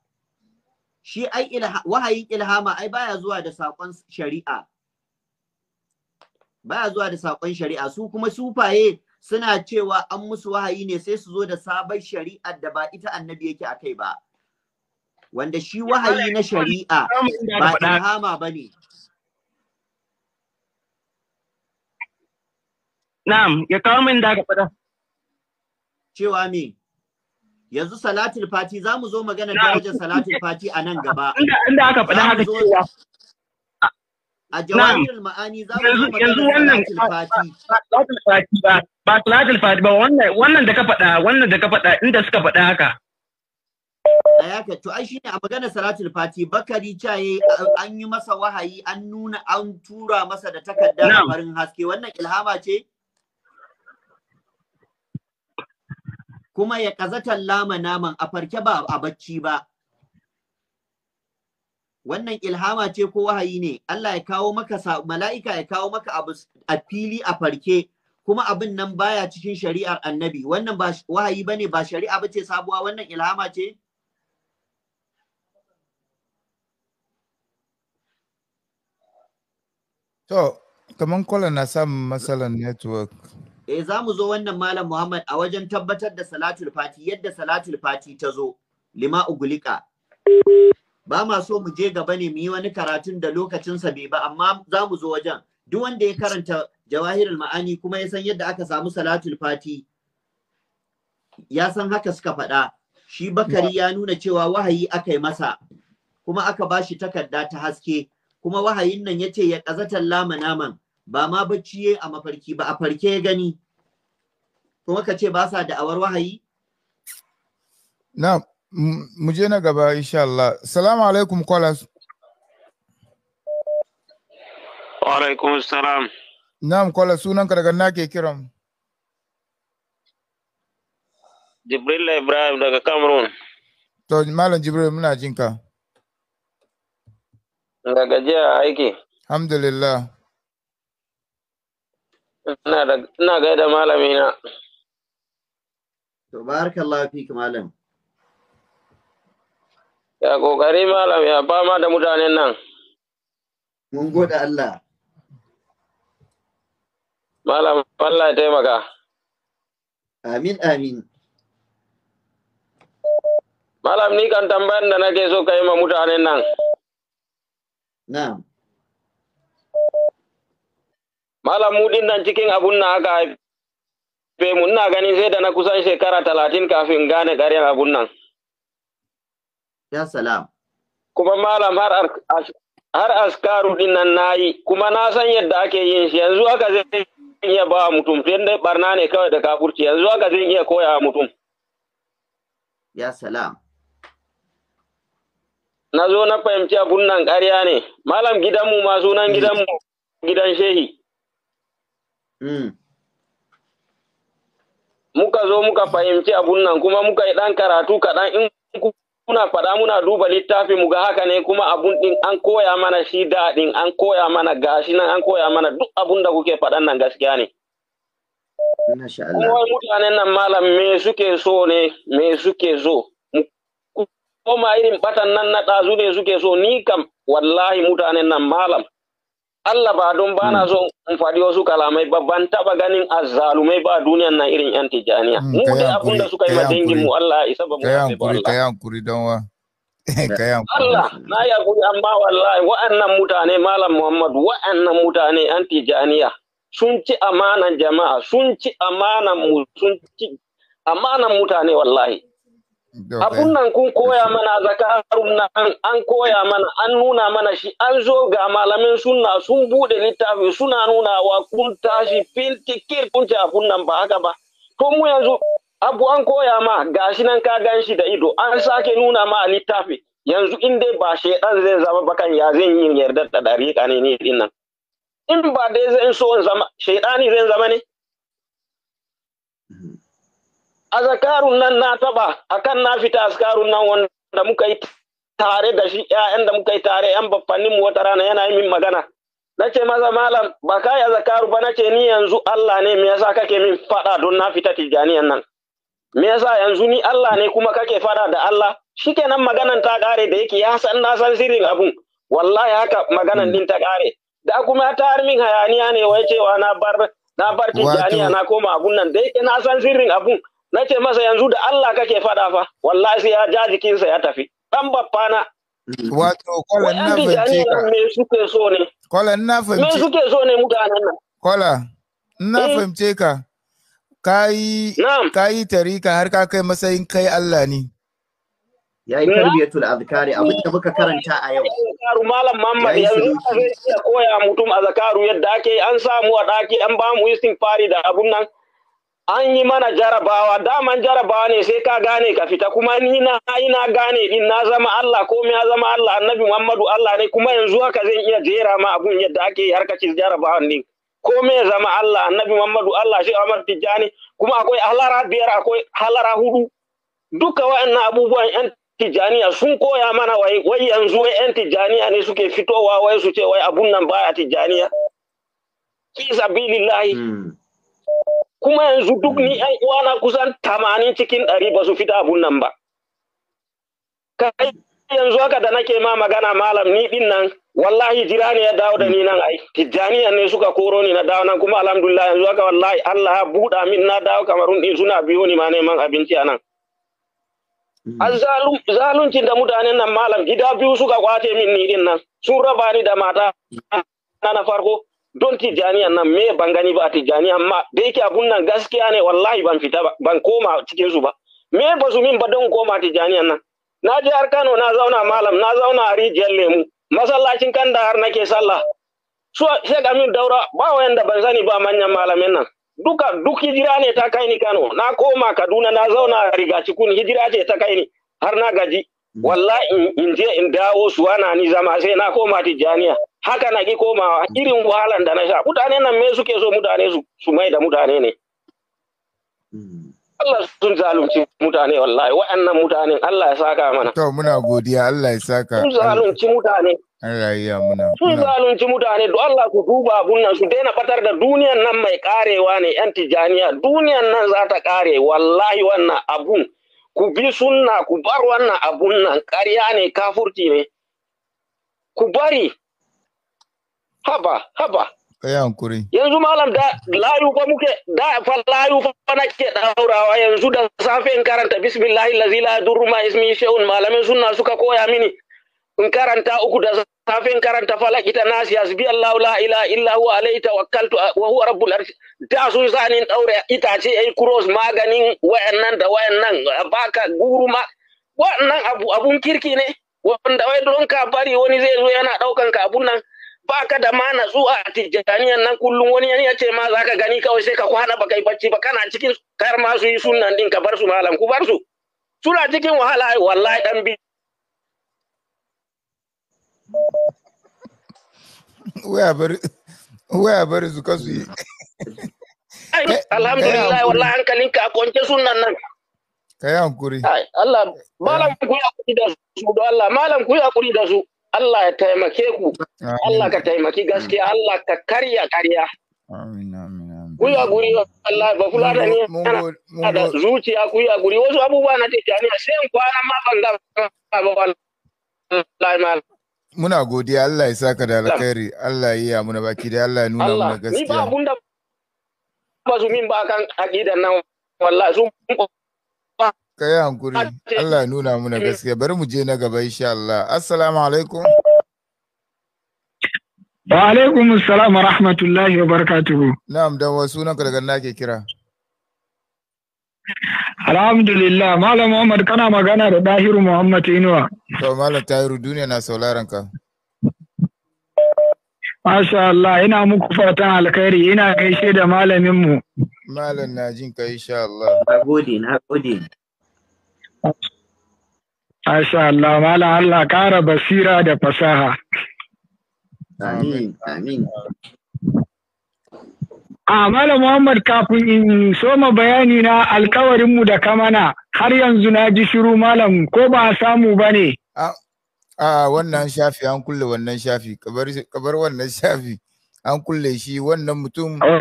shi ai wahayin ilhama ai baya zuwa da sakon shari'a baya zuwa da sakon shari'a su kuma sufaye suna cewa an musu wahayi ne sai su zo da sabon shari'ar da ba ita annabi yake akai ba wanda shi wahayi na shari'a ba ilhama bane Na'am, ya kawo min da gaba Cewa me? Yanzu salatul fati za mu zo magana darajar salatul fati a nan gaba. Inda aka faɗa haka cewa a jawabin ma'ani za mu zo yanzu wannan salatul fati ba ba salatul fati ba wannan wannan da ka faɗa, wannan da ka faɗa, inda suka faɗa haka ayaka to ai shine a magana salatul fati bakari jaye an yi masa wahayi an nuna an tura masa da takarda farin haske wannan ilhama ce kuma ya kazatan lama naman a farke ba a bacci ba wannan ilhama ce ko wahayi ne Allah ya kawo maka mala'ika ya kawo maka abu a fili a farke kuma abin nan baya cikin shari'ar annabi wannan ba wahayi bane ba shari'a bace sabuwa wannan ilhama ce to kaman kwallon na samun matsalar network eh za mu zo wannan malam Muhammad a wajen tabbatar da salatul fati yadda salatul fati ta zo lima ugulika ba ma so mu je gaba ne mu yi wani karatun da lokacinsa bai ba amma za mu zo wajen duk wanda ya karanta jawahirul ma'ani kuma ya san yadda aka samu salatul fati ya san haka suka faɗa shi bakari ya nuna cewa wahayi aka yi masa kuma aka ba shi takarda ta haske kuma wahayin nan ya ce ya ƙazatar lama naman ba ma bacci yayi a mafarki ba a farke ya gani kuma ka ce ba sa da'awar wahayi na mu je na gaba insha Allah salamu alaikum kwalas wa alaikum salam na'am kwala sunanka daga na ke kiran Jibril Ibrahim daga Cameroon. To, Malam Jibril muna jinka. Daga gajiya aiki. Alhamdulillah. Ina gaida malamina. To, barakallahu fik malam. Ya kokari malam ya fama da mutanen nan. Mun gode Allah. Malam Allah ya taimaka. Amin amin. Malam ni kan tambayar da nake so ka yi ma mutanen nan. Na'am. malam mu nan cikin abun na aka haife mu ina ganin sai da na kusan shekara talatin kafin gane garin abun nan. Ya salam. Kuma malam har har askaru din nan nayi kuma na san yadda ake yin shi yanzu haka zai iya ba mutum fiye da barna ne kawai da kafurci yanzu haka zai iya koya mutum. Ya salam. Na zo na fahimci abun nan ƙarya ne. Malam gidanmu ma sunan gidanmu gidan shehi. Mm. Muka zo muka fahimci abun nan kuma muka yi ɗan karatu kaɗan in kuna faɗa muna duba littafi mu ga haka ne kuma abun ɗin an koya mana shi daɗin an koya mana gashi nan an koya mana duk abun da kuke faɗan nan gaskiya ne. Kuma mutanen nan malam me suke so ne me suke zo? Koma irin batan nan na ɗazu ne suke so ni kam wallahi mutanen nan malam Allah ba don ba na hmm. so in faɗi wasu kalamai ba ban taɓa ganin azzalumai ba duniyan na irin yan tijaniya. Hmm, mu da abin da suka yi ma dangin mu Allah isa ba mu ba Allah. Kai hankuri don wa. [laughs] Allah na yi hakuri amma wallahi wa'annan mutane Malam Muhammad wa'annan mutane yan tijaniya sun ci amanan jama'a sun ci amanan mu sun ci amanan mutane wallahi. Abun nan kun koya mana zakarun nan an koya mana an nuna mana shi an zo ga malamin sunna sun bude littafi suna nuna wa kun tashi fil tikir kun ce abun nan ba haka ba. To mu yanzu abu an koya ma gashi nan ka gan shi da ido an sake nuna ma a littafi yanzu in dai ba shedan zai zama bakan ya zai yi yarda da dariƙa ne ni din nan. In ba dai zai so zama shaidani zai zama ne. azkarun nan na taba akan na fita azkarun nan wanda muka yi tare da shi ƴaƴan da muka yi tare 'yan babbanin mu wata rana yana yi min magana nace maza malam ba yi azkaru ba nace ni yanzu Allah ne me yasa kake min fada don na fita tijaniyan nan me yasa yanzu ni Allah ne kuma kake fada da Allah shikenan maganan ta kare da yake ya san na san sirrin abun wallahi haka maganan din ta kare da kuma ta min hayaniya ne wai cewa na bar na tijaniya na koma abun nan da yake na san sirrin abun na ce masa yanzu da Allah kake faɗa fa wallahi sai ya ja jikinsa ya tafi dan babbana wato kola na fahimci ka me suke so ne kola na fahimci me suke so ne mutanen nan kola na eh. fahimce ka kai kayi tarika har ka kai matsayin kai Allah ne ya yi tarbiyatul azkari abin da muka karanta a yau malam Muhammad yanzu zai iya koya mutum azkaru yadda ake an samu a daki an ba mu istighfari da abun nan an yi mana jarabawa daman jarabawa ne sai ka gane ka fita kuma ni na gane din na zama Allah ko ya zama Allah annabi Muhammadu Allah ne kuma yanzu haka zai iya jera ma abun yadda ake harkacin jarabawa ne, ko ya zama Allah annabi Muhammadu Allah shi Ahmad Tijjani kuma akwai halara biyar akwai halara hudu duka wa'annan abubuwan yan Tijjaniya sun koya mana wai wai yanzu wai yan tijaniya ne suke fitowa wai su ce wai abun nan baya Tijjaniya fi sabilillahi hmm. kuma yanzu duk ni yan uwana kusan tamanin cikin ɗari ba su fita abun nan ba kai yanzu haka da nake ma magana malam ni din nan wallahi jira jirani ya dawo da ni nan ai tijjaniya ne suka koro ni na dawo nan kuma alhamdulillah yanzu haka wallahi Allah ya buɗa min na dawo kamarun din suna biyo ni ma neman abinci a nan hmm. zaluncin da mutanen nan malam gida biyu suka kwace min ni din nan sun raba ni da mata na na farko don janiyan nan me ban gani ba a janiyan ma da yake abun nan gaskiya ne wallahi ban fita ba ban koma cikin su ba me ba su min ba don koma janiyan nan na je har Kano na zauna malam na zauna a rijiyar lemu masallacin kan har nake sallah su sai ga min daura ba wayanda ban sani ba manyan malamin nan duka duk hijira ne ta kai ni Kano na koma Kaduna na zauna a kun hijira ce ta kai ni har na gaji mm. wallahi in je in dawo su na ni zama sai na koma tijaniya haka na ki komawa irin wahalan da na sha mutane nan me suke so mutane su mai da mutane ne hmm. Allah sun zalunci mutane wallahi wa'annan mutanen Allah ya saka mana to muna godiya Allah ya saka sun zalunci mutane rayuwa muna sun zalunci mutane duk Allah ku duba abun nan su daina fatar da duniyan nan mai karewa ne yan tijaniya duniyan nan za ta kare wallahi wannan abun ku bi sunna ku bar wannan abun nan ƙarya ne kafurti ne ku bari haba haba kai hankuri yanzu malam da layu fa muke da fa layu fa nake daurawa yanzu da safe in karanta bismillahi allazi la yadurru ma ismi shay'un malamin sunna suka koya mini in karanta uku da safe in karanta falaki ta nasi hasbi Allahu la ilaha illa huwa alayhi tawakkaltu wa huwa rabbul arsh da sun zanin daure itace ai cross maganin wayannan da wayannan baka guruma wannan abu abun kirki ne wanda wai don ka bari wani zai zo yana daukan ka abun nan ba ka da mana zuwa a tijjaniyan nan kullum wani ya ce ma za ka gani kawai sai ka kwana ba kai bacci ba kana cikin kar ma su yi sunan din ka bar su malam ku bar su suna cikin wahala wallahi dan bi waya bar waya bar su ka su yi alhamdulillah wallahi hankalin ka kwance sunan nan kai hankuri Allah malam ku yi hakuri da su Allah malam ku yi hakuri da su Allah ya taimake ku Allah ka taimaki gaskiya Allah ka karya karya Kuya ku ya guri Allah ba kula da ni da zuciya ku ya guri wasu abubuwa na tijani sai in kwana ma ban da ba wallahi muna godiya Allah ya saka da alkhairi Allah ya yi muna baki da Allah ya nuna mana gaskiya ni ba abun ba su min ba kan aqidan nan wallahi mun Ka yi hankuri, Allah ya nuna muna gaskiya, bari mu je na gaba insha Allah. Assalamu alaikum. Wa alaikum assalam wa rahmatullahi wa barakatuhu. Na'am, dan wasu nan daga na ke kira. Alhamdulillah, Malam Muhammad kana magana da Dahiru Muhammad Inuwa. To Malam Tahiru duniya na sauraron ka. Masha Allah, ina muku fatan alkhairi, ina gaishe da malaminmu. Malam na jin ka insha Allah. Na gode, na gode. Asha Allah, Mala Allah ƙara basira da fasaha. Amin, amin. A Malam Muhammad kafin in soma bayani na alkawarinmu da kamana har yanzu na ji shiru Malam ko ba a samu ba ne. A wannan shafi an kulle wannan shafi, kabar wannan shafi an kulle shi wannan mutum oh,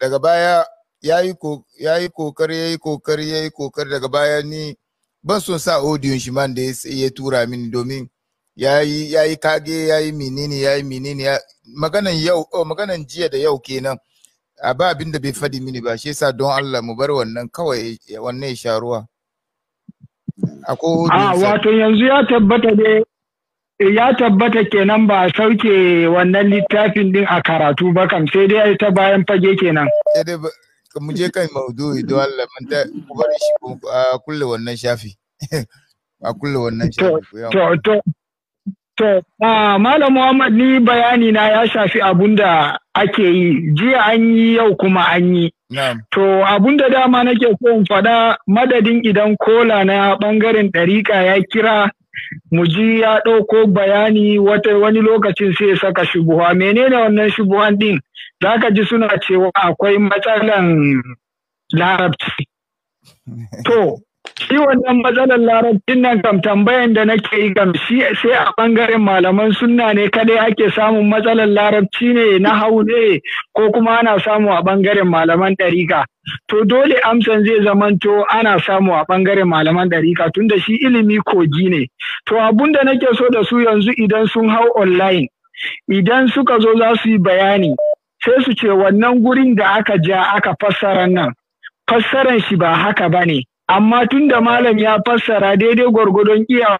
daga baya ya yi kokari ya yi kokari ya yi kokari daga baya ni ban son sa audio shi man da ya tura mini domin yayi yayi kage yayi menene yayi menene maganan yau oh, maganan jiya da yau kenan a ba abin da bai fadi mini ba shi yasa don Allah mu bar wannan kawai wannan ya sha ruwa ah, a wato yanzu ya tabbata ne ya tabbata kenan ba a sauke wannan littafin din a karatu ba kam sai dai ta bayan fage kenan mu je kan maudu'i don Allah mun ta ku shi a kulle wannan shafi [laughs] a kulle wannan shafi to to to malam Muhammad ni bayani na ya shafi abunda ake yi jiya an yi yau kuma an yi to abunda dama nake so in faɗa madadin idan kola na ɓangaren ɗarika ya kira mu ji ya ɗauko bayani wani lokacin sai saka shubuwa, menene wannan shubuwan ɗin? za ka ji suna cewa akwai matsalan larabci. [laughs] To, shi wannan matsalar larabcin nan kam tambayan da nake yi kam shi sai a bangaren malaman sunna ne kadai ake samun matsalan larabci ne na hau ne ko kuma ana samu a bangaren malaman ɗarika to dole amsan zai zamanto ana samu a bangaren malaman ɗarika tunda shi ilimi kogi ne to abun da nake so da su yanzu idan sun hau online idan suka zo za su yi bayani sai su ce wannan gurin da aka ja aka fassara nan fassaran shi ba haka ba ne amma tun da malam ya fassara daidai gwargwadon iya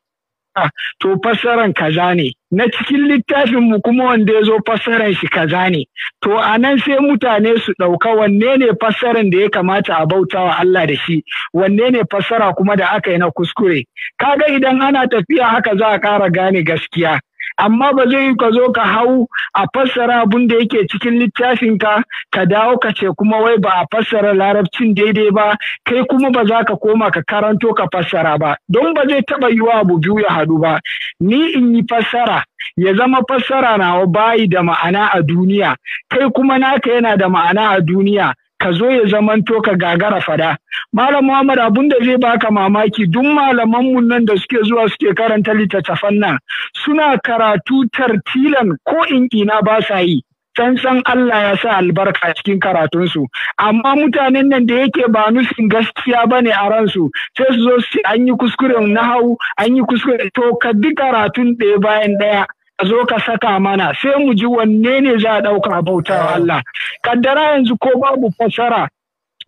to fassaran kaza ne na cikin littafin mu kuma wanda ya zo fassaran shi kaza ne to a nan sai mutane su ɗauka wanne ne fassaran da ya kamata a bauta wa Allah da shi wanne ne fassara kuma da aka yi na kuskure kaga idan ana tafiya haka za a ƙara gane gaskiya amma ba zai yi ka zo ka hau a fassara abin da yake cikin littafin ka ka dawo ka ce kuma wai ba a fassara larabcin daidai ba kai kuma ba za ka koma ka karanto ka fassara ba don ba zai taba wa abu biyu ya haɗu ba ni in yi fassara ya zama fassara nawa bayi da ma'ana a duniya kai kuma naka yana da ma'ana a duniya ka zo ya zamanto ka gagara fada malam muhammad abun da zai baka mamaki duk malaman mu nan da suke zuwa suke karanta littattafan nan suna karatu tartilan ko in ina ba sa yi tsantsan Allah ya sa albarka cikin karatunsu amma mutanen nan da yake ba nufin gaskiya ba ne a ransu sai su zo su an yi kuskuren nahau an yi kuskuren to ka bi karatun ɗaya bayan ɗaya a zo ka saka mana sai mu ji wanne ne za a ɗauka bautawa Allah kaddara yanzu ko babu fasara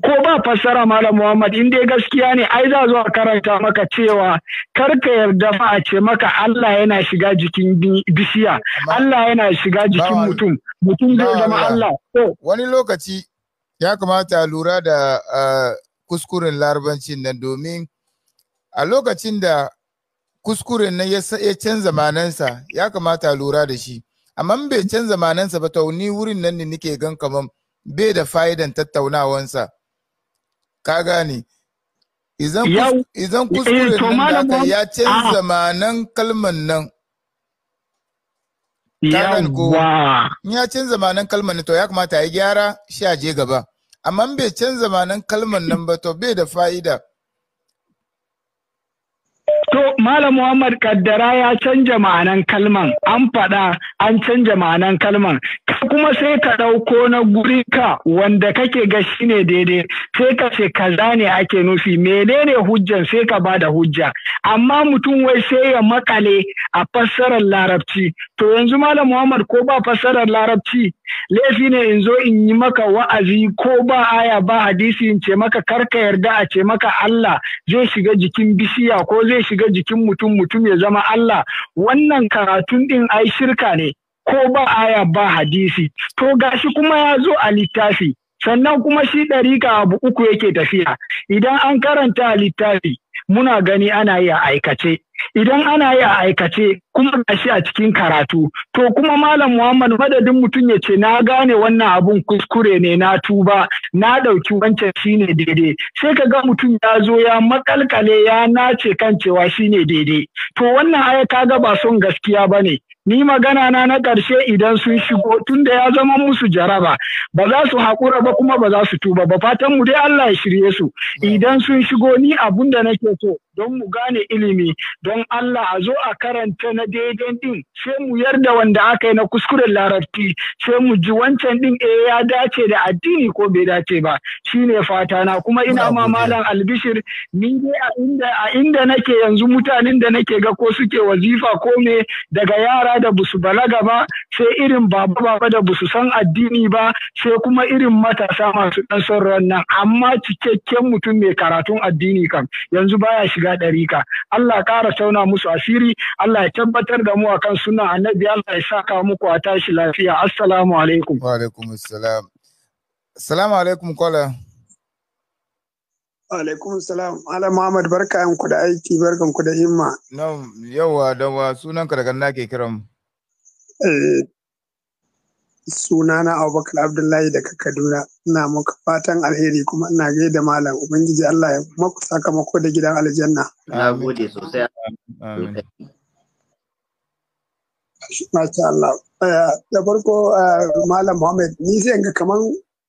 ko ba fasara Malam Muhammad inda dai gaskiya ne ai za zuwa karanta maka cewa kar ka yarda fa a ce maka Allah yana shiga jikin bishiya Allah yana shiga jikin mutum mutum zai zama Allah wani lokaci ya kamata a lura da ah, kuskuren larabancin nan domin a lokacin da kuskuren na ya canza manansa ya kamata a lura da shi amma bai canza manansa ba tauni wurin nan ne nake gan kaman bai da fa'idan tattaunawansa ka gane idan eh, kuskuren nan da ya canza ah. manan kalman nan Yawwa. In ya canza manan kalman nan to ya kamata ya gyara shi a je gaba. Amma bai canza manan kalman nan ba to bai da fa'ida. To, Malam Muhammad Kaddara ya canja ma'anan kalman, an faɗa an canja ma'anan kalman, kuma sai ka ɗauko na guri ka wanda kake ga shi ne daidai, sai ka ce kaza ne ake nufi, menene hujjan sai ka ba da hujja. Amma mutum wai sai ya makale a fassarar larabci, to yanzu Malam Muhammad ko ba fassarar larabci, laifi ne in zo in yi maka wa'azi ko ba aya ba hadisi in ce maka karka yarda a ce maka Allah zai shiga jikin bishiya ko zai shiga jikin mutum mutum ya zama Allah wannan karatun din ai shirka ne ko ba aya ba hadisi to gashi kuma ya zo a littafi sannan kuma shi ɗarika abu uku yake tafiya idan an karanta littafi muna gani ana yi a aikace idan ana yi a aikace kuma gashi a cikin karatu to kuma malam muhammad madadin mutum ya ce na gane wannan abun kuskure ne na tuba na ɗauki wancan shi ne daidai sai ka ga mutum ya zo ya makalkale ya nace kan cewa shi ne daidai to wannan aya ga ba son gaskiya ba ne ni magana na na ƙarshe idan sun shigo tunda ya zama musu jaraba ba za su haƙura ba kuma ba za su tuba ba fatan mu dai Allah ya shirye su idan sun shigo ni abun da nake so don mu gane ilimi don Allah a zo a karanta na daidai din sai mu yarda wanda aka yi na kuskuren larabci sai mu ji wancan din eh ya dace da addini ko bai dace ba shine fata na kuma ina ma malam albishir ni dai a inda a inda nake yanzu mutanen da nake ga ko suke wazifa ko me daga yara da busu balaga ba sai irin baba baba da busu san addini ba sai kuma irin matasa masu dan son nan amma cikakken mutum mai karatun addini kam yanzu baya shi shiga ɗarika Allah ƙara sauna musu asiri Allah ya tabbatar da mu akan sunan annabi Allah ya saka muku a tashi lafiya assalamu alaikum wa alaikum assalam assalamu alaikum kola alaikum salam ala muhammad barka ku da aiki barkan ku da himma yawa dawa sunan ka daga nake ke kiran sunana Abubakar Abdullahi daga Kaduna ina muka fatan alheri kuma ina gaida malam ubangiji Allah ya maku sakamako da gidan aljanna na gode sosai amin Masha Allah eh, da farko eh, malam Muhammad ni sai ga kaman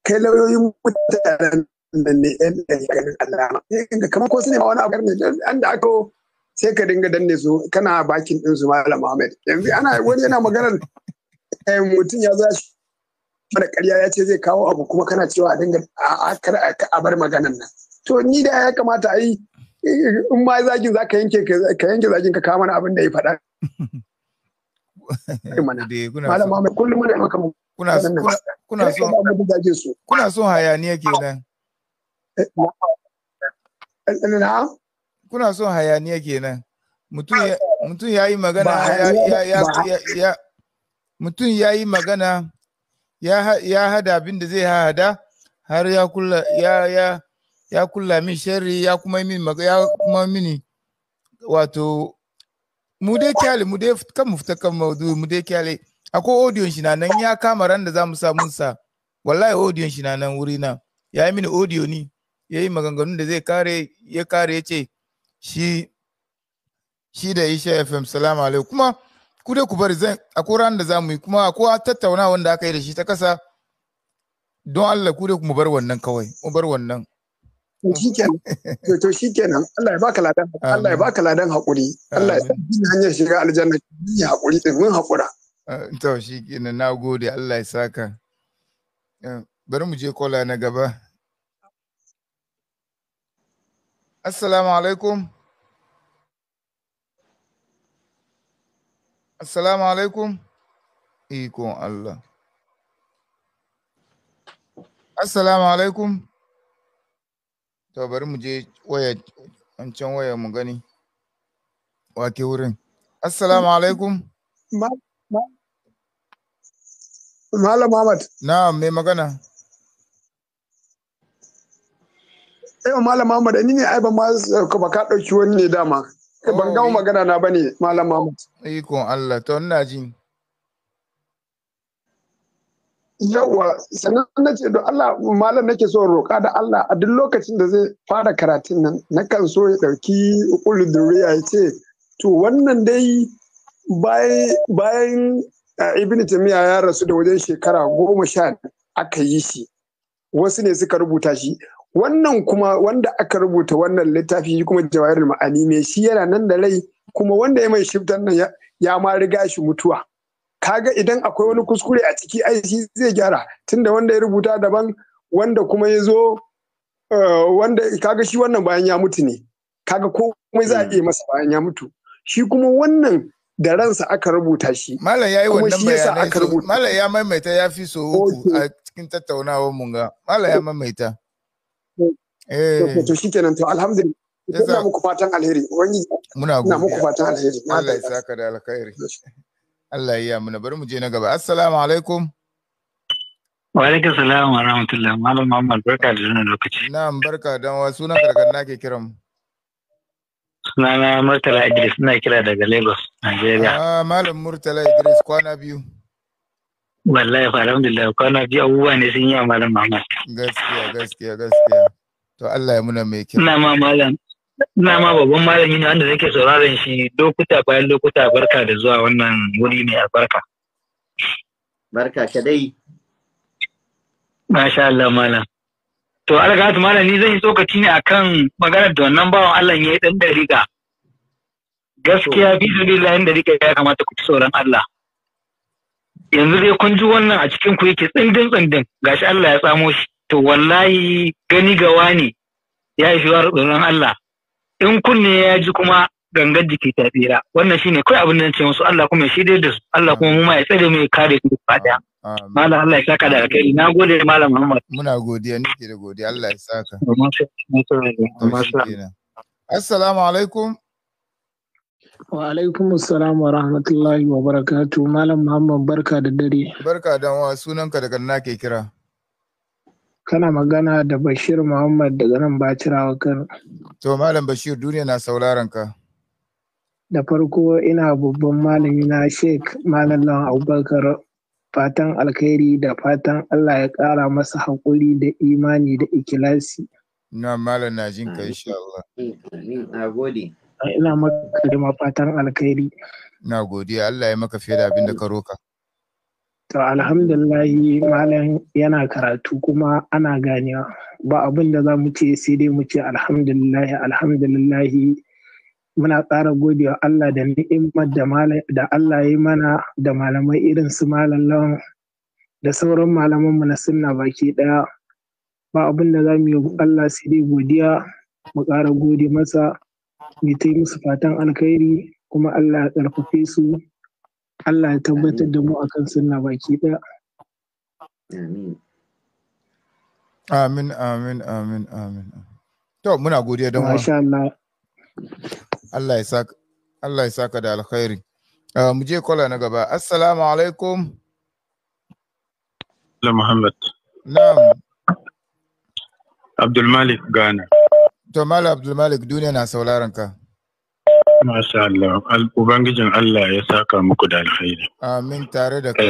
kai lauyoyin mutanen nan ne yan ɗari ganin alama sai ga kaman ko su ne ma wani abu ne an da aka sai ka dinga danne su kana bakin ɗinsu su malam Muhammad yanzu ana wani yana maganar Eh, mutum ya zo mana karya ya ce zai kawo abu kuma kana cewa a dinga a bar maganan nan to ni da ya kamata a yi in ma zagin za ka yanke ka yanke zagin ka kawo mana abin da ya faɗa [laughs] kuna son so hayaniya kenan nan kuna so hayaniya nan mutum ya yi magana ya mutum ya yi magana ya hada abin da zai hada har ya kula ya ya ya kula min sharri ya kuma min ya kuma mini wato mu dai kyale mu dai kan mu fita kan mu mu dai kyale akwai audio shi nan ya kama ran da za mu samu sa wallahi audio shi nan wuri na ya yi mini audio ni ya yi maganganun da zai kare ya kare ya ce shi shi da Isha FM salamu alaikum kuma ku dai ku bari zan akwai ranar da za mu yi kuma akwai tattauna wanda aka yi da shi ta kasa don Allah ku dai mu bar wannan kawai mu bar wannan to shikenan to kenan, Allah ya baka ladan Allah ya baka ladan hakuri Allah ya sa hanyar shiga aljanna ya hakuri din mun hakura to na nagode Allah ya saka bari mu je kola na gaba assalamu alaikum Assalamu alaikum. iko Allah. Assalamu alaikum. To bari mu je waya wancan waya mu gani. Wake wurin. Assalamu alaikum. Malam Muhammad. Na mai magana. Yau eh, Malam Muhammad, ni ne ai ba ma ka ɗauki wani ne dama. ban gawo magana na bane malam Mahmud ikon Allah to ina jin Yawwa sannan na ce don Allah malam nake so roƙa da Allah a duk lokacin da zai fara karatun nan na kan so ya ɗauki ukulu duriya ya ce to wannan dai bayan ibn tamiya ya rasu da wajen shekara goma sha aka yi shi wasu ne suka rubuta shi wannan kuma wanda aka rubuta wannan littafi kuma jawahirul ma'ani ne shi yana nan da rai kuma wanda ya mai shiftan nan ya ma riga shi mutuwa kaga idan akwai wani kuskure a ciki ai shi zai gyara tunda wanda ya rubuta daban wanda kuma ya zo eh, wanda kaga shi wannan bayan ya mutu ne kaga ko komai za a iya hmm. masa bayan ya mutu shi kuma wannan da ransa aka rubuta shi malam yayi wannan bayanai malam ya maimaita ya fi so uku a cikin tattaunawar mun ga malam ya maimaita eh to shikenan to alhamdulillah ina muku fatan alheri ubangiji muna godiya muku fatan alheri Allah ya saka da alkhairi [laughs] Allah ya muna bari mu je na gaba assalamu alaikum wa alaikum salam wa rahmatullah malam Muhammad barka da wannan lokaci na'am barka dan wa sunan karkar nake kiran sunana Murtala Idris ina kira daga Lagos Nigeria ah malam Murtala Idris kwana biyu wallahi fa alhamdulillah kwana biyu abubuwa ne sun yi wa malam gaskiya gaskiya gaskiya to Allah ya muna mai kyau ina ma malam ina ma babban malami ne wanda zake sauraron shi lokuta bayan lokuta barka da zuwa wannan wuri mai albarka barka ka dai masha Allah malam to algatu malam ni zan yi tsokaci ne akan maganar da wannan bawan Allah ya yi dan dariga gaskiya fi sabilillah da rika ya kamata ku ci sauran Allah yanzu dai kun ji wannan a cikin ku yake tsindin tsindin gashi Allah ya tsamo shi to wallahi gani gawa ne ya shi da tsoron Allah in kunne ya ji kuma gangar jiki ta tsira wannan shine kai abin da ce musu Allah kuma shi dai da su Allah kuma mu ma ya tsare mu ya kare ku gaba daya malam Allah ya saka da alkhairi na gode malam Muhammad muna godiya nake da godiya Allah ya saka assalamu alaikum Wa alaikum assalam wa rahmatullahi wa barakatu. Malam Muhammad barka da dare. Barka da wa sunanka daga na ke kira. Kana magana da Bashir Muhammad daga nan Bacirawa Kano. To Malam Bashir duniya na sauraron ka. Da farko ina babban malami na sheik Malam Abubakar fatan alkhairi da fatan Allah ya ƙara masa haƙuri da imani da ikilasi. Na Malam na jin ka insha Allah. ina maka da fatan alkhairi na godiya Allah ya maka fiye da abin da ka roka to alhamdulillahi malam yana karatu kuma ana ganewa ba abin da za mu ce sai dai mu ce alhamdulillahi alhamdulillahi muna ƙara godiya Allah da ni'imar da Allah ya yi mana da malamai irin su malam da sauran mu na sunna baki ɗaya ba abin da za mu yi Allah sai dai godiya mu ƙara gode masa ya ta musu fatan alkhairi kuma Allah ya ƙarfafe su Allah ya tabbatar da mu akan sunna baki ɗaya. Amin. Amin, amin, amin, amin. To, muna godiya don wa. Masha Allah. Allah ya saka. Allah ya saka da alkhairi. Uh, mu je kwala na gaba. Assalamu alaikum. Muhammad. Na'am. Abdulmalik Ghana. To Malam Abdulmalik duniya na sauraron ka. Masha Allah, Ubangijin Allah ya saka muku da alkhairi. Amin tare da kai.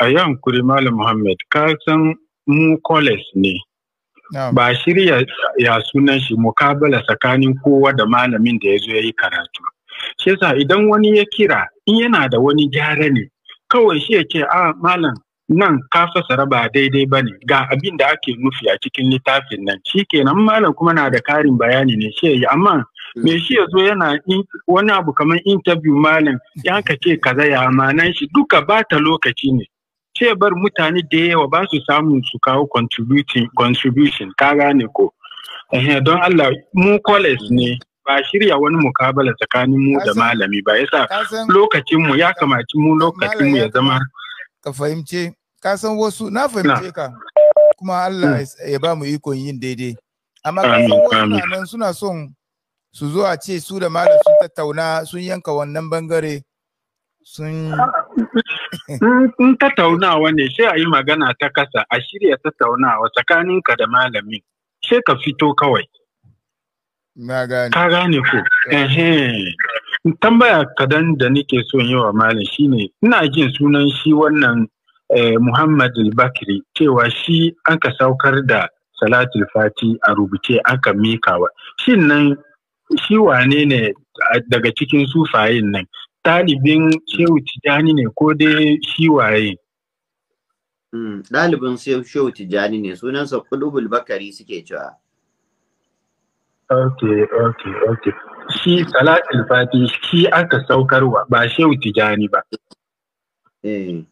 A yan kuri Malam Muhammad, ka san mu college ne. Ba shirya ya sunan shi mukabala tsakanin kowa da malamin da ya zo ya yi karatu. Shi yasa idan wani ya kira, in yana da wani gyara ne, kawai shi ya ce, a ah, malam nan ka saraba ba daidai ba ne ga abin da ake nufi a cikin littafin nan shi kenan malam kuma na da karin bayani ne shi yi amma hmm. me shi ya zo yana wani abu kamar interview malam ya ka ce kaza ya amanan shi duka ba ta lokaci ne ce bar mutane da yawa ba su samu su kawo contribution ka gane ko don Allah mu college ne ba shirya wani mukabala tsakanin mu da malami ba yasa lokacin mu ya kamaci mu lokacin mu ya zama ka fahimce ka san wasu na fahimce ka kuma Allah hmm. ya ba mu ikon yin daidai amma ka san wasu nan suna son su zo a ce su da malam sun tattauna sun yanka wannan bangare sun sun tattaunawa ne sai a yi magana ta kasa a shirya tattaunawa tsakaninka da malamin sai ka fito kawai na gane ka gane ko eh. tambaya kadan da nake so yi wa malam shine ina jin sunan shi wannan eh, Muhammad al-Bakri cewa shi an ka saukar da Salatul Fati a rubuce aka mikawa. shi nan shi wane ne daga cikin sufayin nan? talibin Shehu Tijani ne ko dai shi waye? Hmm, ɗalibin Shehu Tijani ne sunansa Kulubul Bakari suke cewa. Ok, ok, ok. shi salatul fati shi aka saukarwa ba shehu tijani ba eh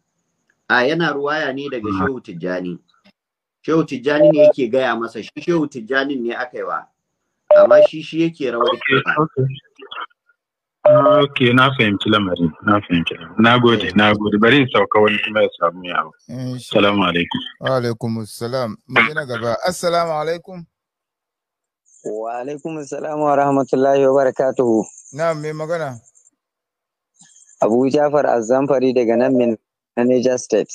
a yana ruwaya ne daga mm. shehu tijani shehu tijani ne yake gaya masa shi shehu tijani ne aka yi wa amma shi shi yake rawar okay. na fahimci lamari, na fahimci Na gode, na gode. Bari in sauka wani kuma ya samu yawa. Assalamu alaikum. Wa alaikum salam. Mu na gaba. Assalamu alaikum. Wa alaikum salamu wa rahmatullahi wa barakatuhu. Na'am mai magana. Abu Jafar Azamfari daga nan min na Niger State.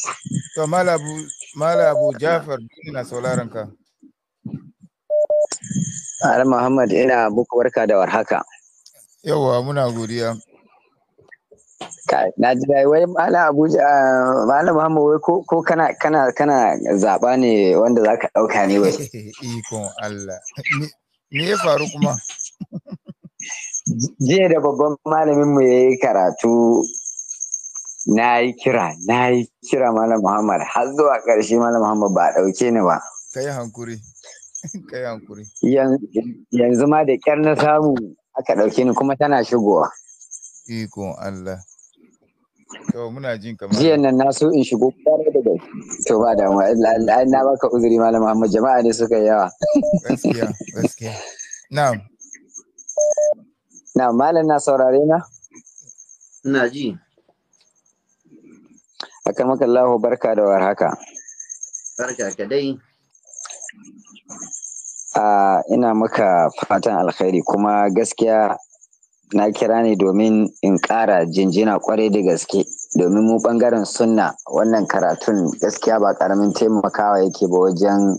To Mala Abu Mala Abu Jafar ina sauraron ka. Al Muhammad ina muku barka da warhaka. Yawwa muna godiya. na ji dai wai mala abuja eh, mala muhammad wai ko kana kana kana zaba ne wanda zaka dauka ne wai [laughs] ikon allah me ya faru kuma [laughs] jiya da babban malamin mu yayi karatu na yi kira na yi kira malam muhammad har zuwa ƙarshe malam muhammad ba ɗauke ni ba kai hankuri [laughs] kai hankuri yanzu ma da ƙyar na samu aka ɗauke ni kuma tana shigowa iko allah To muna jin kamar. Jiyan nan na so in shigo kwarai da gaske. To ba mu. Ai na baka uzuri malam Muhammad jama'a ne suka yawa. Gaskiya gaskiya. Na'am. Na'am malam na saurare na? Ina ji. Akan maka Allah barka da warhaka. Barka ka dai. Ah ina maka fatan alkhairi kuma gaskiya na kira ne domin in ƙara jinjina kwarai da gaske domin mu ɓangaren sunna wannan karatun gaskiya ba ƙaramin taimakawa yake ba wajen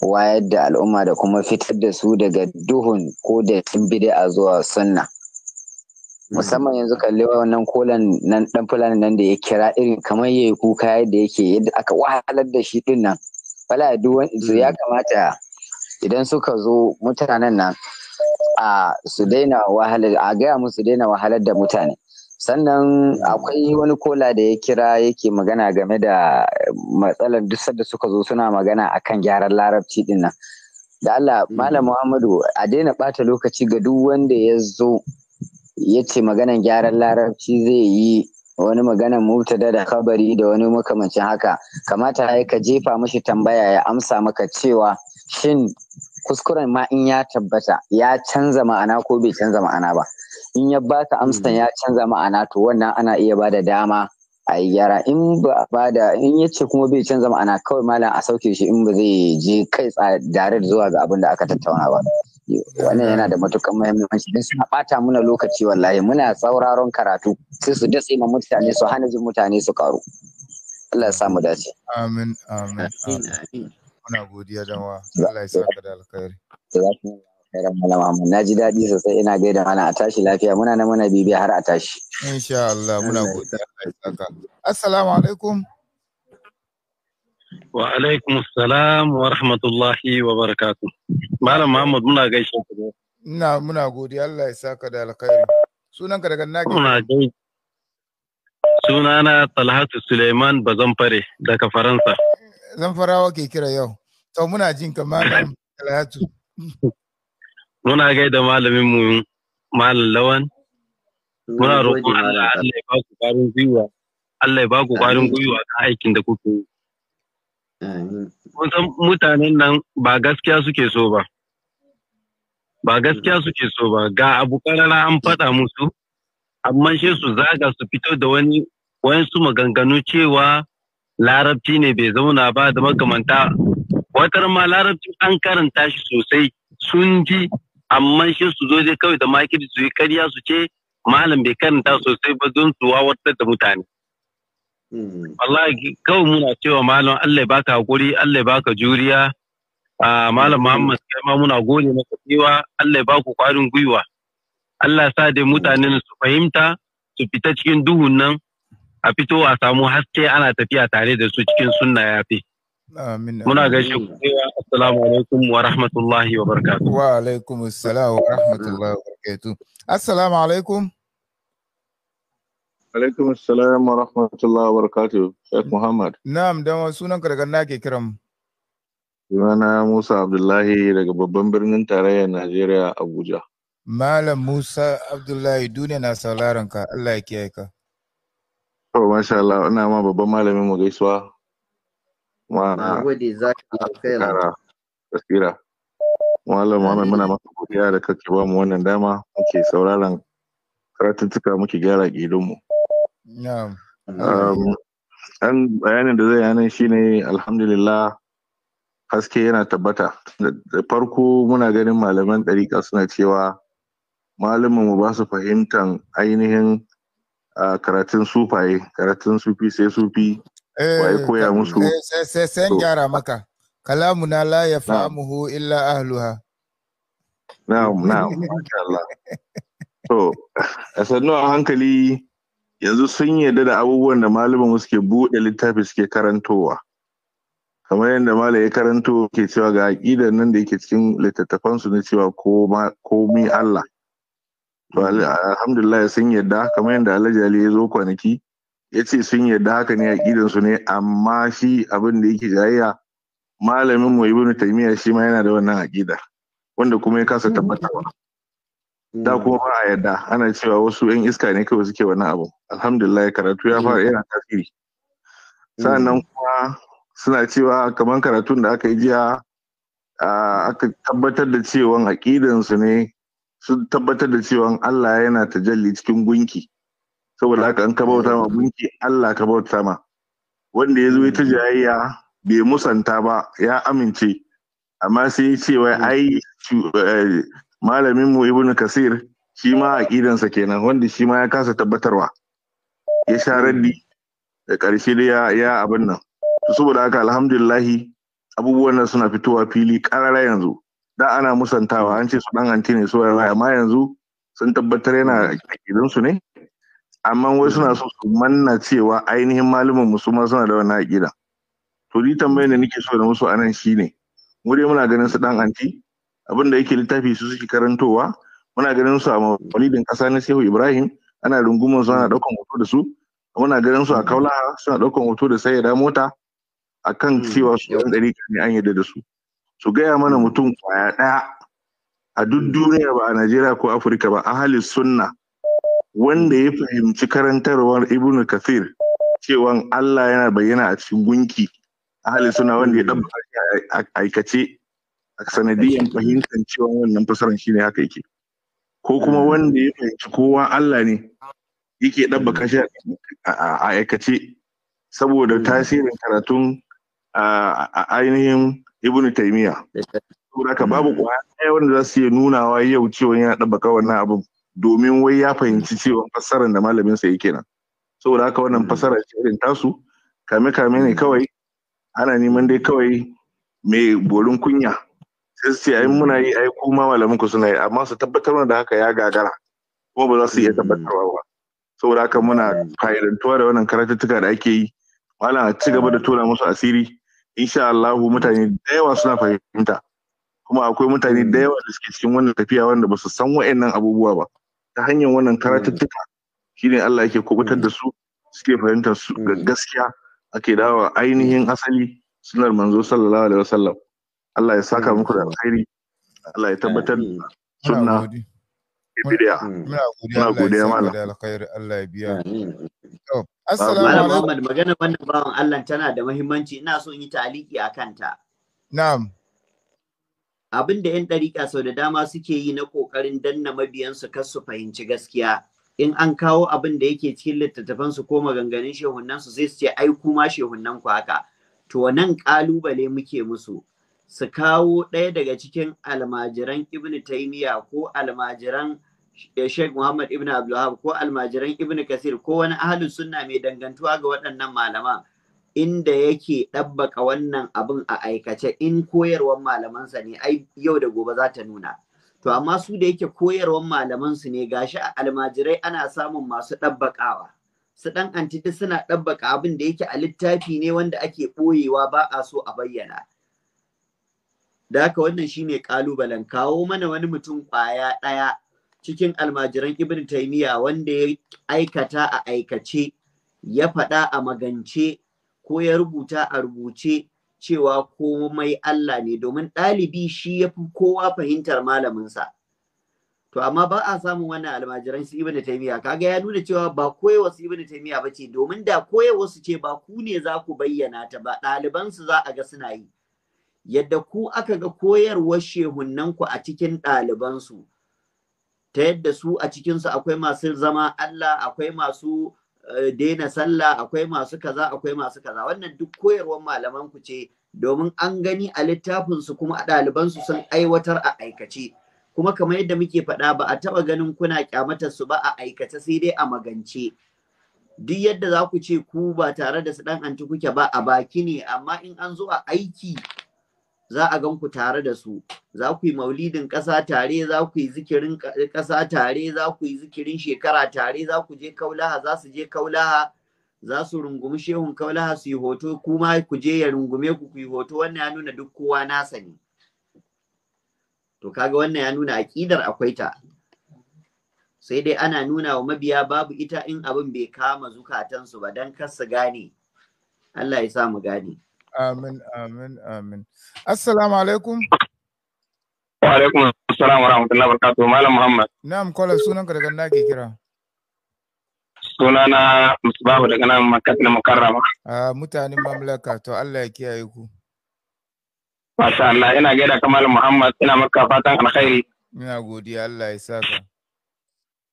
wayar da al'umma da kuma fitar da su daga duhun ko da a zuwa sunna musamman yanzu kalli wannan kolan nan dan fulani nan da ya kira irin kamar yayi kuka yadda yake yadda aka wahalar da shi din nan wala ya mm. kamata idan suka zo mutanen nan a su daina wahalar a gaya musu daina wahalar da mutane sannan akwai wani kola da ya kira yake magana game da matsalar dusar da suka zo suna magana akan gyaran larabci din nan da Allah mm-hmm. malam Muhammadu a daina bata lokaci ga duk wanda ya zo ya ce maganan gyaran larabci zai yi wani maganan mubtada da kabari da wani makamancin haka kamata ya ka jefa mashi tambaya ya amsa maka cewa shin kuskuren ma in ya tabbata ya canza ma'ana ko bai canza ma'ana ba in ya baka amsa mm. ya canza ma'ana to wannan ana iya ba da dama a yi gyara in ba da in ya ce kuma bai canza ma'ana kawai malam a sauke shi in ba zai je kai tsadare zuwa ga abin da aka tattauna ba wannan yana da matukan muhimmanci don suna bata muna lokaci wallahi muna sauraron karatu sai su datse ma mutane su hana jin mutane su karu Allah ya samu dace amin amin amin muna godiya wa Allah ya saka da alkhairi na ji daɗi sosai ina gaida mana a tashi lafiya muna nan muna bibi har a tashi insha Allah muna godiya Allah ya saka assalamu alaikum wa alaikum assalam wa rahmatullahi wa barakatuh malam muhammad muna gaishe shi. ina muna godiya Allah ya saka da alkhairi ka daga naki muna gaishe sunana talhatu suleiman Bazanfare daga faransa zamfarawa ke kira yau to muna jin ka malam talatu muna gaida malamin mu malam lawan muna roƙon Allah Allah ya ba ku ƙarin gwiwa Allah ya ba ku ƙwarin gwiwa kan aikin da kuke yi kun san mutanen nan ba gaskiya suke so ba ba gaskiya mm. suke so ba ga abu ƙarara an faɗa musu amma shi su zaga su fito da wani wayansu maganganu cewa larabci ne bai zauna ba da makamanta watar ma larabci an karanta shi sosai sun ji amma shi su zo zai kawai da makiri su yi karya su ce malam bai karanta sosai ba don su wawarta da mutane hmm. wallahi kawai muna cewa malam Allah ya baka hakuri Allah ya baka juriya A ah, malam Muhammad sai ma muna gode maka cewa Allah ya baku kwarin gwiwa Allah sa dai mutanen su fahimta su fita cikin duhun nan a fito a samu haske ana tafiya tare da su cikin sunna ya fi. Muna gaishe ku cewa assalamu alaikum wa rahmatullahi wa barakatu. Wa alaikum assalam wa rahmatullahi wa barakatuh. Assalamu alaikum. Alaikum assalam wa rahmatullahi wa barakatu Sheikh Muhammad. Na'am, dan sunan ka daga na ke kiran mu. Sunana Musa Abdullahi daga babban birnin tarayyar Najeriya Abuja. Malam Musa Abdullahi duniya na sauraron ka Allah ya kiyaye ka. To oh, masha Allah ina ma babban malamin mu gaisuwa. Ma gode za ka kara basira. Malam Muhammad muna maka godiya da kake ba mu wannan dama muke sauraron karatuntuka muke gyara gidon mu. Na'am. Um, an bayanin da zai yana shine alhamdulillah haske yana tabbata da farko muna ganin malaman ɗariƙa suna cewa malamin mu ba su fahimtan ainihin karatun sufaye karatun sufi sai sufi eh, wai koya musu eh, sai sai gyara maka kalamuna la ya famuhu illa ahluha na'am na'am masha Allah [laughs] to a sannu a hankali yanzu sun yarda da abubuwan da malaman suke buɗe littafi suke karantowa kamar yadda malam ya karanto ke cewa ga aƙidar nan da yake cikin littattafansu na cewa ko mi Allah alhamdulillah sun yadda kamar yadda alhaji ali ya zo kwanaki ya ce sun yadda haka ne a su ne amma shi abin da yake jayayya malamin mu ibnu taymiya shi ma yana da wannan aqida wanda kuma ya kasa tabbatawa da mm. kuma ba a yadda ana cewa wasu yan iska ne kawai suke wannan abu alhamdulillah karatu ya fara yana tasiri sannan mm. kuma suna cewa kamar karatun da aka yi jiya aka tabbatar da cewa aƙidan su ne sun tabbatar da cewa Allah yana tajalli cikin gunki saboda haka an ka bauta ma gunki Allah ka bauta ma wanda ya zo ya ta jayayya bai musanta ba ya amince amma sai ya ce wai ai eh, malamin mu ibnu kasir shi ma aqidansa kenan wanda shi ma ya kasa tabbatarwa ya sharaddi raddi da ƙarshe da ya abin nan saboda haka alhamdulillah abubuwan nan suna fitowa fili ƙarara yanzu da ana musantawa an ce su dan anti ne so ya amma yanzu sun tabbatar yana mm. akidan su ne amma wai suna mm. so su manna cewa ainihin malumin ma suna da wannan akida to ni tambayar da nake so da musu anan shine mu dai muna ganin su dan anti abin da yake littafi su suke karantowa muna ganin su a walidin kasa na Shehu Ibrahim ana rungumar su ana daukan mm. hoto da su muna ganin su a kaulaha suna daukan hoto da sayyada mota akan cewa su dan dariƙa ne an yadda da su su gaya mana mm. mutum kwaya ɗaya a duk mm. duniya ba a Najeriya ko Afirka ba ahli sunna wanda mm. ya fahimci karantarwar Ibn Kathir cewa Allah yana bayyana a cikin gunki ahli sunna wanda ya dabba a aikace a sanadiyan fahimtar cewa wannan fasaran shine haka yake ko kuma wanda ya fahimci kowa Allah ne yake dabba kashi a aikace saboda tasirin karatun ainihin ibnu taymiya saboda ka babu kwaya ɗaya wanda za su iya nunawa yau cewa yana ɗabbaka wannan abin domin wai ya fahimci cewa fassarar da malamin sa yake nan saboda haka wannan hmm. fassara ce irin tasu kame kame ne hmm. kawai ana neman dai kawai mai borin kunya sai su ce ai muna yi ai kuma malamin ku suna yi amma su tabbatar da haka ya gagara kuma ba za su iya hmm. tabbatarwa ba saboda haka muna fa'idantuwa da wannan karatuttuka da ake yi malam a ci gaba da tona musu asiri insha Allah mutane da yawa suna fahimta kuma akwai mutane da yawa da suke cikin wannan tafiya wanda ba su san wa'annan abubuwa ba ta hanyar wannan karatuttuka shine Allah yake kubutar da su suke fahimta su ga gaskiya ake dawo ainihin asali sunar manzo sallallahu alaihi wasallam Allah ya saka muku da alkhairi Allah ya tabbatar da sunna magana wannan bawan Allah tana da muhimmanci ina so in yi taliki a kanta. na'am abin da 'yan ɗariƙa sau da dama suke yi na ƙoƙarin danna mabiyansu kar su fahimci gaskiya in an kawo abin da yake cikin littattafansu ko maganganun shehunansu sai su ce ai kuma shehunnan ku haka to nan ƙalubale muke musu su kawo ɗaya daga cikin almajiran ibn taimiya ko almajiran eh, Sheikh Muhammad ibn Abdulwahab ko almajiran ibn Kasir ko wani ahlus sunna mai dangantuwa ga waɗannan malama inda yake ɗabbaka wannan abin a aikace in koyarwar malamansa ne ai yau da gobe za ta nuna to amma su da yake koyarwar malamansu ne gashi a almajirai ana samun masu ɗabbakawa su ɗan antiti suna ɗabbaka abin da yake a littafi ne wanda ake ɓoyewa ba a so a bayyana da haka wannan shine kalubalen kawo mana wani mutum kwaya ɗaya cikin almajiran ibn taimiya wanda ya aikata a aikace ya faɗa a magance ko ya rubuta a rubuce cewa komai Allah ne domin ɗalibi shi ya fi kowa fahimtar malaminsa to amma ba a samun wannan almajiran su ibn taimiya kaga ya nuna cewa ba koyewa su ibn taymiya bace domin da koyewa su ce ba ku ne za ku bayyana ta ba ɗalibansu za a ga suna yi yadda ku aka ga koyarwar shehunnanku a cikin ɗalibansu ta yadda su a cikinsu akwai masu zama Allah akwai masu eh, daina sallah akwai masu kaza akwai masu kaza wannan duk koyarwar malamanku ce domin an gani a littafinsu kuma a ɗalibansu sun aiwatar a aikace kuma kamar yadda muke faɗa ba a taɓa ganin kuna kyamatar su ba a aikace sai dai a magance duk yadda za ku ce ku ba tare da su ɗan anti kuke ba a baki ne amma in an zo a aiki za a gan ku tare da su za ku yi maulidin ƙasa tare za ku yi zikirin ƙasa tare za ku yi zikirin shekara tare za ku je kaulaha za su je kaulaha za su rungumi shehun kaulaha su yi hoto kuma ku je ya rungume ku ku yi hoto wannan ya nuna duk kowa nasa ne to kaga wannan ya nuna aƙidar akwai ta sai dai ana nuna wa mabiya babu ita in abin bai kama zukatansu ba don kar su gane Allah ya sa mu gane amin amin amin assalamu alaikum wa alaikum assalam wa rahmatullahi wa barakatuh malam muhammad na'am kola sunanka daga na kira sunana musbahu daga nan na mukarrama a mutanen mamlaka to Allah ya kiyaye ku Masha Allah ina gaida malam Muhammad ina maka fatan alkhairi ina godiya Allah ya saka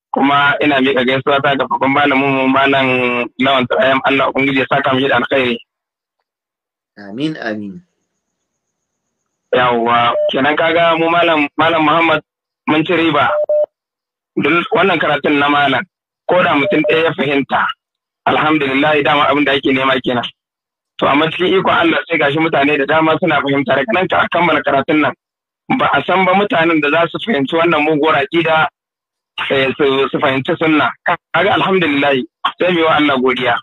kuma ina miƙa gaisuwa ta ga babban malamin mu malam lawan tsayen Allah ubangiji ya saka mu da alkhairi Amin amin. Yawwa, kenan kaga mu malam malam Muhammad mun ci riba. Duk wannan karatun na malam ko da mutum ɗaya ya fahimta. Alhamdulillah dama abin da ake nema kenan. To amma cikin ikon Allah sai gashi mutane da dama suna fahimta da kanan ka kammala karatun nan. Ba a san ba mutanen da za su fahimci wannan muguwar aƙida eh, su fahimci sunna. Kaga alhamdulillah sai mu yi wa Allah godiya.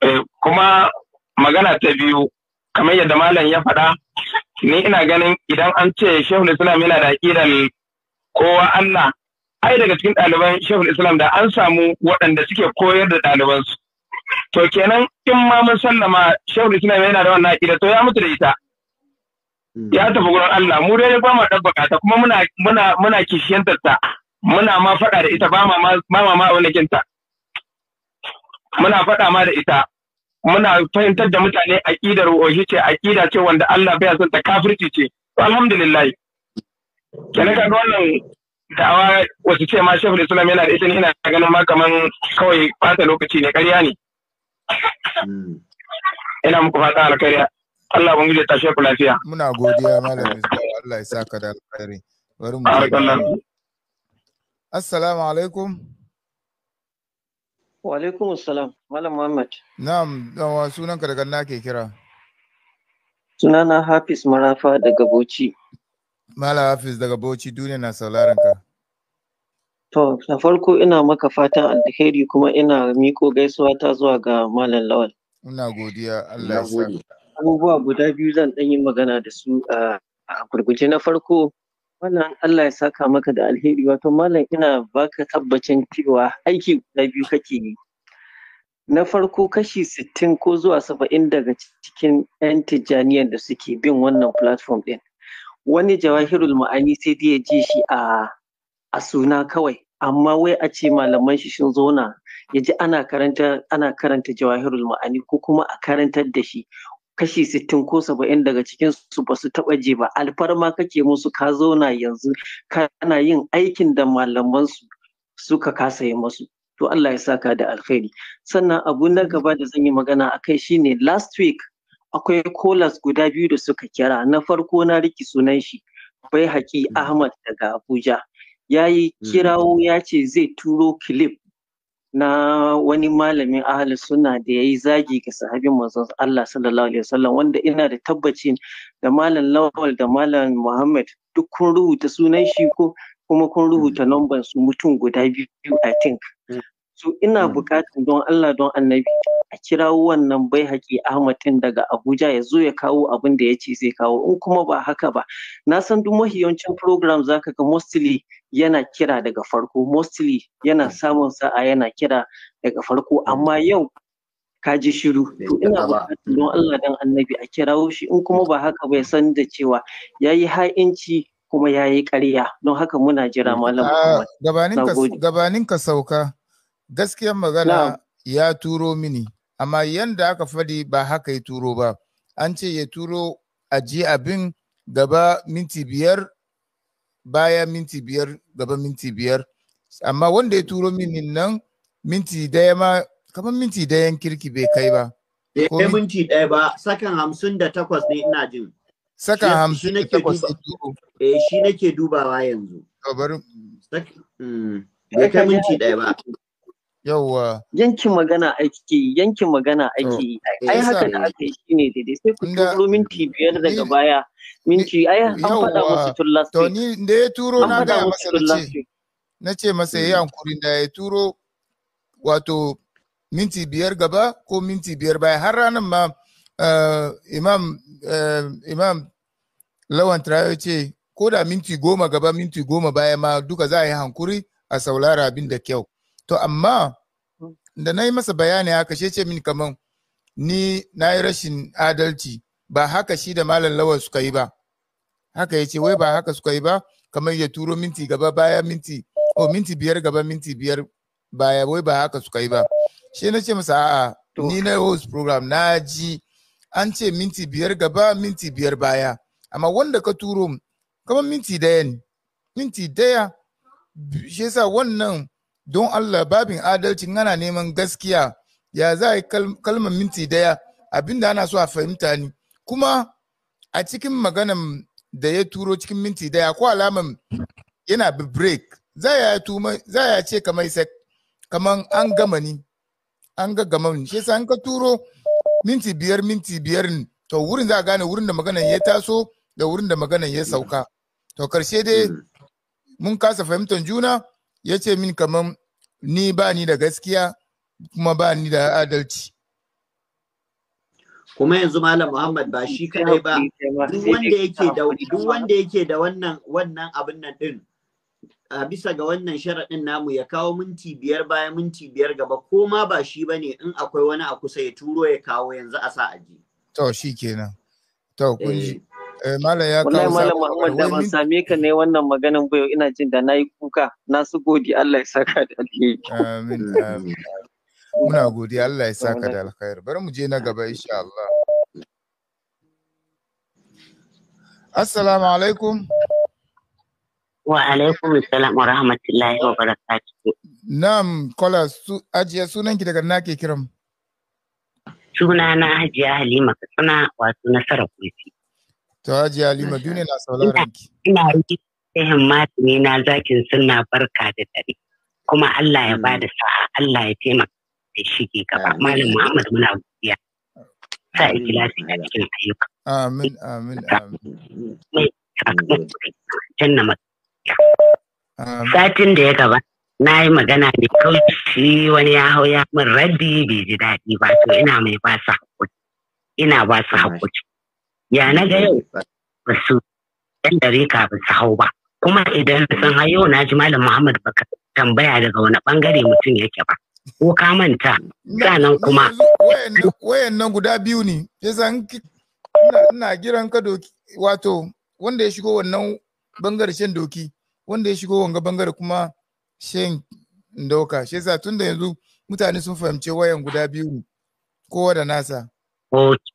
Eh, kuma magana ta biyu kamar yadda malam ya faɗa ni ina ganin idan an ce shehul islam yana da aƙidan kowa Allah ai daga cikin ɗaliban shehul islam da an samu waɗanda suke koyar da ɗalibansu to kenan in ma mun sallama shehul islam yana da wannan aƙida to ya mutu da ita hmm. ya tafi gurin Allah mu dai ba mu da bukata kuma muna muna muna kishiyantar ta muna ma faɗa da ita ba ma ma ma ma wani kinta muna faɗa ma da ita muna fahimtar da mutane aƙidar ohi ce aƙida ce wanda Allah bai son ta kafirci ce to alhamdulillah kenan kaga wannan da'awa wasu ce ma shehu islam yana da ita ne ina ganin ma kaman kawai fata lokaci ne ƙarya ne hmm. ina muku fata alƙarya Allah ban guje ta ku lafiya muna godiya malamin Allah ya saka da alƙairi bari mu Assalamu alaikum Wa alaikum salam, Malam Muhammad. Na'am, dawa sunanka daga na ke kira. Sunana Hafiz Marafa daga Bauchi. Mala Hafiz daga Bauchi duniya na sauraron ka. To, na farko ina maka fatan alheri kuma ina miko gaisuwa ta zuwa ga Malam Lawal. Ina godiya Allah ya sa. Abubuwa guda biyu zan ɗan yi magana da su ah, a gurguje na farko Wannan Allah ya saka maka da alheri wato malam ina baka tabbacin cewa aiki guda biyu kake yi. Na farko kashi sittin ko zuwa saba'in daga cikin 'yan tijjaniyar da suke bin wannan platform ɗin. Wani jawahirul ma'ani sai dai ya ji shi a a suna kawai amma wai a ce malaman shi sun zauna ya ji ana karanta ana karanta jawahirul ma'ani ko kuma a karantar da shi kashi sittin ko saba'in daga cikin su ba su taɓa je ba alfarma kake musu ka zauna yanzu kana yin aikin da malaman su suka kasa yi musu to Allah ya saka da alkhairi sannan abu na gaba da zan yi magana akai shine last week akwai kolas guda biyu da suka kira na farko na riki sunan shi bai haƙi mm. Ahmad daga Abuja yayi mm. kirawo ya ce zai turo clip na wani malamin ahli suna da ya yi zagi ga sahabin manzon Allah sallallahu alaihi wasallam wanda ina da tabbaci da malam lawal da malam muhammad duk kun rubuta sunan shi ko kuma kun rubuta lambar mm. su mutum guda biyu a think mm. so ina mm. buƙatar don Allah don annabi a kirawo wannan bai Ahmad Ahmadin daga Abuja ya zo ya kawo abin da ya ce zai kawo in kuma ba haka ba na san duk mahiyancin program za ka ga mostly yana kira daga farko mostly yana mm. samun sa'a yana kira daga farko amma mm. yau ka ji shiru to ina buƙatar don Allah don annabi a kirawo shi in kuma ba haka ba ya san da cewa ya yi ha'inci kuma ya yi ƙarya don haka muna jira malam ah, gabanin ka sauka gaskiyar magana ya turo mini amma yanda aka fadi ba haka ya turo ba an ce ya turo a ji abin gaba minti biyar baya minti biyar gaba minti biyar amma wanda ya turo mini nan minti daya ma kamar minti dayan kirki bai kai ba bai minti daya ba sakan hamsin da takwas ne ina jin sakan hamsin da takwas eh shi nake dubawa yanzu bari hmm, bai minti daya ba yauwa yankin magana ake yi yankin magana ake yi eh, ai haka da aka yi shine daidai sai ku turo minti biyar daga baya minti ai an faɗa musu tun last to ni da ya turo na ga masa na ce masa yayi mm. hankurin da ya turo wato minti biyar gaba ko minti biyar baya har ranar ma eh, imam eh, imam lawan trayo ce ko da minti goma gaba minti goma baya ma duka za a yi hankuri a saulara abin da kyau to amma mm. da na yi masa bayani haka shi ce min kaman ni na yi rashin adalci ba haka shi da malam lawal suka yi ba haka ya ce wai ba haka suka yi ba kamar ya turo minti gaba baya minti ko minti biyar gaba minti biyar baya wai ba haka suka yi ba shi na ce masa a'a ni na host program na ji an ce minti biyar gaba minti biyar baya amma wanda ka turo kamar minti daya ne minti daya shi yasa wannan don Allah babin adalci ana neman gaskiya ya za yi kalmar minti daya abinda ana so a fahimta ni kuma a cikin maganan da ya turo cikin minti daya ko alaman yana bi break za ya ce kamar sai kamar an gama ni an ga gama ni shi an ka turo minti biyar minti biyar ne to wurin za a gane wurin da maganan ya taso da wurin da maganan ya sauka to karshe dai hmm. mun kasa fahimtar juna ya ce min kamar ni ba ni da gaskiya kuma ba ni da adalci kuma yanzu malam Muhammad ba shi kadai ba duk wanda yake da wannan wannan abin nan ɗin, a bisa ga wannan sharaɗin namu ya kawo minti biyar bayan minti biyar gaba ko ma ba shi ba ne in akwai wani a kusa ya turo ya kawo yanzu a sa aji. shi kenan. To kun ji. Eh, Eh, Malam ya kawo Muhammad da ban same ka ne wannan maganan bayo ina jin da nayi kuka na su godi Allah ya saka da alheri. Amin amin. Muna Allah ya saka da alkhair. Bari mu je na gaba insha Allah. Assalamu alaikum. Wa alaikum salam wa rahmatullahi wa barakatuhu. Na'am, kola su ajiya sunan ki daga nake kiran. Sunana Hajiya Halima Katsina wato Nasara Kofi. To Halima duniya na sauraron ki. Ina yi himmatu ne na zakin suna barka da dare. Kuma Allah ya ba da mm. sa'a, Allah ya taimaka da shige gaba. Malam Muhammad muna godiya. Sa ikilasi a cikin ayyuka. Amin, amin, amin. Janna makiya. Satin da ya gaba, na yi magana ne kawai shi wani ya hau ya min raddi bai ji daɗi ba to ina mai ba su haƙuri. Ina ba su haƙuri. ya na ga yau ba su yan dariƙa ba su hau ba kuma idan sun hayo na ji malam muhammad baka tambaya daga wani bangare mutum yake ba ko ka manta sanan kuma wayannan guda biyu ne san ina giran ka doki wato wanda ya shigo wannan bangare shan doki wanda ya shigo wanga bangare kuma shan doka shi yasa tunda yanzu mutane sun fahimci wayan guda biyu ne kowa da nasa okay.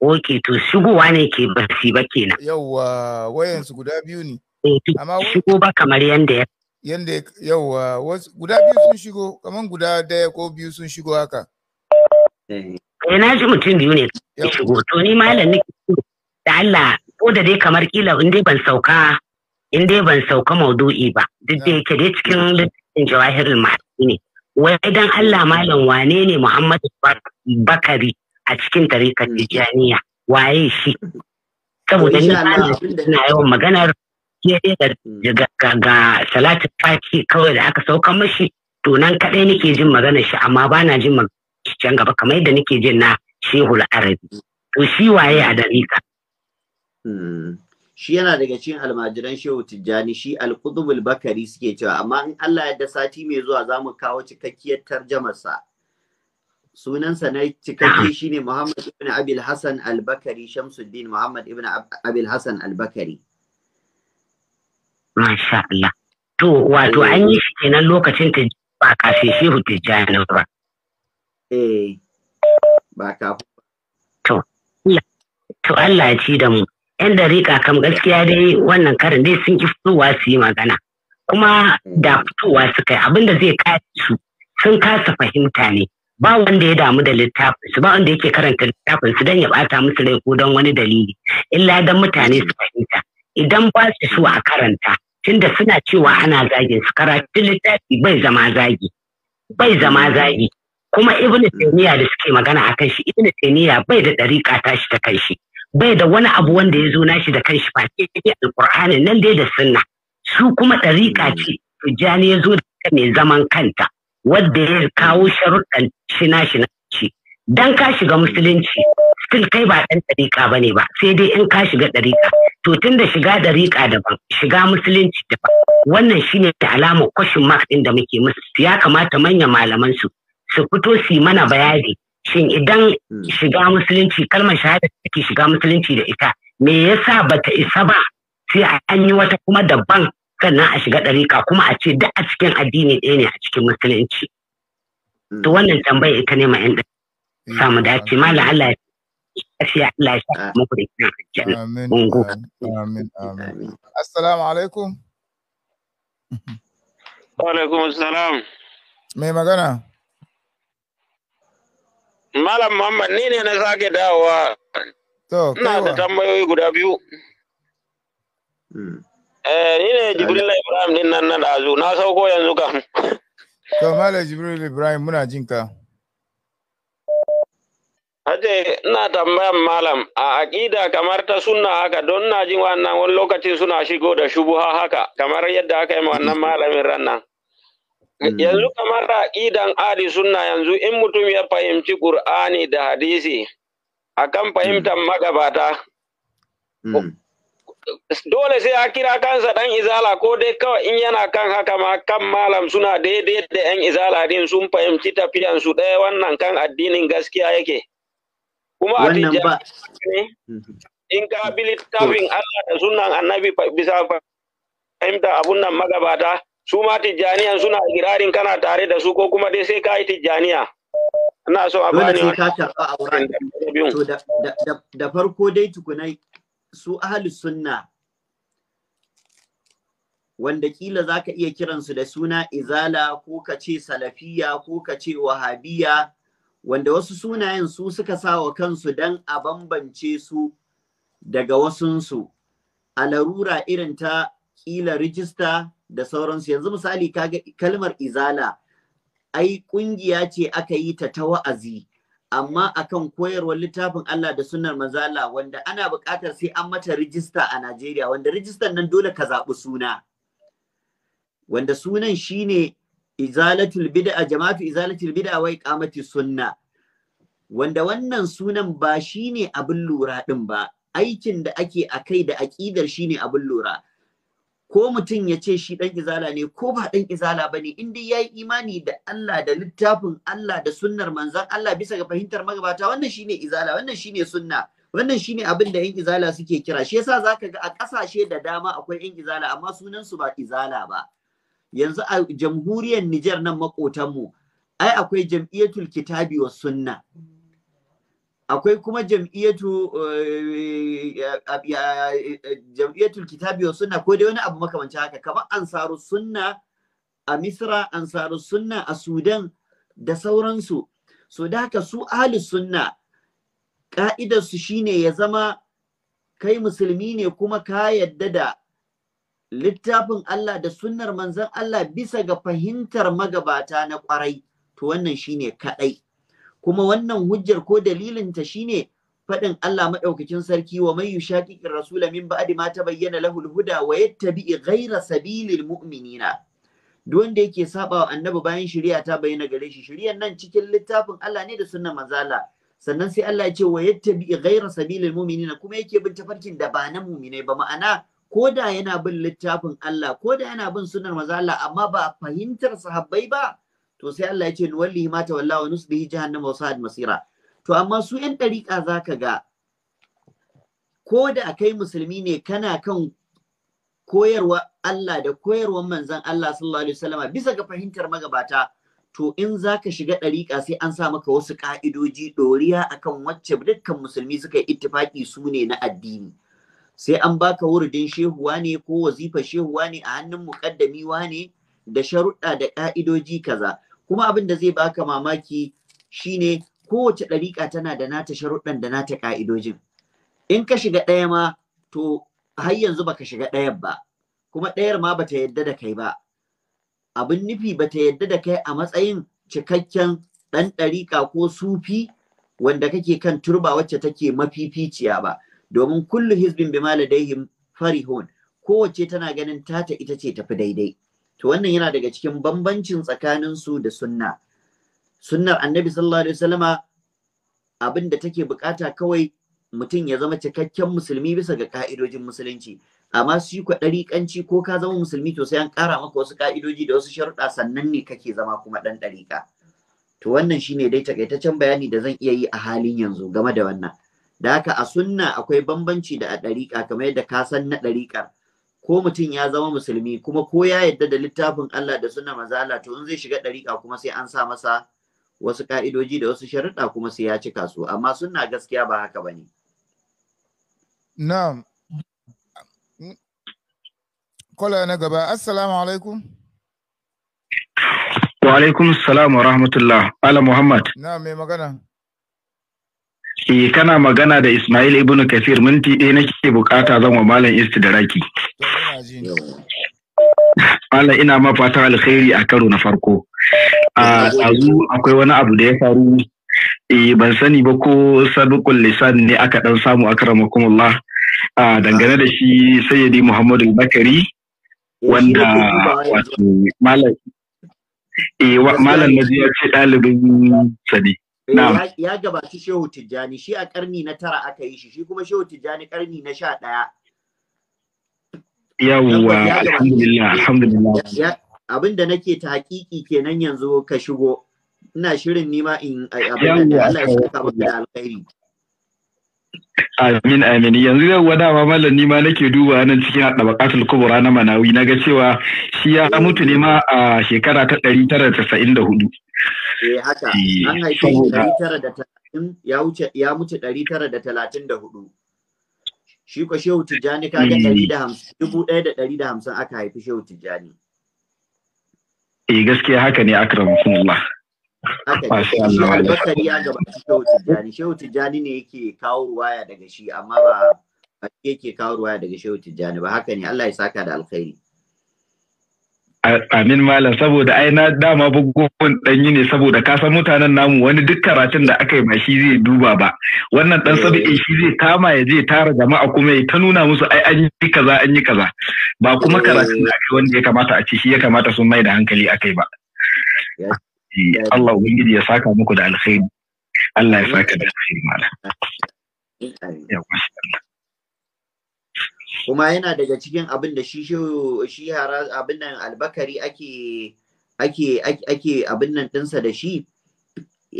Oke to shigowa ne ke basi ba kenan. Yawwa wayan su guda biyu ne. Eh, Amma shigo ba kamar yanda ya. Yanda yawwa wasu guda biyu sun shigo kamar guda daya ko biyu sun shigo haka. Eh na ji mutum biyu ne shigo to ni malam nake da Allah ko da dai kamar kila in dai ban sauka in dai ban sauka maudu'i ba duk da ah. yake dai cikin littafin jawahirul ma'ani ne wai dan Allah malam wane ne Muhammad Bakari a cikin tarikan Nijaniya waye shi saboda ni suna yawan maganar ga salatin fati kawai da aka sauka mashi to nan kadai nake jin maganar shi amma ba na jin maganar can gaba kamar yadda nake jin na shehul arabi to shi waye a dariƙa. Hmm. shi yana daga cikin almajiran shehu tijjani shi alkudubul bakari suke cewa amma in Allah ya da sati mai zuwa za mu kawo cikakkiyar tarjamarsa sunansa na cikakke shine Muhammad ibn Abil Hassan Al-Bakari Shamsuddin Muhammad ibn Abil Hassan Al-Bakari Masha Allah to wato an yi shi kenan lokacin ta ba kafin Shehu Tijjani ba eh ba ka to to Allah ya ci da mu yan dariƙa kam gaskiya dai wannan karin dai sun ki fitowa su yi magana kuma da fitowa suka yi abinda zai kaci su sun kasa fahimta ne ba wanda ya damu da littafin su ba wanda yake karanta littafin su don ya bata musu rai ko don wani dalili illa don mutane su fahimta idan ba su so a karanta tunda suna cewa ana zagin su karatu littafi bai zama zagi bai zama zagi kuma ibn taymiya da suke magana a kan shi ibn taymiya bai da dariƙa shi ta kan bai da wani abu wanda ya zo nashi da kanshi ba ke cikin alƙur'ani nan dai da sunna su kuma dariƙa ce tijjani ya zo da mai zaman kanta wadda ya kawo sharuɗan shina shina shi dan ka shiga musulunci stil kai ba ɗan ɗariƙa ba ne ba sai dai in ka shiga ɗariƙa to tun da shiga ɗariƙa daban shiga musulunci daban wannan shine da alamar kwashin mark ɗin da muke musu ya kamata manyan malaman su su fito su yi mana bayani shin idan hmm. shiga musulunci kalmar shahada take shiga musulunci da ita me yasa bata isa ba sai an yi wata kuma daban sannan a shiga ɗariƙa kuma a ce duk a cikin addini ɗaya ne a cikin musulunci hmm. to wannan tambayi ita ne ma yan da hmm. samu dace malam Allah ya Allah ya sha muku da kina aljanna mun go amin amin assalamu alaikum alaikum assalam mai magana Malam Muhammad ni ne na sake dawowa. To, Ina da tambayoyi guda biyu. Hmm. Eh, ni ne Jibril Ibrahim din nan na dazu, na sauko yanzu kam. To, Malam Jibril Ibrahim muna jin ka. Hace, ina tambayan malam, a aƙida kamar ta sunna haka don na jin wannan wani lokacin suna shigo da shubuha haka, kamar yadda aka yi wannan mm. malamin rannan. Mm. Yanzu kamar da aƙidan adi sunna yanzu in mutum ya fahimci Ƙur'ani da hadisi, akan fahimtar mm. magabata, dole sai a kira kansa dan izala ko dai kawai in yana kan haka ma kan malam suna daidai da yan izala din sun fahimci tafiyan su ɗaya wannan kan addinin gaskiya yake kuma a in ka bi littafin Allah da sunan annabi bisa fahimta abun nan magabata su ma tijjaniyan suna girarin kana tare da su ko kuma dai sai ka yi tijjaniya ina so a bani da farko dai tukunai. su ahli sunna wanda kila za ka iya kiransu da suna izala ko ka ce salafiya ko ka ce wahabiya wanda wasu sunayen su suka sa wa kansu don a bambance su daga wasunsu a larura irin ta kila rijista da sauransu yanzu misali kalmar izala ai kungiya ce aka yi ta ta wa'azi amma akan koyarwar littafin Allah da sunnar manzala wanda ana buƙatar sai an mata rijista a Najeriya wanda rijistar nan dole ka zaɓi suna wanda sunan shine izalatul bid'a jama'atu izalatul bid'a wa iqamati sunna wanda wannan sunan ba shine abin lura din ba aikin da ake akai da aqidar shine abin lura ko mutum ya ce shi ɗan izala ne ko ba ɗan izala ba ne in dai ya yi imani da Allah da littafin Allah da sunnar manzan Allah bisa ga fahimtar magabata wannan shine izala wannan shine sunna wannan shine abin da 'yan izala suke kira shi yasa zaka ga a ƙasashe da dama akwai 'yan izala amma sunansu ba izala ba yanzu a jamhuriyar Nijar nan makotanmu ai akwai jam'iyyatul kitabi was sunna akwai kuma jam'iyyatu eh, eh, jam'iyyatul kitabi wa sunna ko dai wani abu makamancin haka kamar ansaru sunna a misra ansaru sunna a sudan da sauransu so da haka su ahli sunna ka'idarsu shine ya zama kai musulmi ne kuma ka yadda da littafin Allah da sunnar manzon Allah bisa ga fahimtar magabata na kwarai to wannan shine kadai kuma wannan hujjar ko dalilin ta shine faɗin Allah maɗaukakin sarki wa mai yushaqiqir rasula min ba'di ma tabayyana lahu al-huda wa yattabi ghayra sabilil mu'minina duk wanda yake sabawa annabi bayan shirya ta bayyana gare shi shari'ar nan cikin littafin Allah ne da sunnar manzala sannan sai Allah ya ce wa yattabi ghayra sabilil mu'minina kuma yake bin tafarkin da ba na mu'minai ba ma'ana ko da yana bin littafin Allah ko da yana bin sunnar manzala amma ba fahimtar sahabbai ba to sai Allah ya ce nuwallihi ma tawalla wa nusbihi jahannam wa sa'ad masira to amma su yan dariƙa zaka ga ko da kai musulmi ne kana kan koyarwa Allah da koyarwar manzon Allah sallallahu alaihi wasallama bisa ga fahimtar magabata to in zaka shiga dariƙa sai an sa maka wasu ƙa'idoji ɗoriya akan wacce dukkan musulmi suka yi ittifaki su ne na addini sai an baka wurdin shehuwa ne ko wazifa shehuwa ne a hannun wa ne da sharuɗa da ƙa'idoji kaza kuma abin da zai baka mamaki shine kowace ɗariƙa tana da nata sharuɗan da nata ƙa'idojin in ka shiga ɗaya ma to har yanzu baka shiga ɗayan ba kuma ɗayar ma bata yadda da kai ba abin nufi bata yadda da kai a matsayin cikakken ɗan ɗariƙa ko sufi wanda kake kan turba wacce take mafificiya ba domin kullu hizbin Bimaladaihin maladaihim farihun kowace tana ganin tata ita ce tafi daidai to wannan yana daga cikin bambancin tsakanin su da sunna sunnar annabi sallallahu alaihi wasallama abin da take bukata kawai mutum ya zama cikakken musulmi bisa ga ka'idojin musulunci amma su yi ɗariƙanci ko ka zama musulmi to sai an ƙara maka wasu ka'idoji da wasu sharuɗa sannan ne kake zama kuma ɗan ɗariƙa to wannan shine dai takaitaccen bayani da zan iya yi a halin yanzu game da wannan da haka a sunna akwai bambanci da a ɗariƙa kamar yadda ka san na ɗariƙar ko mutum ya zama musulmi kuma ko ya yadda da littafin Allah da Suna mazala to in zai shiga ɗariƙa kuma sai an sa masa wasu ka'idoji da wasu sharuɗa kuma sai ya cika su amma suna gaskiya ba haka ne. na'am kwala na gaba assalamu alaikum wa alaikum assalam wa rahmatullah ala muhammad mai magana eh kana magana da Ismail Ibn Kathir minti ɗaya nake bukata zan wa malam istidraki. Malam ina ma fatan alkhairi a karo na farko. A akwai wani abu da ya faru e, ban sani ba ko sabiqul lisan ne aka dan samu akramakumullah a dangane da shi sayyidi Muhammadu Bakari wanda wato malam e, malam na ce ɗalibin sadi. Eh, ya gabaci shehu tijjani shi a karni na tara aka yi shi shi kuma shehu tijjani karni na sha ɗaya yawwa alhamdulillah abinda nake ta hakiki kenan yanzu ka shigo ina shirin nima in abinda da Allah ya saka maka da alkhairi Amin amin yanzu yau dama malam ni ma nake duba nan cikin adabaqatul kubra na Manawi na ga cewa shi ya mutu ne ma a shekara ta 994 eh haka eh, an haife shi 930 ya wuce ya mutu 934 shi ko Shehu Tijjani ɗari 150 1150 aka haifi Shehu Tijjani eh gaskiya haka ne akram sunullah haka shi albasari ya gabaci shehu tijjani shehu tijjani ne yake kawo ruwaya daga shi amma ba ba yake kawo ruwaya daga shehu tijjani ba haka ne Allah ya saka da alkhairi amin malam saboda ai na dama bugun danyi ne saboda ka san mutanen namu wani duk karatun da aka yi ma shi zai duba ba wannan dan sabi'in shi zai kama ya je tara jama'a kuma ya ta nuna musu ai an yi kaza an yi kaza ba kuma karatun da aka yi wanda ya kamata a ce shi ya kamata sun mai da hankali akai ba aiki Allah ubangiji ya saka muku da alkhairi Allah ya saka da alkhairi malam kuma yana daga cikin abin da shi shi abin nan albakari ake ake ake abin nan dinsa da shi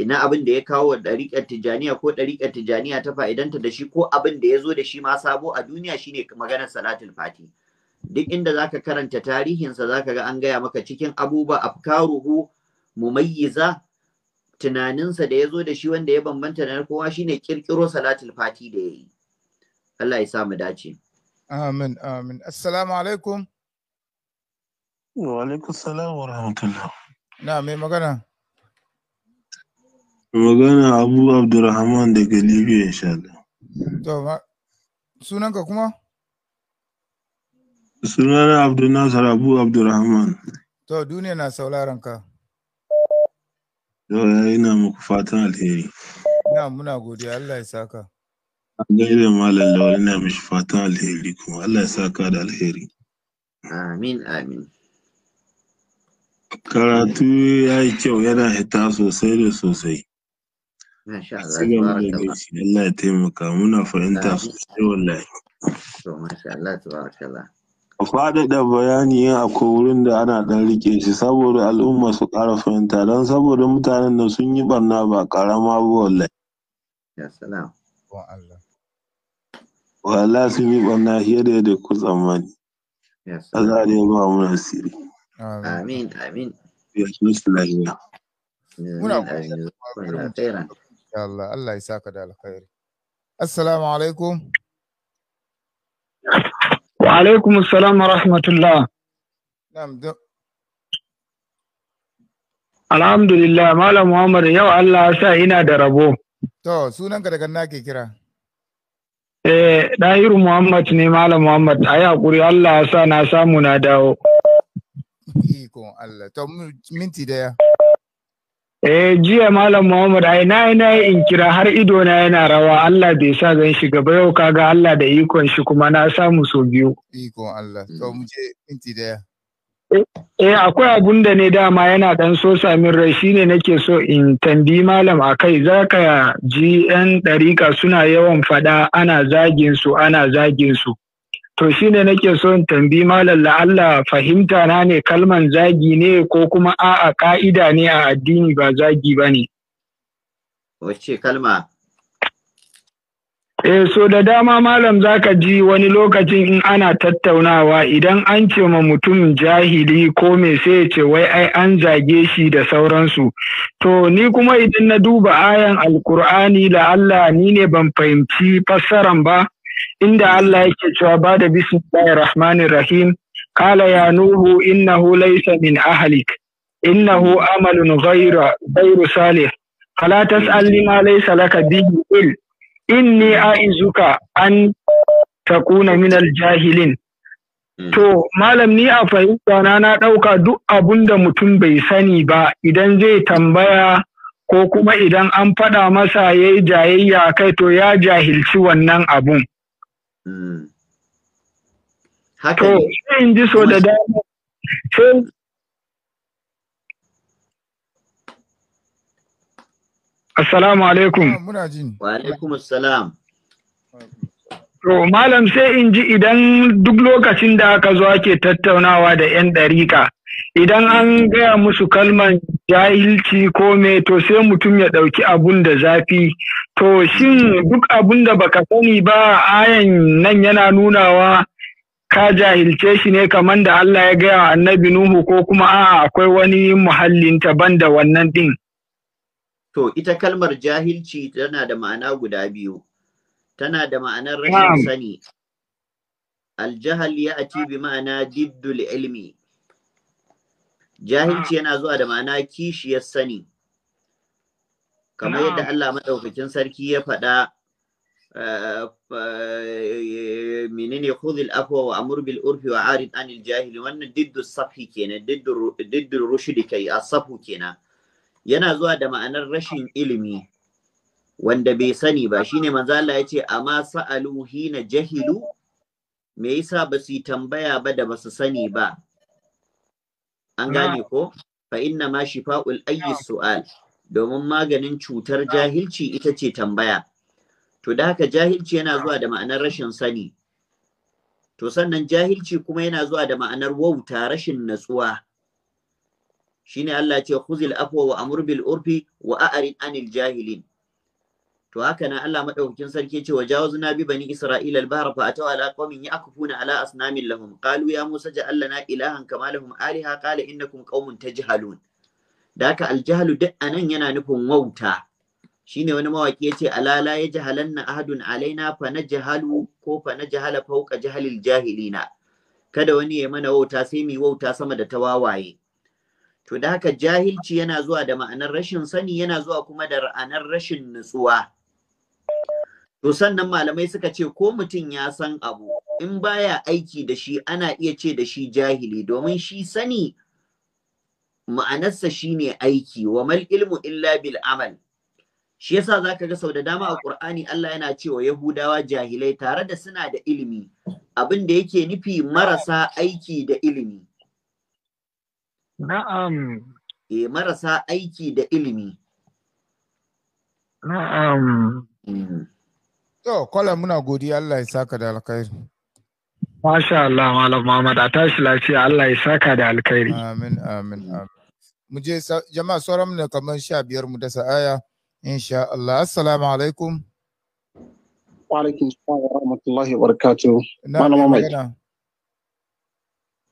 na abin da ya kawo ɗariƙar tijaniya ko ɗariƙar tijaniya ta fa'idanta da shi ko abin da ya zo da shi ma sabo a duniya shine maganar salatul fati duk inda zaka karanta tarihinsa zaka ga an gaya maka cikin abubuwa afkaruhu mumayyiza tunaninsa da ya zo da shi wanda ya bambanta da kowa shine kirkiro salatul fati da ya yi Allah ya sa mu dace amin amin assalamu alaikum wa alaikum salam wa rahmatullah na mai magana magana abu abdurrahman daga libya insha Allah to sunanka kuma sunana abdul nasar abu abdurrahman to duniya na sauraron ka Ina muku fatan alheri. na muna godiya Allah ya saka. An gaida malam lawal ina mishi fatan alheri kuma Allah ya saka da alheri. Amin amin. Karatu ya yi kyau yana hita sosai da sosai. Allah ya taimaka muna fahimta sosai wallahi. To masha Allah tabaraka faɗaɗa bayani yin akwai wurin da ana ɗan riƙe shi saboda al'umma su ƙara fahimta don saboda mutanen da sun yi barna ba ƙarama ba wallahi. Ya Wa Allah. Wallahi sun yi barna fiye da yadda ku tsammani. Ya salam. Allah ne ba mu nasiri. Amin amin. Ya salam. Muna Allah ya da alkhairi. Assalamu alaikum. Wa alaikum salam wa rahmatullah. Alhamdulillah, Malam Muhammad yau Allah sa ina da rabo. To, sunanka daga na ke kira. Eh, Dahiru Muhammad ne Malam Muhammad, a yi haƙuri Allah sa na samu na dawo. Ikon Allah, to minti daya. Eh jiya Malam Muhammad ai na na in kira har ido na yana rawa Allah bai sa zan shiga ba yau kaga Allah da ikon shi kuma na samu so biyu. Ikon Allah to mm. mu je minti daya. Eh, eh akwai abun da ne dama yana dan so samin rai shine nake so in tambi malam akai zaka ji yan ɗarika suna yawan faɗa. ana zagin su ana zagin su. To shi ne nake so in tambi malam Allah fahimta na ne kalman zagi ne ko kuma a'a ka'ida ne a addini ba zagi ba ne. Wace kalma? Eh so da dama malam zaka ji wani lokacin in ana tattaunawa idan an ce ma mutum jahili ko me sai ya ce wai ai an zage shi da sauransu. To ni kuma idan na duba ayan alkur'ani la ni ne ban fahimci fassaran ba. inda Allah yake cewa ba da bismillahir rahmanir rahim qala ya nuhu innahu laysa min ahlik innahu amalun ghayra ghayru salih fala an lima laysa laka bihi il inni a'izuka an takuna min jahilin hmm. To, malam ni a fahimta na na ɗauka duk abun da mutum bai sani ba idan zai tambaya ko kuma idan an faɗa masa yayi yi jayayya kai to ya jahilci wannan abun. Mm. Haka ne. Yin ji so da dama. Assalamu alaikum. Ah, muna jin. Wa alaikum assalam. To malam sai in ji idan duk lokacin da aka zo ake tattaunawa da 'yan ɗarika, idan an gaya musu kalman jahilci ko me to sai mutum ya ɗauki abun da zafi. To shin duk abun da baka sani ba ayan nan yana nunawa ka jahilce shi ne kamar da Allah ya gaya wa annabi Nuhu ko kuma a'a akwai wani muhallin ta da wannan ɗin. To ita kalmar jahilci tana da ma'ana guda biyu. tana da ma'anar rashin sani aljahal ya ati bi ma'ana diddul ilmi jahilci yana zuwa da ma'ana kishiyar sani kamar yadda Allah maɗaukakin sarki ya faɗa eh, menene khudhil afwa wa amur bil urfi wa arid anil jahil wannan diddu safi kenan diddu rushdi kai safu kenan yana zuwa da ma'anar rashin ilimi wanda bai sani ba shine manzo Allah ya ce amma sa'alu hina jahilu me yasa ba su tambaya ba da ba su sani ba an gane ko fa inna ma shifa'ul ayyi su'al domin maganin cutar jahilci ita ce tambaya to da haka jahilci yana zuwa da ma'anar rashin sani to sannan jahilci kuma yana zuwa da ma'anar wauta rashin natsuwa shine Allah ce khuzil afwa wa amur bil urfi wa a'rid anil jahilin to haka nan Allah madaukakin sarki ce wa jawazna bi bani isra'ila al-bahra fa ataw ala qaumin yaqfuna ala asnamin lahum qalu ya musa ja'al lana ilahan kama lahum aliha qala innakum qaumun tajhalun da haka al-jahlu duk anan yana nufin wauta shine wani mawaki yace alala ya jahalanna ahadun alaina fa najhalu ko fa najhala fawqa jahalil jahilina kada wani ya mana wauta sai mai wauta sama da tawawaye to da haka jahilci yana zuwa da ma'anar rashin sani yana zuwa kuma da ra'anar rashin nutsuwa To sannan malamai suka ce ko mutum ya san abu in baya aiki da shi ana iya ce da shi jahili domin shi sani ma'anarsa shine aiki wa mal ilmu illa bil amal shi yasa zaka ga sau da dama a Qur'ani Allah yana cewa Yahudawa jahilai tare da suna da ilimi abin da yake nufi marasa aiki da ilimi na'am eh marasa aiki da ilimi na'am mm. To, kwala muna godiya Allah ya saka da alkhairi. Masha Allah, Malam Muhammad, a tashi lafiya Allah ya saka da alkhairi. Amin, amin, amin. Mu je jama'a sauran ne kamar sha biyar mu dasa aya, insha Allah. Assalamu alaikum. Wa alaikum salam wa rahmatullahi wa barakatuh. Malam Muhammad.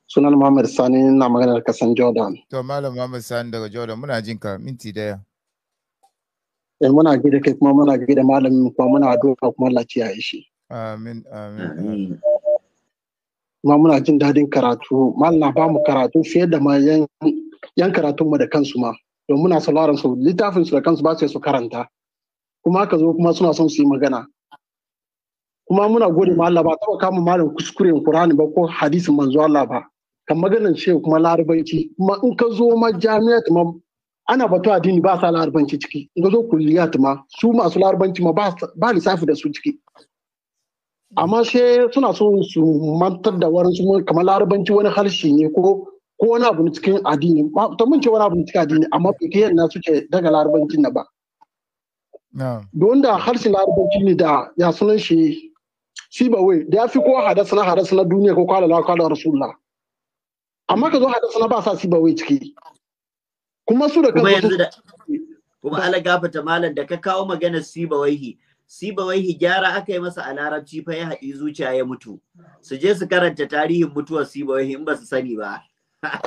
Sunan Muhammad Sani na maganar kasan Jordan. To, Malam Muhammad Sani daga Jordan, muna jinka minti daya. eh muna gida kai kuma muna gida malamin kuma muna addu'a kuma Allah yi shi amin amin kuma muna jin dadin karatu mallam ba mu karatu fiye da ma yan yan karatun mu da kansu ma don muna sauraron su littafin su da kansu ba su su karanta kuma ka zo kuma suna son su yi magana kuma muna gode ma Allah ba taba kama malam kuskuren Qur'ani ba ko hadisin manzo Allah ba kan maganan ce kuma larabanci kuma in ka zo ma jami'a ma ana batu addini ba sa larabanci ciki in ga zo kulliyat ma su masu larabanci ma ba lissafi da su ciki amma she suna so su mantar da warin su kamar larabanci wani harshe ne ko ko wani abu cikin addini ta mun ce wani abu cikin addini amma fikiyar na suke daga larabancin na ba don da harshen larabanci ne da ya sunan shi sibawai da ya fi ko hadasa na hadasa na duniya ko kwalala kwalala rasulullah amma ka zo hadasa na ba sa sibawai ciki kuma su da kuma yanzu da kuma ala gafata malam da ka kawo maganar siba waihi siba waihi gyara aka yi masa a larabci fa ya haɗi zuciya ya mutu su je su karanta tarihin mutuwar siba waihi in ba su sani ba [laughs]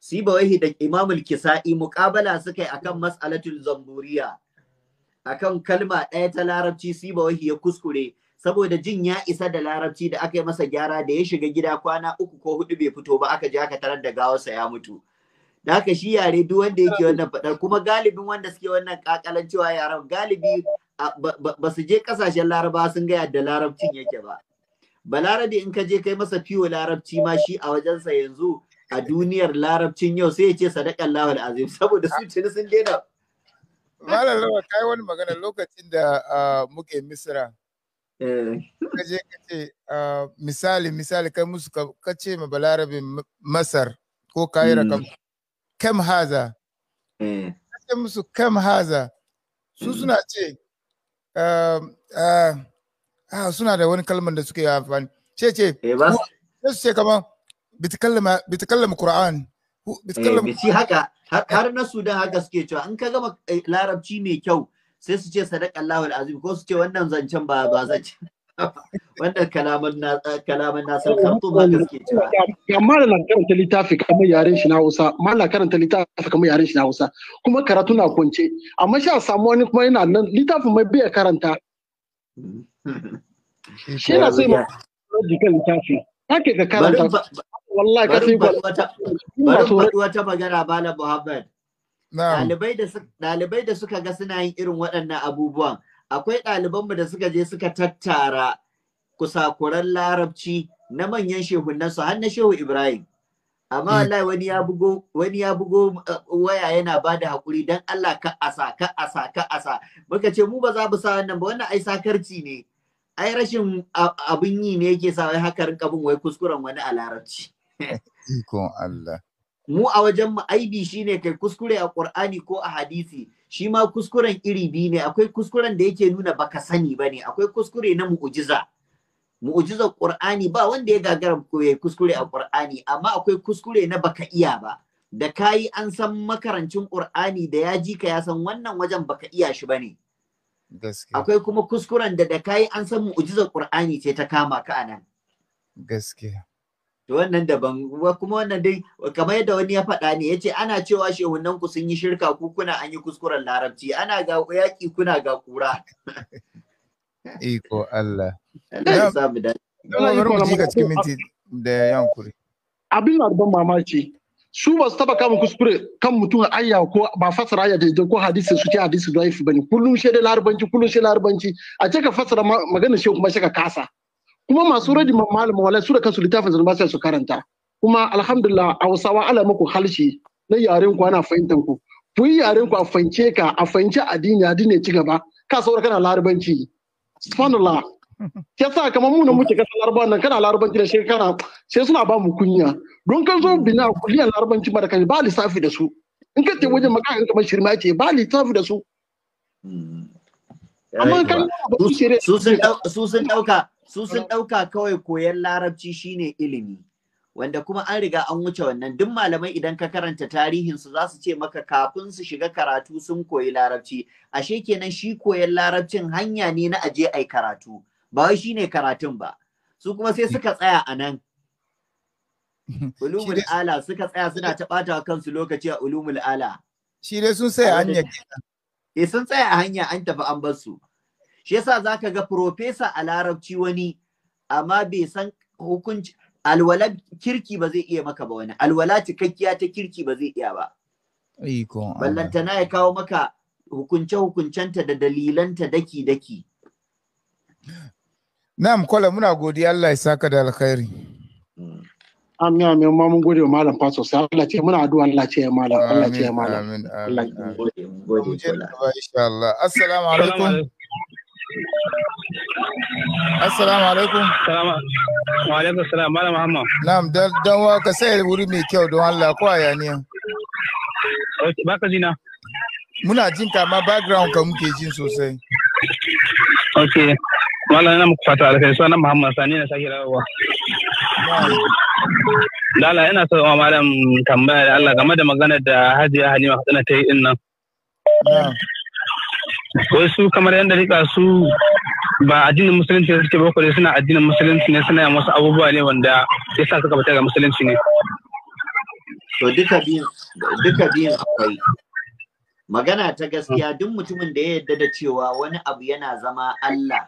siba waihi da imamul kisa'i muqabala suka yi akan mas'alatul zamburiya akan kalma ɗaya ta larabci siba waihi ya kuskure saboda jin ya isa da larabci da aka yi masa gyara da ya shiga gida kwana uku ko hudu bai fito ba aka je aka tarar da gawarsa ya mutu da haka shi yare duk wanda yake wannan fadar kuma galibin wanda suke wannan kakalan cewa yaran galibi ba su je kasashen laraba sun ga yadda larabcin yake ba balarabi in ka je kai masa fiwo larabci ma shi a wajensa yanzu a duniyar larabcin yau sai ya ce sadakan lahul azim saboda su tuni sun daina malam lawa kai wani magana lokacin da muke misra eh. ka je ka ce misali misali kai musu ka ce ma balarabi masar ko kaira hmm. kamar kam haza hmm. ce musu kam haza su hmm. suna ce ehm, eh, ah, suna da wani kalmar da suke yi amfani ce ce eh, su ce kamar bitakallama Qur'an bitakallama eh, shi haka har na Sudan haka suke cewa in ka gama larabci mai kyau sai su ce sadaqallahu Azim ko su ce wannan zancen ba ba zancen wannan kalaman na kalaman na san karto ba gaske cewa amma da karanta littafi kamar yaren shi na Hausa mallan karanta littafi kamar yaren shi na Hausa kuma karatu na kwance amma sha samu wani kuma yana nan littafin mai biya karanta [laughs] shi na sai ma kan littafi take ka karanta wallahi ka sai bari wata magana malam Muhammad Dalibai da suka ga suna yin irin waɗannan abubuwan akwai ɗalibanmu da suka je suka tattara kusakuran larabci na manyan su har na shehu Ibrahim. Amma hmm. wallahi wani ya bugo wani ya bugo uh, waya yana ba da haƙuri don Allah ka asa ka asa ka asa. Muka ce mu ba za mu sa wannan ba wannan ai sakarci ne. Ai rashin abin yi ne yake sa wai haka rinka bin wai kuskuren wani a larabci. [laughs] Ikon Allah. Mu a wajen mu aibi shine kai kuskure a Qur'ani ko a hadisi. shi ma kuskuren iri biyu ne akwai kuskuren da yake nuna baka sani ba ne akwai kuskure na mu'ujiza mu'ujizar qur'ani ba wanda ya gagara ya kuskure a qur'ani amma akwai kuskure na baka iya ba da kayi an san makarancin qur'ani da ya ji ka ya san wannan wajen baka iya shi ba ne akwai kuma kuskuren da da kayi an san mu'ujizar qur'ani ce ta kama ka anan gaskiya wannan daban kuma wannan dai kamar yadda wani ya faɗa ne yace ana cewa shehunan ku sun yi shirka ku kuna an yi kuskuren larabci ana ga yaƙi kuna ga kura [laughs] iko Allah da abin na ban mamaci su ba su taba kama kuskure kan mutum ayya ko ba fasara aya daidai ko hadisi su ce hadisi daif bane kullum shi da larabanci kullum shi larabanci a ce ka fasara magana shi kuma shi ka kasa kuma masu mm. rajin malam wala su da kansu littafin zan ba su karanta kuma alhamdulillah hausawa ala muku halshe na yaren ku ana fahimtan ku ku yi yaren ku a fahimce ka a fahimce addini addini ci gaba ka saura kana larabanci subhanallah ya [laughs] sa kamar mu na muke kasa larabawa nan kana larabanci da shekara sai suna ba mu kunya don kan zo bina kuliyar larabanci ba da kai ba lissafi da su in ka ce wajen kan mm. kamar shirma ce ba lissafi da su mm. amma eh, kan su sun dauka su sun ɗauka kawai koyon larabci shine ilimi wanda kuma an riga an wuce wannan duk malamai idan ka karanta tarihin su za su ce maka kafin su shiga karatu sun koyi larabci ashe kenan shi koyon larabcin hanya ne na aje ai karatu ba wai shine karatun ba su kuma sai suka tsaya a nan [laughs] ulumul ala suka tsaya suna ta ɓata kansu lokaci a ulumul ala shi dai sun tsaya hanya eh, sun tsaya a hanya an tafi an bar su shi yasa ka ga profesa a larabci wani amma bai san hukunci alwala kirki ba zai iya maka ba wani alwala cikakkiya ta kirki ba zai iya ba ballantana ya kawo maka hukunce hukuncenta da dalilanta daki daki na kwala muna godiya Allah ya saka da alkhairi amin amin ma mun gode wa malam faso sai Allah ce muna addu'a Allah ce ya malam Allah ce ya malam Allah amin gode gode insha Allah assalamu alaikum Assalamu alaikum. Wa alaikum salam, Malam Muhammad. Na'am, dan wa ka sai wuri mai kyau don Allah ko a yaniya. Baka jina. Muna jin ka ma background ka muke jin sosai. Okay. Malam na muku fata alkai sunan Muhammad Sani na sake rawa. Lala ina so ma malam tambaya da Allah game da maganar da Hajiya Halima Katsina ta yi din nan. wasu kamar yadda rika su ba addinin musulunci suke suke bakwai suna addinin musulunci ne suna yin wasu abubuwa ne wanda ya sa suka fita ga musulunci ne. To duka biyun duka biyun akwai. Magana ta gaskiya duk mutumin da ya yarda da cewa wani abu yana zama Allah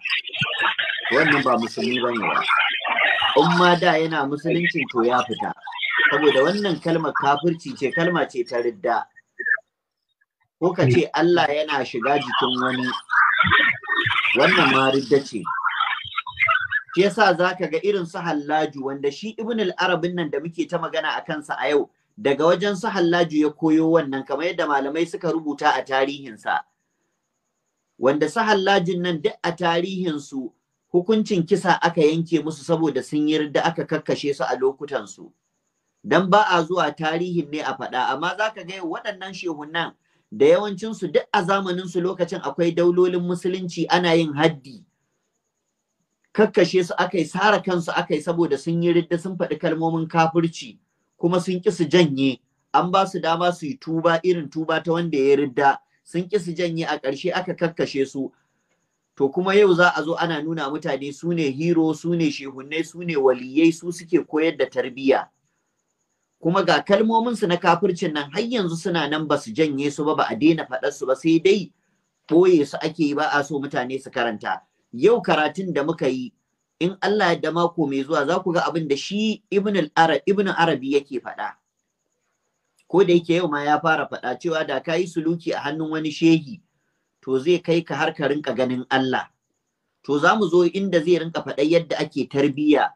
wannan ba musulmi ba ne In ma da yana musuluncin to ya fita. Saboda wannan kalmar kafirci ce kalma ce ta ridda. ko ka ce Allah yana shiga jikin wani wannan ma ce. ce shi yasa zaka ga irin su hallaju wanda shi ibn al-arabin nan da muke ta magana a kansa a yau daga wajen su hallaju ya koyo wannan kamar yadda malamai suka rubuta a tarihinsa wanda su hallajin nan duk a tarihinsu hukuncin kisa aka yanke musu saboda sun yi aka kakkashe su a lokutansu dan ba a zuwa tarihin ne a faɗa amma zaka ga waɗannan shehunan da yawancinsu duk a zamaninsu lokacin akwai daulolin musulunci ana yin haddi kakkashe su aka yi sara kansu akai, saboda sun yi ridda sun faɗi kalmomin kafirci kuma sun ƙi su janye an ba su dama su yi tuba irin tuba ta wanda ya yi ridda sun ƙi su janye a ƙarshe aka kakkashe su to kuma yau za a zo ana nuna mutane su ne hero su ne shehunnai su ne waliyai su suke koyar da tarbiyya kuma ga kalmominsu na kafircin nan har yanzu suna nan ba su janye su ba ba a daina faɗar su ba sai dai ɓoye su ake yi ba a so mutane su karanta yau karatun da muka yi in Allah da mako mai zuwa za ku ga abin da shi ibn al-arab ibn arabi yake faɗa ko da yake yau ma ya fara faɗa cewa da ka yi suluki a hannun wani shehi to zai kai ka har ka rinka ganin Allah to za mu zo inda zai rinka faɗa yadda ake tarbiyya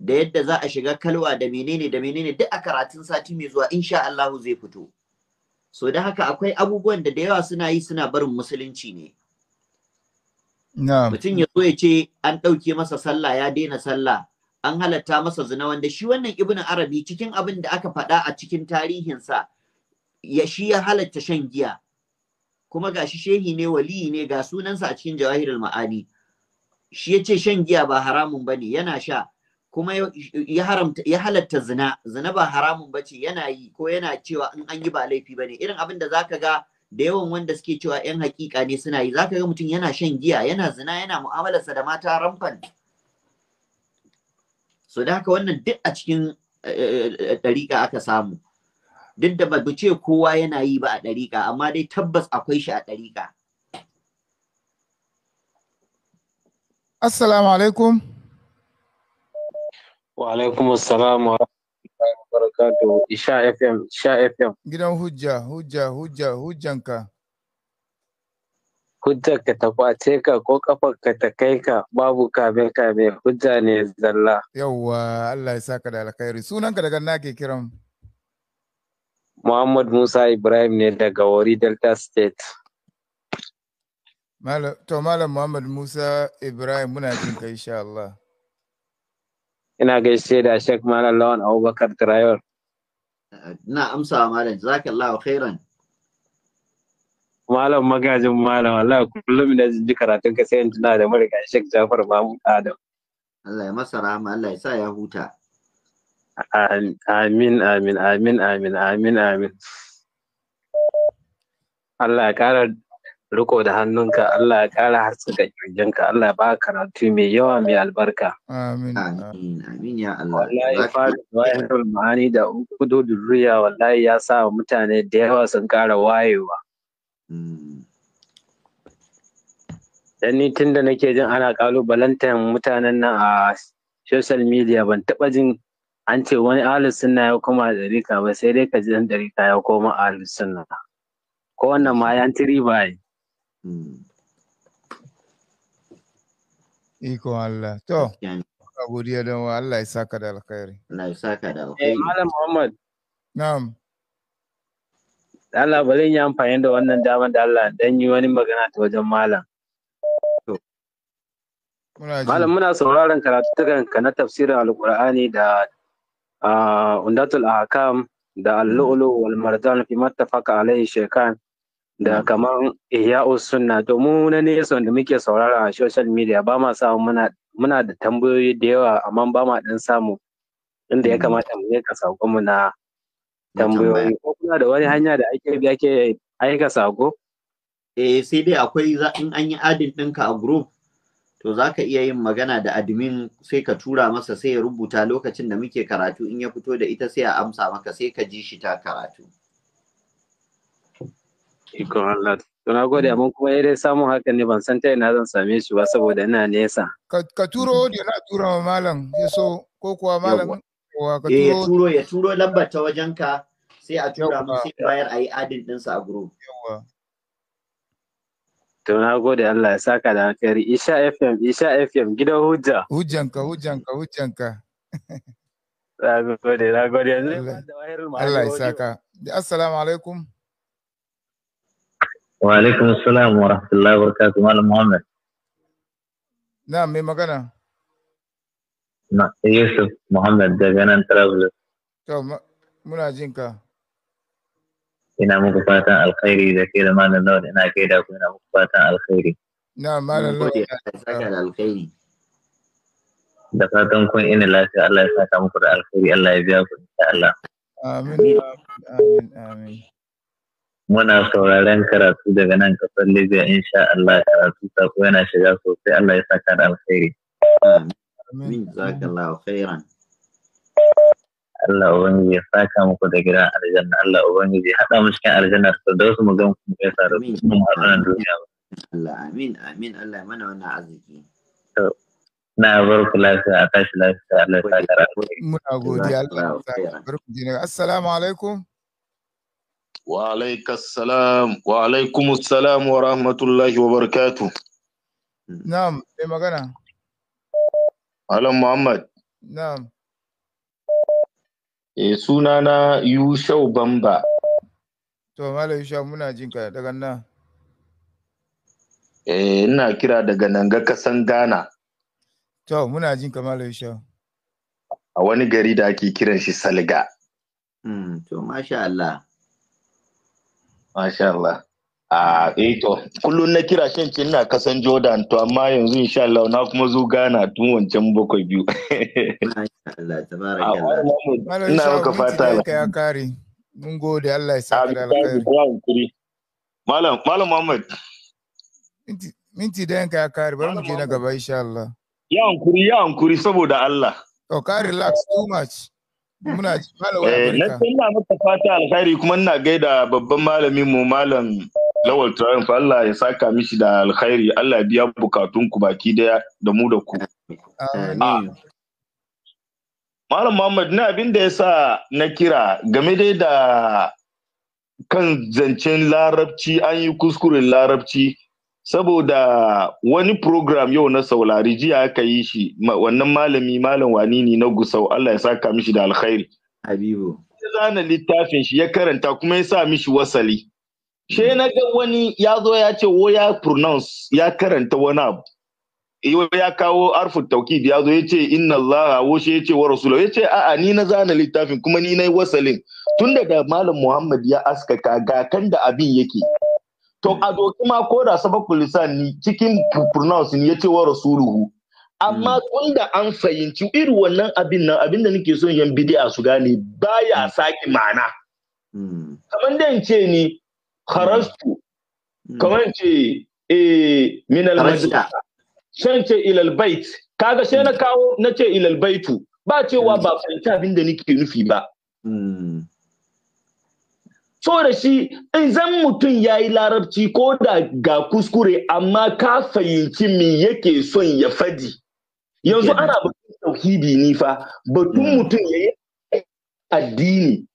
da yadda za a shiga kalwa da menene da menene duk a karatun sati mai zuwa insha Allah zai fito so da haka akwai abubuwan da da yawa suna yi suna barin musulunci ne mutum ya zo ya ce an ɗauke masa sallah ya daina sallah an halatta masa zina wanda shi wannan ibn arabi cikin abin da aka faɗa a cikin tarihinsa ya shi ya halatta shan giya kuma ga shi shehi ne waliyi ne ga sunansa a cikin jawahirul ma'ani shi ya ce shan giya ba haramun ba ne, yana sha kuma ya haramta ya halatta zina zina ba haramun bace yana yi ko yana cewa in an yi ba laifi bane irin abin da zaka ga da yawan wanda suke cewa yan hakika ne suna yi zaka ga mutum yana shan giya yana zina yana mu'amalarsa da mata ramfan so da haka wannan duk a cikin dariƙa eh, eh, eh, aka samu duk da ba ce kowa yana yi ba a dariƙa. amma dai tabbas akwai shi a dariƙa. assalamu alaikum Wa alaikum wa wa Isha FM, Isha FM. Gidan hujja, hujja, ka ta kwace ka ko kafar ka ta kai ka babu kame kame hujja ne zalla. Yawwa Allah ya da Sunanka kiran. Muhammad Musa Ibrahim ne daga Delta State. to Malam Muhammad Musa Ibrahim muna jin ka insha Allah. ina gaishe da Sheikh Malam Lawan Abubakar Trayor. Ina amsa malam jazakallahu khairan. Malam magajin malam Allah kullum da ji karatun ka sai tuna da mariga shek Jafar Mahmud Adam. Allah ya masa rahama Allah ya sa ya huta. Amin amin amin amin amin amin. Allah ya kara riko da hannunka Allah ya ƙara haskaka kirjinka Allah ya ba karatu mai yawa mai albarka amin amin ya Allah wallahi fara wayar ma'ani da kudu duriya wallahi ya sa mutane da yawa sun wayewa hmm. dan ni tunda nake jin ana kalubalantan mutanen nan a social media ban taba jin an ce wani ahlus sunna ya koma ka ba sai dai ka ji dari ka ya koma ahlus sunna ko wannan ma yan tiri baya. Mm. Iko Allah. To, ka godiya don wa Allah ya saka da alkhairi. Allah ya saka da eh, alkhairi. Eh, Malam Muhammad. Na'am. Allah bari yi amfani da wannan damar da Allah dan yi wani magana ta wajen malam. Malam muna sauraron karatukan ka na tafsirin Alƙur'ani da ah, Undatul Ahkam da Al-Lu'lu wal Mardan fi mattafaqa alaihi shaykan da mm. kaman Ihya'us Sunna to mu na nesa da muke saurara a social media ba ma samu muna muna da tambayoyi da yawa amma ba ma dan samu inda ya mm. kamata mu ka sako mu na tambayoyi ko kuna da wani hanya da ake bi ake aika sako eh sai dai akwai in an yi adin ɗinka a group to za ka iya yin magana da admin sai ka tura masa sai ya rubuta lokacin da muke karatu in ya fito da ita sai a amsa maka sai ka ji shi ta karatu. Ikon Allah. Tuna gode, mun kuma ya dai samun hakan ne ban san ta ina zan same shi ba saboda ina nesa. Ka turo audio na tura wa malam ya so ko kuwa malam eh, ya turo ya turo lambar ta wajen ka sai a tura mu sai bayar ayi adin din sa a group. To na gode Allah ya saka da alkhairi. Isha FM, Isha FM gidan hujja. Hujjanka, hujjanka, hujjanka. Na gode, na gode. Allah ya saka. Assalamu alaikum. Wa alaikum assalam wa rahmatullahi wa barakatuh Malam Muhammad. Na mai magana? Muhammad daga nan Travelers. Ina muku fatan alkhairi da ke da malam Lawal ina gaida ku ina muku fatan alkhairi. Da fatan kun ina lafiya Allah ya saka muku da alkhairi Allah ya biya ku insha Allah. muna sauraren karatu daga nan kasar Libya insha Allah karatu sako yana shiga sosai Allah ya saka da alkhairi. Amin. khairan. Allah Ubangiji ya saka muku da gidan aljanna Allah Ubangiji ya haɗa mu cikin aljanna da wasu mu gan ku ya sa duniya Allah amin amin Allah ya mana wannan arziki. Na bar ku lafiya a tashi lafiya Allah ya saka da alkhairi. Muna Allah ya saka. Assalamu alaikum. وعليك السلام وعليكم السلام ورحمة الله وبركاته نعم إيه مغانا أهلا محمد نعم E sunana Yushau Bamba. To, Malam Yushau muna jinka daga nan. Eh, ina kira daga nan ga kasan Ghana. To, muna jinka Malam Yushau. A wani gari da ake kiran shi Salga. Mm, to, masha Allah. Masha Allah. A ah, eh to kullum na kira shin ce na kasan Jordan to amma yanzu insha Allah na kuma zo Ghana tun wancan bakwai biyu. Ah, Ina maka fata ya kare. Mun gode Allah ya ah, sa da alkhairi. Malam Malam Muhammad. Minti da yanka ya kare bari mu je na gaba insha Allah. Ya hankuri ya hankuri saboda Allah. To ka relax too much. Muna ji Amurka. Eh, ina mata fata alkhairi kuma ina gaida babban malamin mu Malam Lawal Fa Allah ya saka mishi da alkhairi Allah ya biya bukatun ku baki daya da mu da ku. Ah. Malam Muhammad na abin da ya sa na kira game dai da kan zancen larabci an yi kuskuren larabci saboda wani program yau na saulari jiya aka yi shi wannan malami malam wani ne na gusau Allah ya saka mishi da alkhairi habibu ya zana littafin shi ya karanta kuma ya sa mishi wasali she na ga wani ya zo ya ce wo ya pronounce ya karanta wani abu eh, ya kawo arfin taukid ya zo ya ce inna Allah wo shi ya ce wa rasulullah ya ce a'a ni na zana littafin kuma ni nayi wasalin tun daga malam Muhammad ya askaka ga kan da abin yake To a doki ma ko da safa ni cikin pronounce ya ce wa rasuluhu. Amma hmm. tun da an fahimci irin wannan abin nan abin da nake son yan bid'a su gane baya hmm. sake ma'ana. Hmm. Kamar dan ce ni kharastu kamar ce eh min al-masjid. Shan ce ilal bait kaga sai na kawo na ce ilal baitu ba cewa ba fahimci abin da nake nufi ba. So da shi zan mutum ya yi larabci ko da ga kuskure amma ka fahimci me yake son ya fadi yanzu ana batun tauhidi ni fa batun hmm. mutum ya yi addini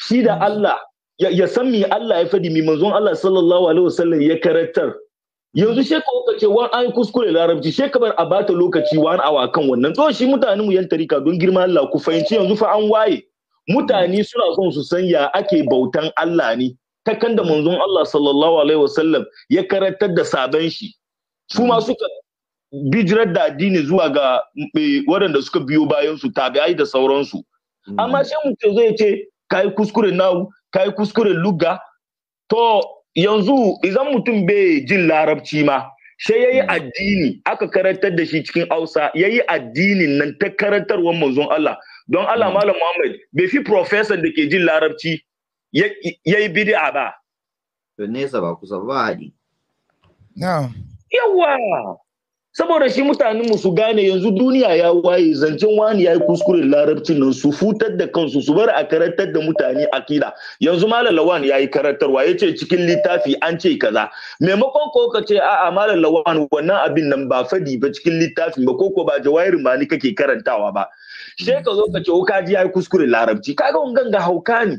shi da hmm. Allah ya san me Allah ya fadi me manzon Allah sallallahu alaihi wasallam ya karatar yanzu hmm. she ka kuka ce wani an kuskure larabci she ka bar a bata lokaci wani awa kan wannan tsohon shi mutanen mu yan tarika don girma Allah ku fahimci yanzu fa an waye mutane suna son su san ya ake bautan Allah ne ta kan da manzon Allah sallallahu alaihi wasallam ya karantar da saban shi su ma suka bijirar da addini zuwa ga eh, waɗanda suka biyo bayan su tabi'ai da sauransu hmm. amma sai mutum zai ce kai kuskure nau kai kuskure lugga to yanzu idan mutum bai jin larabci ma sai yayi hmm. addini aka karantar da shi cikin Hausa yayi addinin nan ta karantarwar manzon Allah don Allah mm. Malam Muhammad bai fi professor da ke jin larabci ya yi bid'a ba. To nesa ba kusa ba haɗi. Yawa! Saboda shi mutanenmu su gane yanzu duniya ya waye zancen wani ya yi kuskuren larabcin nan su futar da kansu su bar a karantar da mutane akida yanzu malam lawan ya yi karantarwa ya ce cikin littafi an ce kaza maimakon ko ka ce a'a malam lawan wannan abin nan ba fadi ba cikin littafin ba Koko ba jawairin ba ni kake karantawa ba sai ka zo ka ce oh, ka ji yayi kuskure larabci kaga wannan ga hauka ne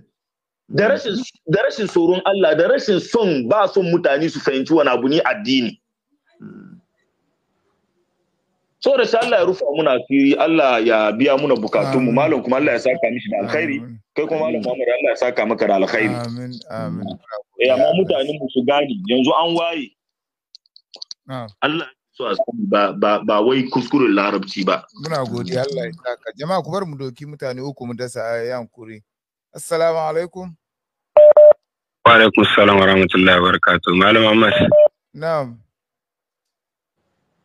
da hmm. rashin da rashin tsoron Allah da rashin son ba son mutane su fahimci wani abu ne addini hmm. so da sha Allah ya rufa muna asiri Allah ya biya muna bukatun mu malam kuma Allah ya saka mishi da alkhairi kai kuma malam Muhammad Allah ya saka maka da alkhairi amin amin eh, amma mutanen mu su gani yanzu an waye Allah so a ba ba ba wai kuskure larabci ba muna godi Allah ya saka jama'a ku bar mu doki mutane uku mu dasa ayan kuri assalamu alaikum wa alaikum assalam wa rahmatullahi wa barakatuh malam Ahmad na'am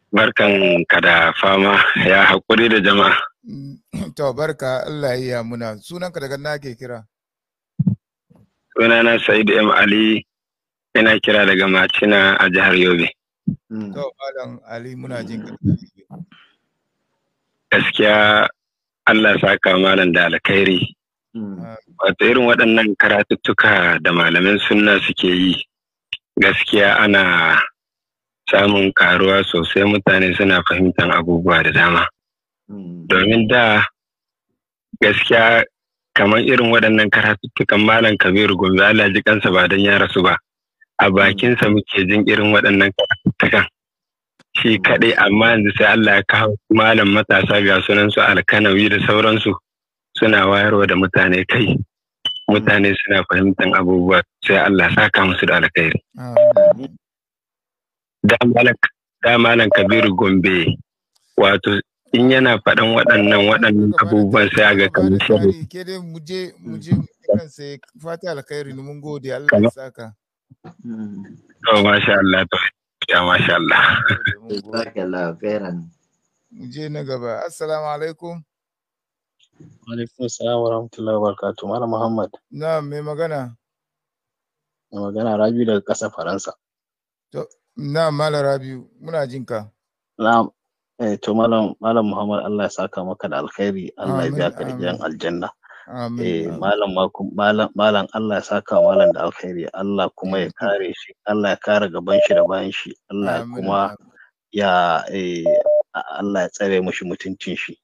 barkan ka da fama ya hakuri da jama'a mm, to barka Allah ya muna sunan ka daga nake kira sunana Sa'idu M Ali ina kira daga Macina a jihar Yobe Mm. To malam Ali ka. Gaskiya Allah saka malam da alkhairi. Mm. Wato irin waɗannan karatuttuka da malamin sunna suke yi gaskiya ana samun karuwa sosai mutane suna fahimtar abubuwa da dama. Mm. Domin da gaskiya kamar irin waɗannan karatuttukan malam Kabiru Gombe Allah ji kansa ba don ya rasu ba. a bakinsa muke jin irin waɗannan karatukan shi kaɗai amma yanzu sai Allah ya kawo malam matasa ga sunansu alkanawi da sauransu suna wayarwa da mutane kai mutane suna fahimtar abubuwa sai Allah saka musu da alkhairi da malam kabiru gombe wato in yana faɗan waɗannan waɗannan abubuwan sai ga kamar shari'a. Ke dai muje muje kan sai fata alkhairi mun gode Allah ya saka. To masha Allah to ya masha Allah. Je na gaba. Assalamu alaikum. Wa alaikum assalam wa rahmatullahi wa barakatuh. Malam Muhammad. Na mai magana. Mai magana Rabiu daga ƙasa Faransa. To na Mala Rabiu muna jinka. Na eh to Malam Muhammad Allah ya saka maka da alkhairi. Allah ya biya ka da gidan aljanna. Eh, malam malam Allah ya saka malam da alkhairi Allah kuma ya kare shi Allah ya kare gaban shi da bayan shi Allah kuma ya eh, Allah ya tsare mushi mutuncin shi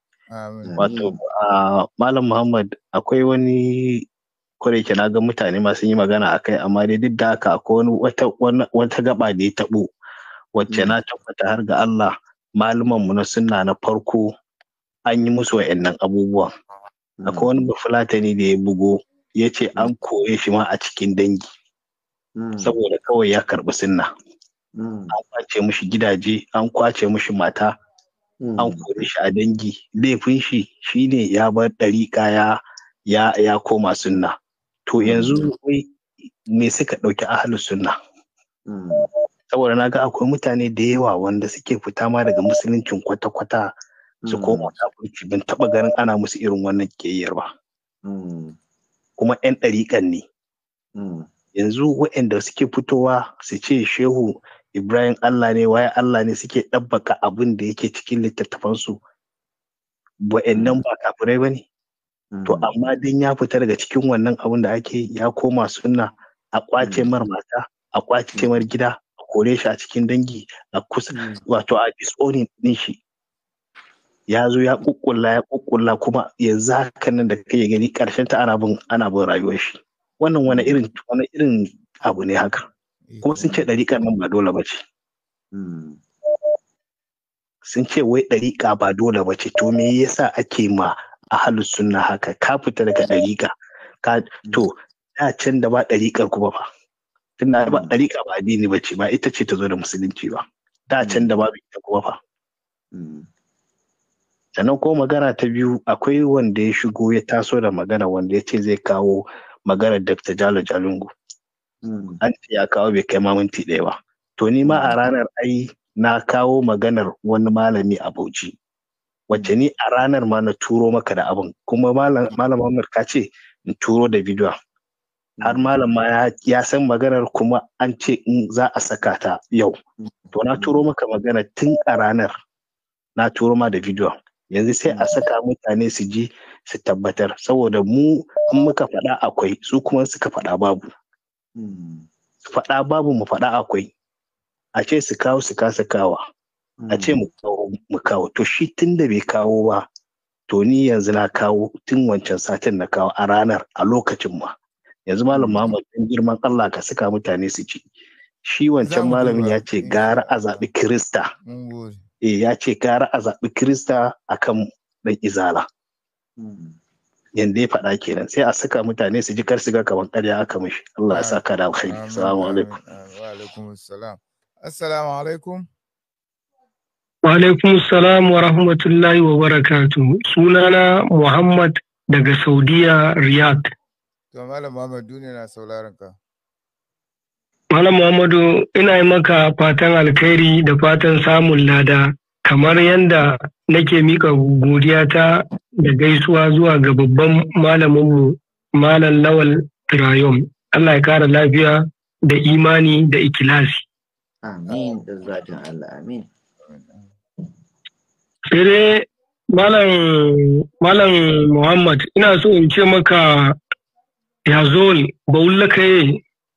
wato malam Muhammad akwai wani kwarai ke na ga mutane ma sun yi magana akai amma dai duk da haka akwai wani wata wata gaba da ya taɓo. wacce mm. na tabbata har ga Allah malumanmu na sunna na farko an yi musu wa'annan abubuwan akwai wani bafulatani da ya bugo ya ce an koye shi ma a cikin dangi mm. saboda kawai ya karɓi sunna mm. an kwace mushi gidaje an kwace mushi mata mm. an kore shi a dangi laifin shi shine ya bar ɗariƙa ya ya koma sunna to yanzu me suka ɗauki ahalin sunna saboda na ga akwai mutane da yawa wanda suke fita ma daga musuluncin kwata-kwata su koma mm. wani abu ban taɓa ganin ana musu irin wannan kiyayyar ba kuma 'yan ɗariƙan ne mm. Mm. yanzu waɗanda suke fitowa su ce shehu ibrahim allah ne waye allah ne suke ɗabbaka abin da yake cikin littattafansu waɗannan ba kafirai ba ne to amma din ya fita daga cikin wannan abin da ake ya koma suna a kwace mar mata a kwace mar gida a kore shi a cikin dangi a kusa wato a disonin ɗin shi ya zo ya kukkulla ya kukkulla kuma yanzu haka nan da kake gani karshen ta ana bin ana bin rayuwar shi wannan wani irin wani irin abu ne haka eh kuma sun ce dariƙa nan ba dole ba ce hmm. sun ce wai dariƙa ba dole ba ce to me yasa ake ma a halin sunna haka ka fita daga dariƙa ka to da can da ba dariƙar kuma ba tunda hmm. ba dariƙa ba addini ba ce ba ita ce ta zo da musulunci ba da hmm. can da ba kuma fa sannan ko magana ta biyu akwai wanda ya shigo ya taso da magana wanda ya ce zai kawo maganar Dr. Jalo Jalungu. Hmm. An ce ya kawo bai kai ma minti ɗaya ba. To ni ma a hmm. ranar ai na kawo maganar wani malami a Bauchi. Wacce ni a ranar ma na turo maka da abin kuma malam Muhammad ka ce in turo da bidiyo hmm. Har malam ma ya san maganar kuma an ce in za a saka ta yau. To na turo maka magana tun a ranar na turo ma da bidiyon. yanzu sai a saka mutane su ji su tabbatar saboda mu an muka faɗa akwai su kuma suka faɗa babu faɗa babu mu faɗa akwai a ce su kawo su kasa kawa a ce mu kawo to shi tun da bai kawo ba to ni yanzu na kawo tun wancan satin na kawo a ranar a lokacin ma yanzu malam Muhammad dan girman Allah ka saka mutane su ci shi wancan malamin ya ce gara a zaɓi Kirista e ya ce gara a zaɓi Kirista a kan ɗan izala. Yanda ya faɗa kenan sai a saka mutane su ji kar su ga kamar ƙarya aka mishi. Allah ya saka da alkhairi. Assalamu alaikum. Wa alaikum Assalamu alaikum. Wa alaikum salam wa rahmatullahi wa barakatu. Sunana Muhammad daga Saudiya Riyadh. To Malam Muhammad duniya na sauraron ka. Malam Muhammadu ina yi maka fatan alkhairi da fatan samun lada kamar yadda nake mika godiyata da gaisuwa zuwa ga babban malaminmu Malam Lawal trayom Allah ya kara lafiya da imani da ikilasi. Amin da zaɗin Malam Muhammad ina so in ce maka ya zo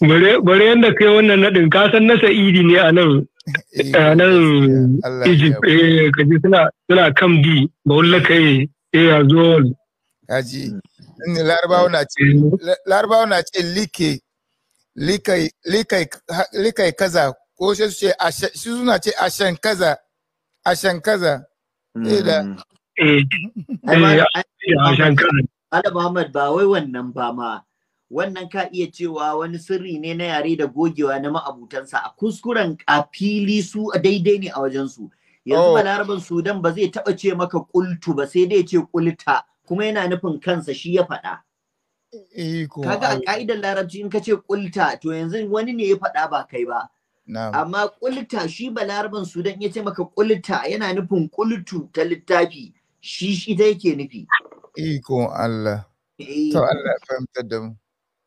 bari yadda kai wannan naɗin kasan na sa'idi ne a nan eh, nan egypt eh kaji suna suna kam di ba wula kai eh a wani. kaji ni larabawa na ce larabawa na ce like likai kaza ko shi su ce shi suna ce ashen kaza ashen kaza eh da mm. eh, eh ashen kaza Ala Muhammad ba wai wannan ba ma wannan ka iya cewa wani sirri ne na yare da gogewa na ma'abutansa a kuskuren a fili su daidai ne a wajensu yanzu oh. balaraban sudan ba zai taba ce maka kultu ba sai dai ce kulta kuma yana nufin kansa shi ya faɗa kaga a ka'idar larabci in ka ce kulta to yanzu wani ne ya faɗa ba kai ba amma kulta shi balaraban sudan ya ce maka kulta yana nufin kultu ta littafi shi shi ta yake nufi eh.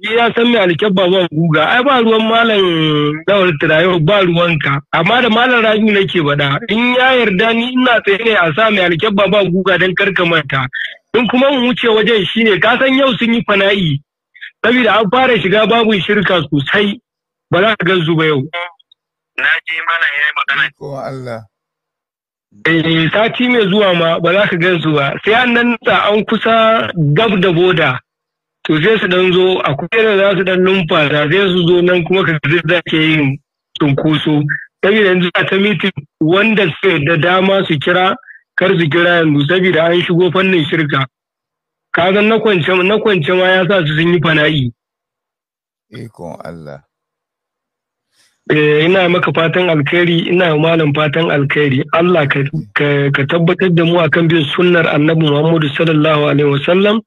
ya san mai alkyabba ba guga ai ba ruwan malam dawar tirayo ba ruwanka amma da malam rabi nake bada in ya yarda ni ina tsaye ne a sa mai alkyabba ba guga don karka manta in kuma mu wuce wajen shine ka san yau sun yi fana'i saboda an fara shiga babu shirka sosai ba za ka gan su ba yau na ji malam yayi magana ko Allah eh sati mai zuwa ma ba za ka gan su ba sai an nan an kusa gab da boda to sai su dan zo akwai da za su dan numfasa sai su zo nan kuma ka zai da ke yin cunkoso saboda yanzu a ta mitin wanda suke da dama su kira kar su kira yanzu saboda an shigo fannin shirka kaga na kwance na kwance ma ya sa su sun yi fana'i ikon Allah eh, ina maka fatan alkhairi ina malam fatan alkhairi Allah ka tabbatar da mu akan bin sunnar Annabi Muhammadu sallallahu alaihi wasallam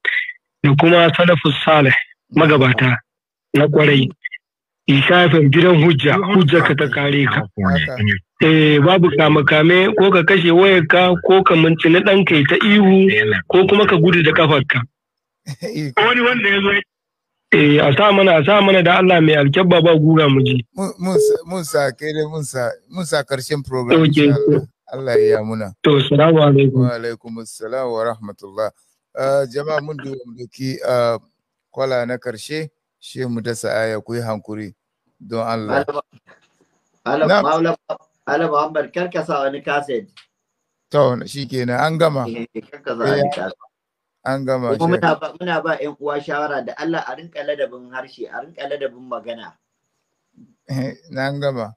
da kuma salafus salih magabata na kwarai isafin gidan hujja hujja ka ta kare ka eh babu kame-kame ko ka kashe wayarka ko ka minci na dan kai ta ihu ko kuma ka gudu da kafarka [laughs] wani wanda ya zo Eh, a sa mana, a sa mana da Allah mai alkyabba ba gura mu ji. Mun sa, kai dai mun sa, mun sa karshen program. Allah ya yi muna. To, assalamu alaikum. Wa alaikum, salamu wa rahmatullah. Eh, jama'a mun duba mu doki eh, kwala na karshe shi mu dasa aya ku yi hankuri don Allah. Ala Muhammad karkasa wani kaset. To shi kenan an gama. Eh, wani An gama. Kuma muna ba muna ba ƴan uwa shawara da Allah a rinƙa ladabin harshe a rinƙa ladabin magana. Na an gama.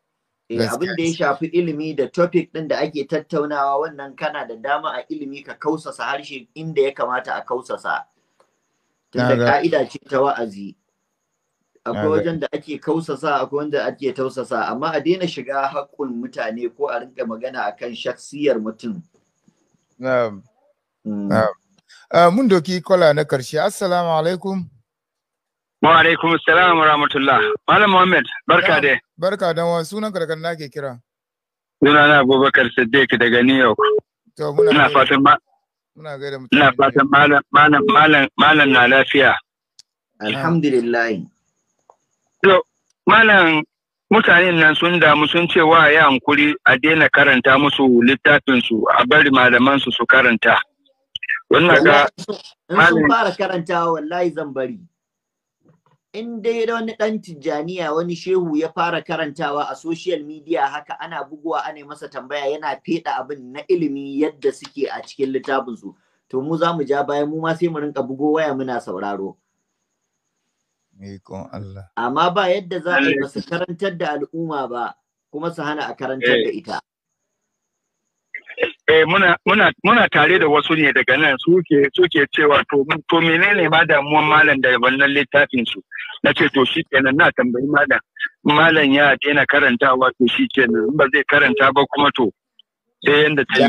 Eh, abin da ya shafi ilimi da topic ɗin da ake tattaunawa wannan kana da dama a ilimi ka kausasa harshe inda ya kamata a kausasa. Tunda ka'ida ce ta wa'azi. Akwai wajen da ake kausasa akwai wanda ake tausasa amma a daina shiga haƙƙun mutane ko a rinka magana a kan shaksiyar mutum. Mm. Ah, mun doki kwala na ƙarshe. Assalamu alaikum. Wa alaikum salam wa rahmatullah. Malam Muhammad, barka dai. Barka dan wa sunan ka daga nake kira. na Abubakar Siddiq daga New York. To muna ina fatan ma muna gaida mutane. Ina fatan malam malam malam malam na lafiya. Alhamdulillah. To malam mutanen nan sun damu sun ce wa ya hankuri a daina karanta musu littafinsu a bari malaman su su karanta. Wannan ga malam sun fara karantawa wallahi zan bari. in dai wani ɗan tijjaniya wani shehu ya fara karantawa a social media haka ana buguwa ana masa tambaya yana feɗa abin na ilimi yadda suke a cikin littafinsu to mu za mu ja bayan mu ma sai mu rinka bugo waya muna sauraro Allah. Amma ba yadda za a yi ba karantar da al'umma ba kuma su hana a karantar da eh. ita. Eh, muna, muna, muna tare da wasu ne daga nan suke suke cewa to, to menene ma damuwan malam da wannan littafin su na ce to shi kenan na tambayi malam malam ya daina karantawa to shi kenan ba zai karanta ba kuma to sai yanda ta yi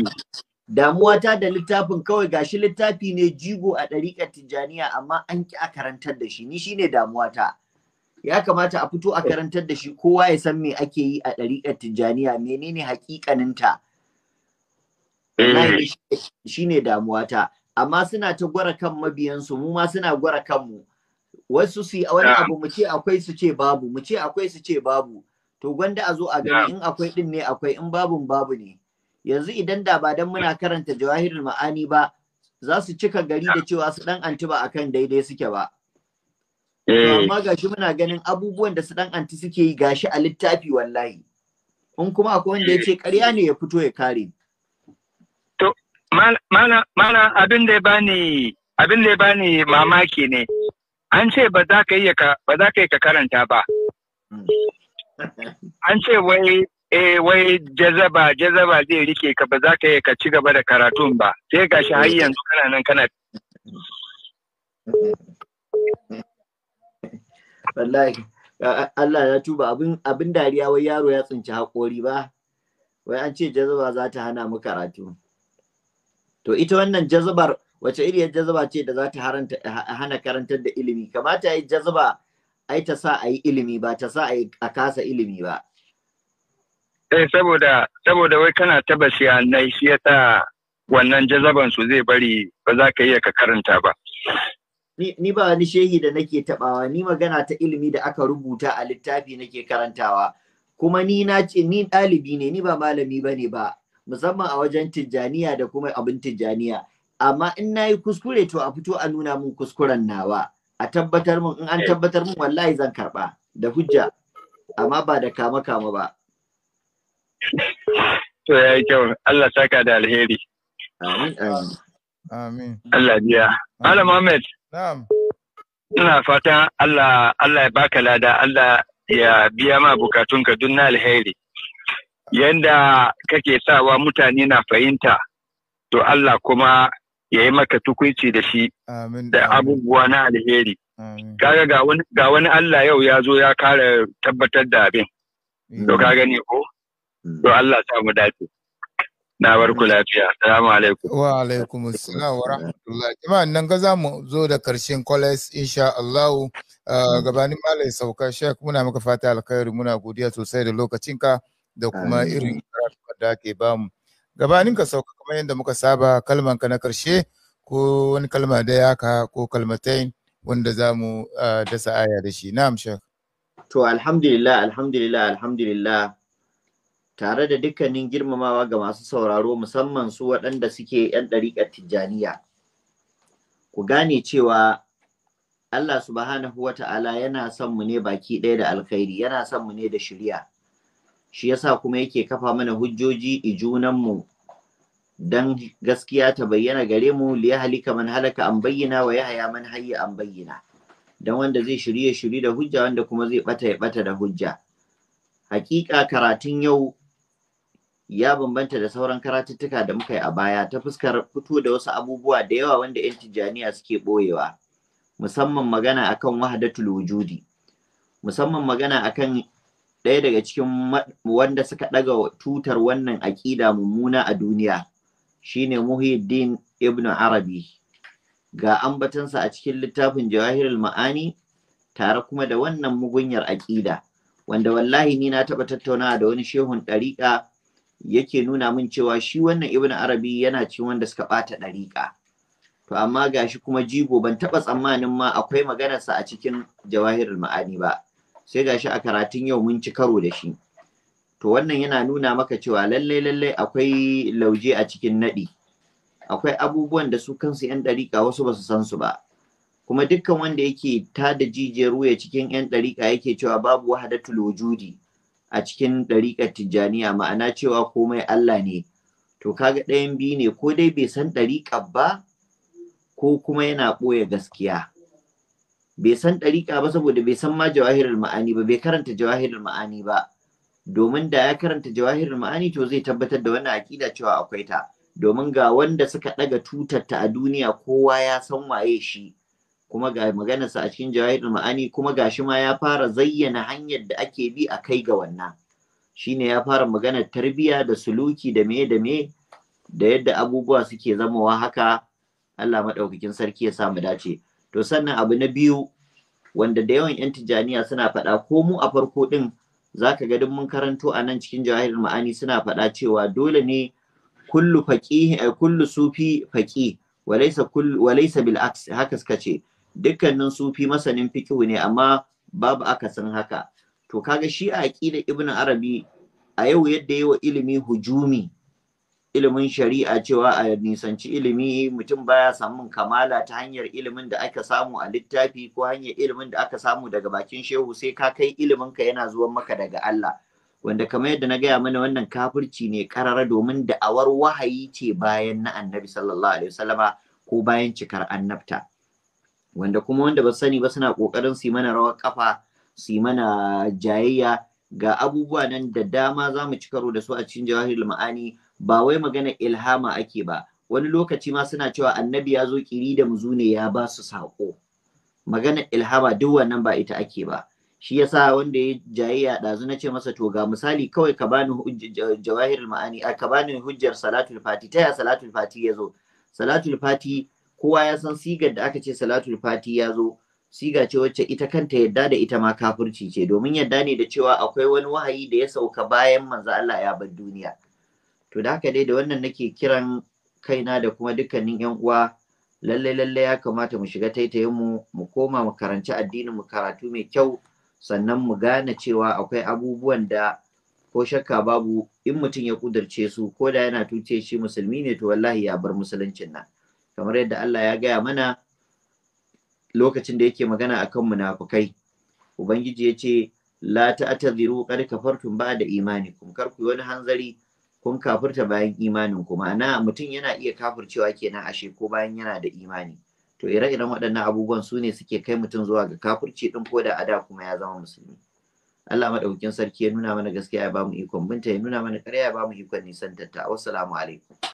damuwa ta da littafin kawai gashi littafi ne jigo a ɗariƙar tijjaniya amma an ki a karantar da shi ni shine damuwa ta ya kamata a fito a karantar da shi kowa ya san me ake yi a ɗariƙar tijjaniya menene hakikaninta eh. shi ne damuwa ta amma suna ta gwara kan mabiyansu mu ma suna gwara kanmu wasu su wani abu mu ce akwai su ce babu mu ce akwai su ce babu to gwanda a zo a gani in akwai din ne akwai in babun babu ne yanzu idan da ba dan muna karanta jawahirul ma'ani ba za su cika gari da cewa su dan anti ba akan daidai suke ba eh. amma gashi muna ganin abubuwan da su dan anti suke yi gashi a littafi wallahi in kuma akwai wanda ya ce eh. ƙarya ne ya fito ya kare to mana abin da ya bani abin da ya bani mamaki ne an ce ba za ka yi ka karanta ba an ce wai e wai jazaba jazaba zai rike ka ba za ka yi ka ci gaba da karatun ba sai ga shi har yanzu kana nan kana wallahi Allah ya tuba abin abin dariya wai yaro ya tsinci haƙori ba wai an ce jazaba za ta hana mu karatu to ita wannan jazabar wace iriyar jazaba ce da za ta hana karantar da ilimi kamata yi jazaba ai ta sa a yi ilimi ba ta sa a kasa ilimi ba eh saboda saboda wai kana a nai shi yasa wannan jazaban zai bari ba za ka iya ka karanta ba ni ba wani shehi da nake tabawa ni magana ta ilimi da aka rubuta a littafi nake karantawa kuma ni na ce ni ɗalibi ne ni ba malami ba ne ba musamman a wajen tijjaniya da kuma abin tijjaniya amma in na yi kuskure to a fito a nuna min kuskuren nawa a tabbatar min in an eh. tabbatar min wallahi zan karɓa da hujja amma ba da kama kama ba to ya yi kyau Allah saka da alheri amin amin Allah biya Allah Ahmed na'am ina fatan Allah Allah ya baka lada Allah ya biya ma bukatunka duk na alheri yanda kake sawa mutane na fahimta to Allah kuma ya yi maka tukuici da shi da abubuwa na alheri kaga ga wani Allah yau ya zo ya kara tabbatar da abin to ka gani ko mm. to Allah sa mu dace na ku lafiya assalamu alaikum wa alaikum assalam wa rahmatullah jama'an nan ga zamu zo da karshen college insha Allah ah, mm. gabanin malai sauka Sheikh muna maka fata alkhairi muna godiya sosai da lokacinka da kuma irin karatu da ake bamu gabanin ka sauka kamar yadda muka saba kalman ka na karshe ko wani kalma da ya ka ko kalmatai wanda za mu dasa aya da shi na'am shek to alhamdulillah alhamdulillah alhamdulillah tare da dukkanin girmamawa ga masu sauraro musamman su waɗanda suke 'yan ɗariƙar tijjaniya ku gane cewa Allah subhanahu wa ta'ala yana son mu ne baki ɗaya da alkhairi yana son mu ne da shirya shi yasa kuma yake kafa mana hujjoji mu dan gaskiya ta bayyana gare mu li halika man halaka an bayyana wa yahya man hayya an bayyana dan wanda zai shirye shiri da hujja wanda kuma zai bata ya bata da hujja hakika karatun yau ya bambanta da sauran karatuttuka da muka yi a baya ta fuskar fito da wasu abubuwa da yawa wanda 'yan tijjaniya suke ɓoyewa musamman magana akan wahadatul wujudi musamman magana akan ɗaya daga cikin wanda suka ɗaga tutar wannan aƙida mummuna a duniya shine Muhyiddin Ibn Arabi ga ambatansa a cikin littafin Jawahirul Ma'ani tare kuma da wannan mugunyar aƙida wanda wallahi ni na taɓa tattaunawa da wani shehun ɗariƙa yake nuna min cewa shi wannan Ibn Arabi yana cikin wanda suka ɓata ɗariƙa to amma gashi kuma jigo ban taɓa tsammanin ma akwai maganarsa a cikin Jawahirul Ma'ani ba sai gashi a karatun yau mun ci karo da shi to wannan yana nuna maka cewa lallai lallai akwai lauje a cikin naɗi akwai abubuwan da su kansu 'yan ɗariƙa wasu ba su san su ba kuma dukkan wanda yake tada jijiyar wuya cikin 'yan ɗariƙa yake cewa babu wahadatul wujudi a cikin ɗariƙar tijjaniya ma'ana cewa komai Allah ne to kaga ɗayan biyu ne ko dai bai san ɗariƙar ba ko kuma yana ɓoye gaskiya bai san ɗariƙa ba saboda bai san ma jawahirin ma'ani ba bai karanta jawahirin ma'ani ba domin da ya karanta jawahirin ma'ani to zai tabbatar da wannan aƙida cewa akwai ta domin ga wanda suka ɗaga tutar ta a duniya kowa ya san waye shi kuma ga maganarsa a cikin jawahirin ma'ani kuma ga shi ma ya fara zayyana hanyar da ake bi a kai ga wannan shine ya fara maganar tarbiya da suluki da me da me da yadda abubuwa suke zamowa haka Allah maɗaukakin sarki ya samu dace to sannan abu na biyu wanda da yawan 'yan tijjaniya suna faɗa ko mu a farko ɗin za ka ga duk mun karanto a nan cikin jawahirul ma'ani suna faɗa cewa dole ne kullu faqih eh, kullu sufi faƙi. walaysa kull walaysa bil aks haka suka ce dukkanin sufi masanin fiqh ne amma babu akasin haka to kaga shi a aqida ibnu arabi a yau yadda wa ilimi hujumi ilimin shari'a cewa a nisanci ilimi mutum baya samun kamala ta hanyar ilimin da aka samu a littafi ko hanyar ilimin da aka samu daga bakin shehu sai ka kai ilimin ka yana zuwan maka daga Allah wanda kamar yadda na gaya mana wannan kafirci ne karara domin da awar wahayi ce bayan na annabi sallallahu alaihi wasallama ko bayan cikar annabta wanda kuma wanda ba sani ba suna kokarin su mana rawar kafa su mana jayayya ga abubuwa nan da dama za mu ci da su a cikin jawahirul ma'ani ba wai magana ilhama ake ba wani lokaci ma suna cewa annabi ya zo kiri da muzu ne ya ba su saƙo magana ilhama duk wannan ba ita ake ba shi yasa wanda ya ya dazu na ce masa to ga misali kawai ka bani jawahirin ma'ani ka bani hujjar salatul fati ta ya salatul fati ya zo salatul fati kowa ya san sigar da aka ce salatul fati ya zo siga ce wacce ita kanta yadda da ita ma kafirci ce domin yadda ne da cewa akwai wani wahayi da ya sauka bayan manzo Allah ya bar duniya to da haka dai da wannan nake kiran kaina da kuma dukkanin yan uwa lalle lalle ya kamata mu shiga taitayin mu mu koma mu karanci addinin mu karatu mai kyau sannan mu gane cewa akwai abubuwan da ko shakka babu in mutum ya kudirce su ko da yana tuce shi musulmi ne to wallahi ya bar musuluncin nan kamar yadda Allah ya gaya mana lokacin da yake magana akan munafukai ubangiji ya ce la ta'tadhiru qad kafartum ba'da imanikum kar ku wani hanzari kun kafirta bayan imanin kuma? ma'ana mutum yana iya kafircewa kenan ashe ko bayan yana da imani to ire-iren waɗannan abubuwan su ne suke kai mutum zuwa ga kafirci ɗin ko da ada kuma ya zama musulmi Allah maɗaukin sarki ya nuna mana gaskiya ya bamu ikon binta ya nuna mana ƙarya ya bamu ikon nisan tattawa. alaikum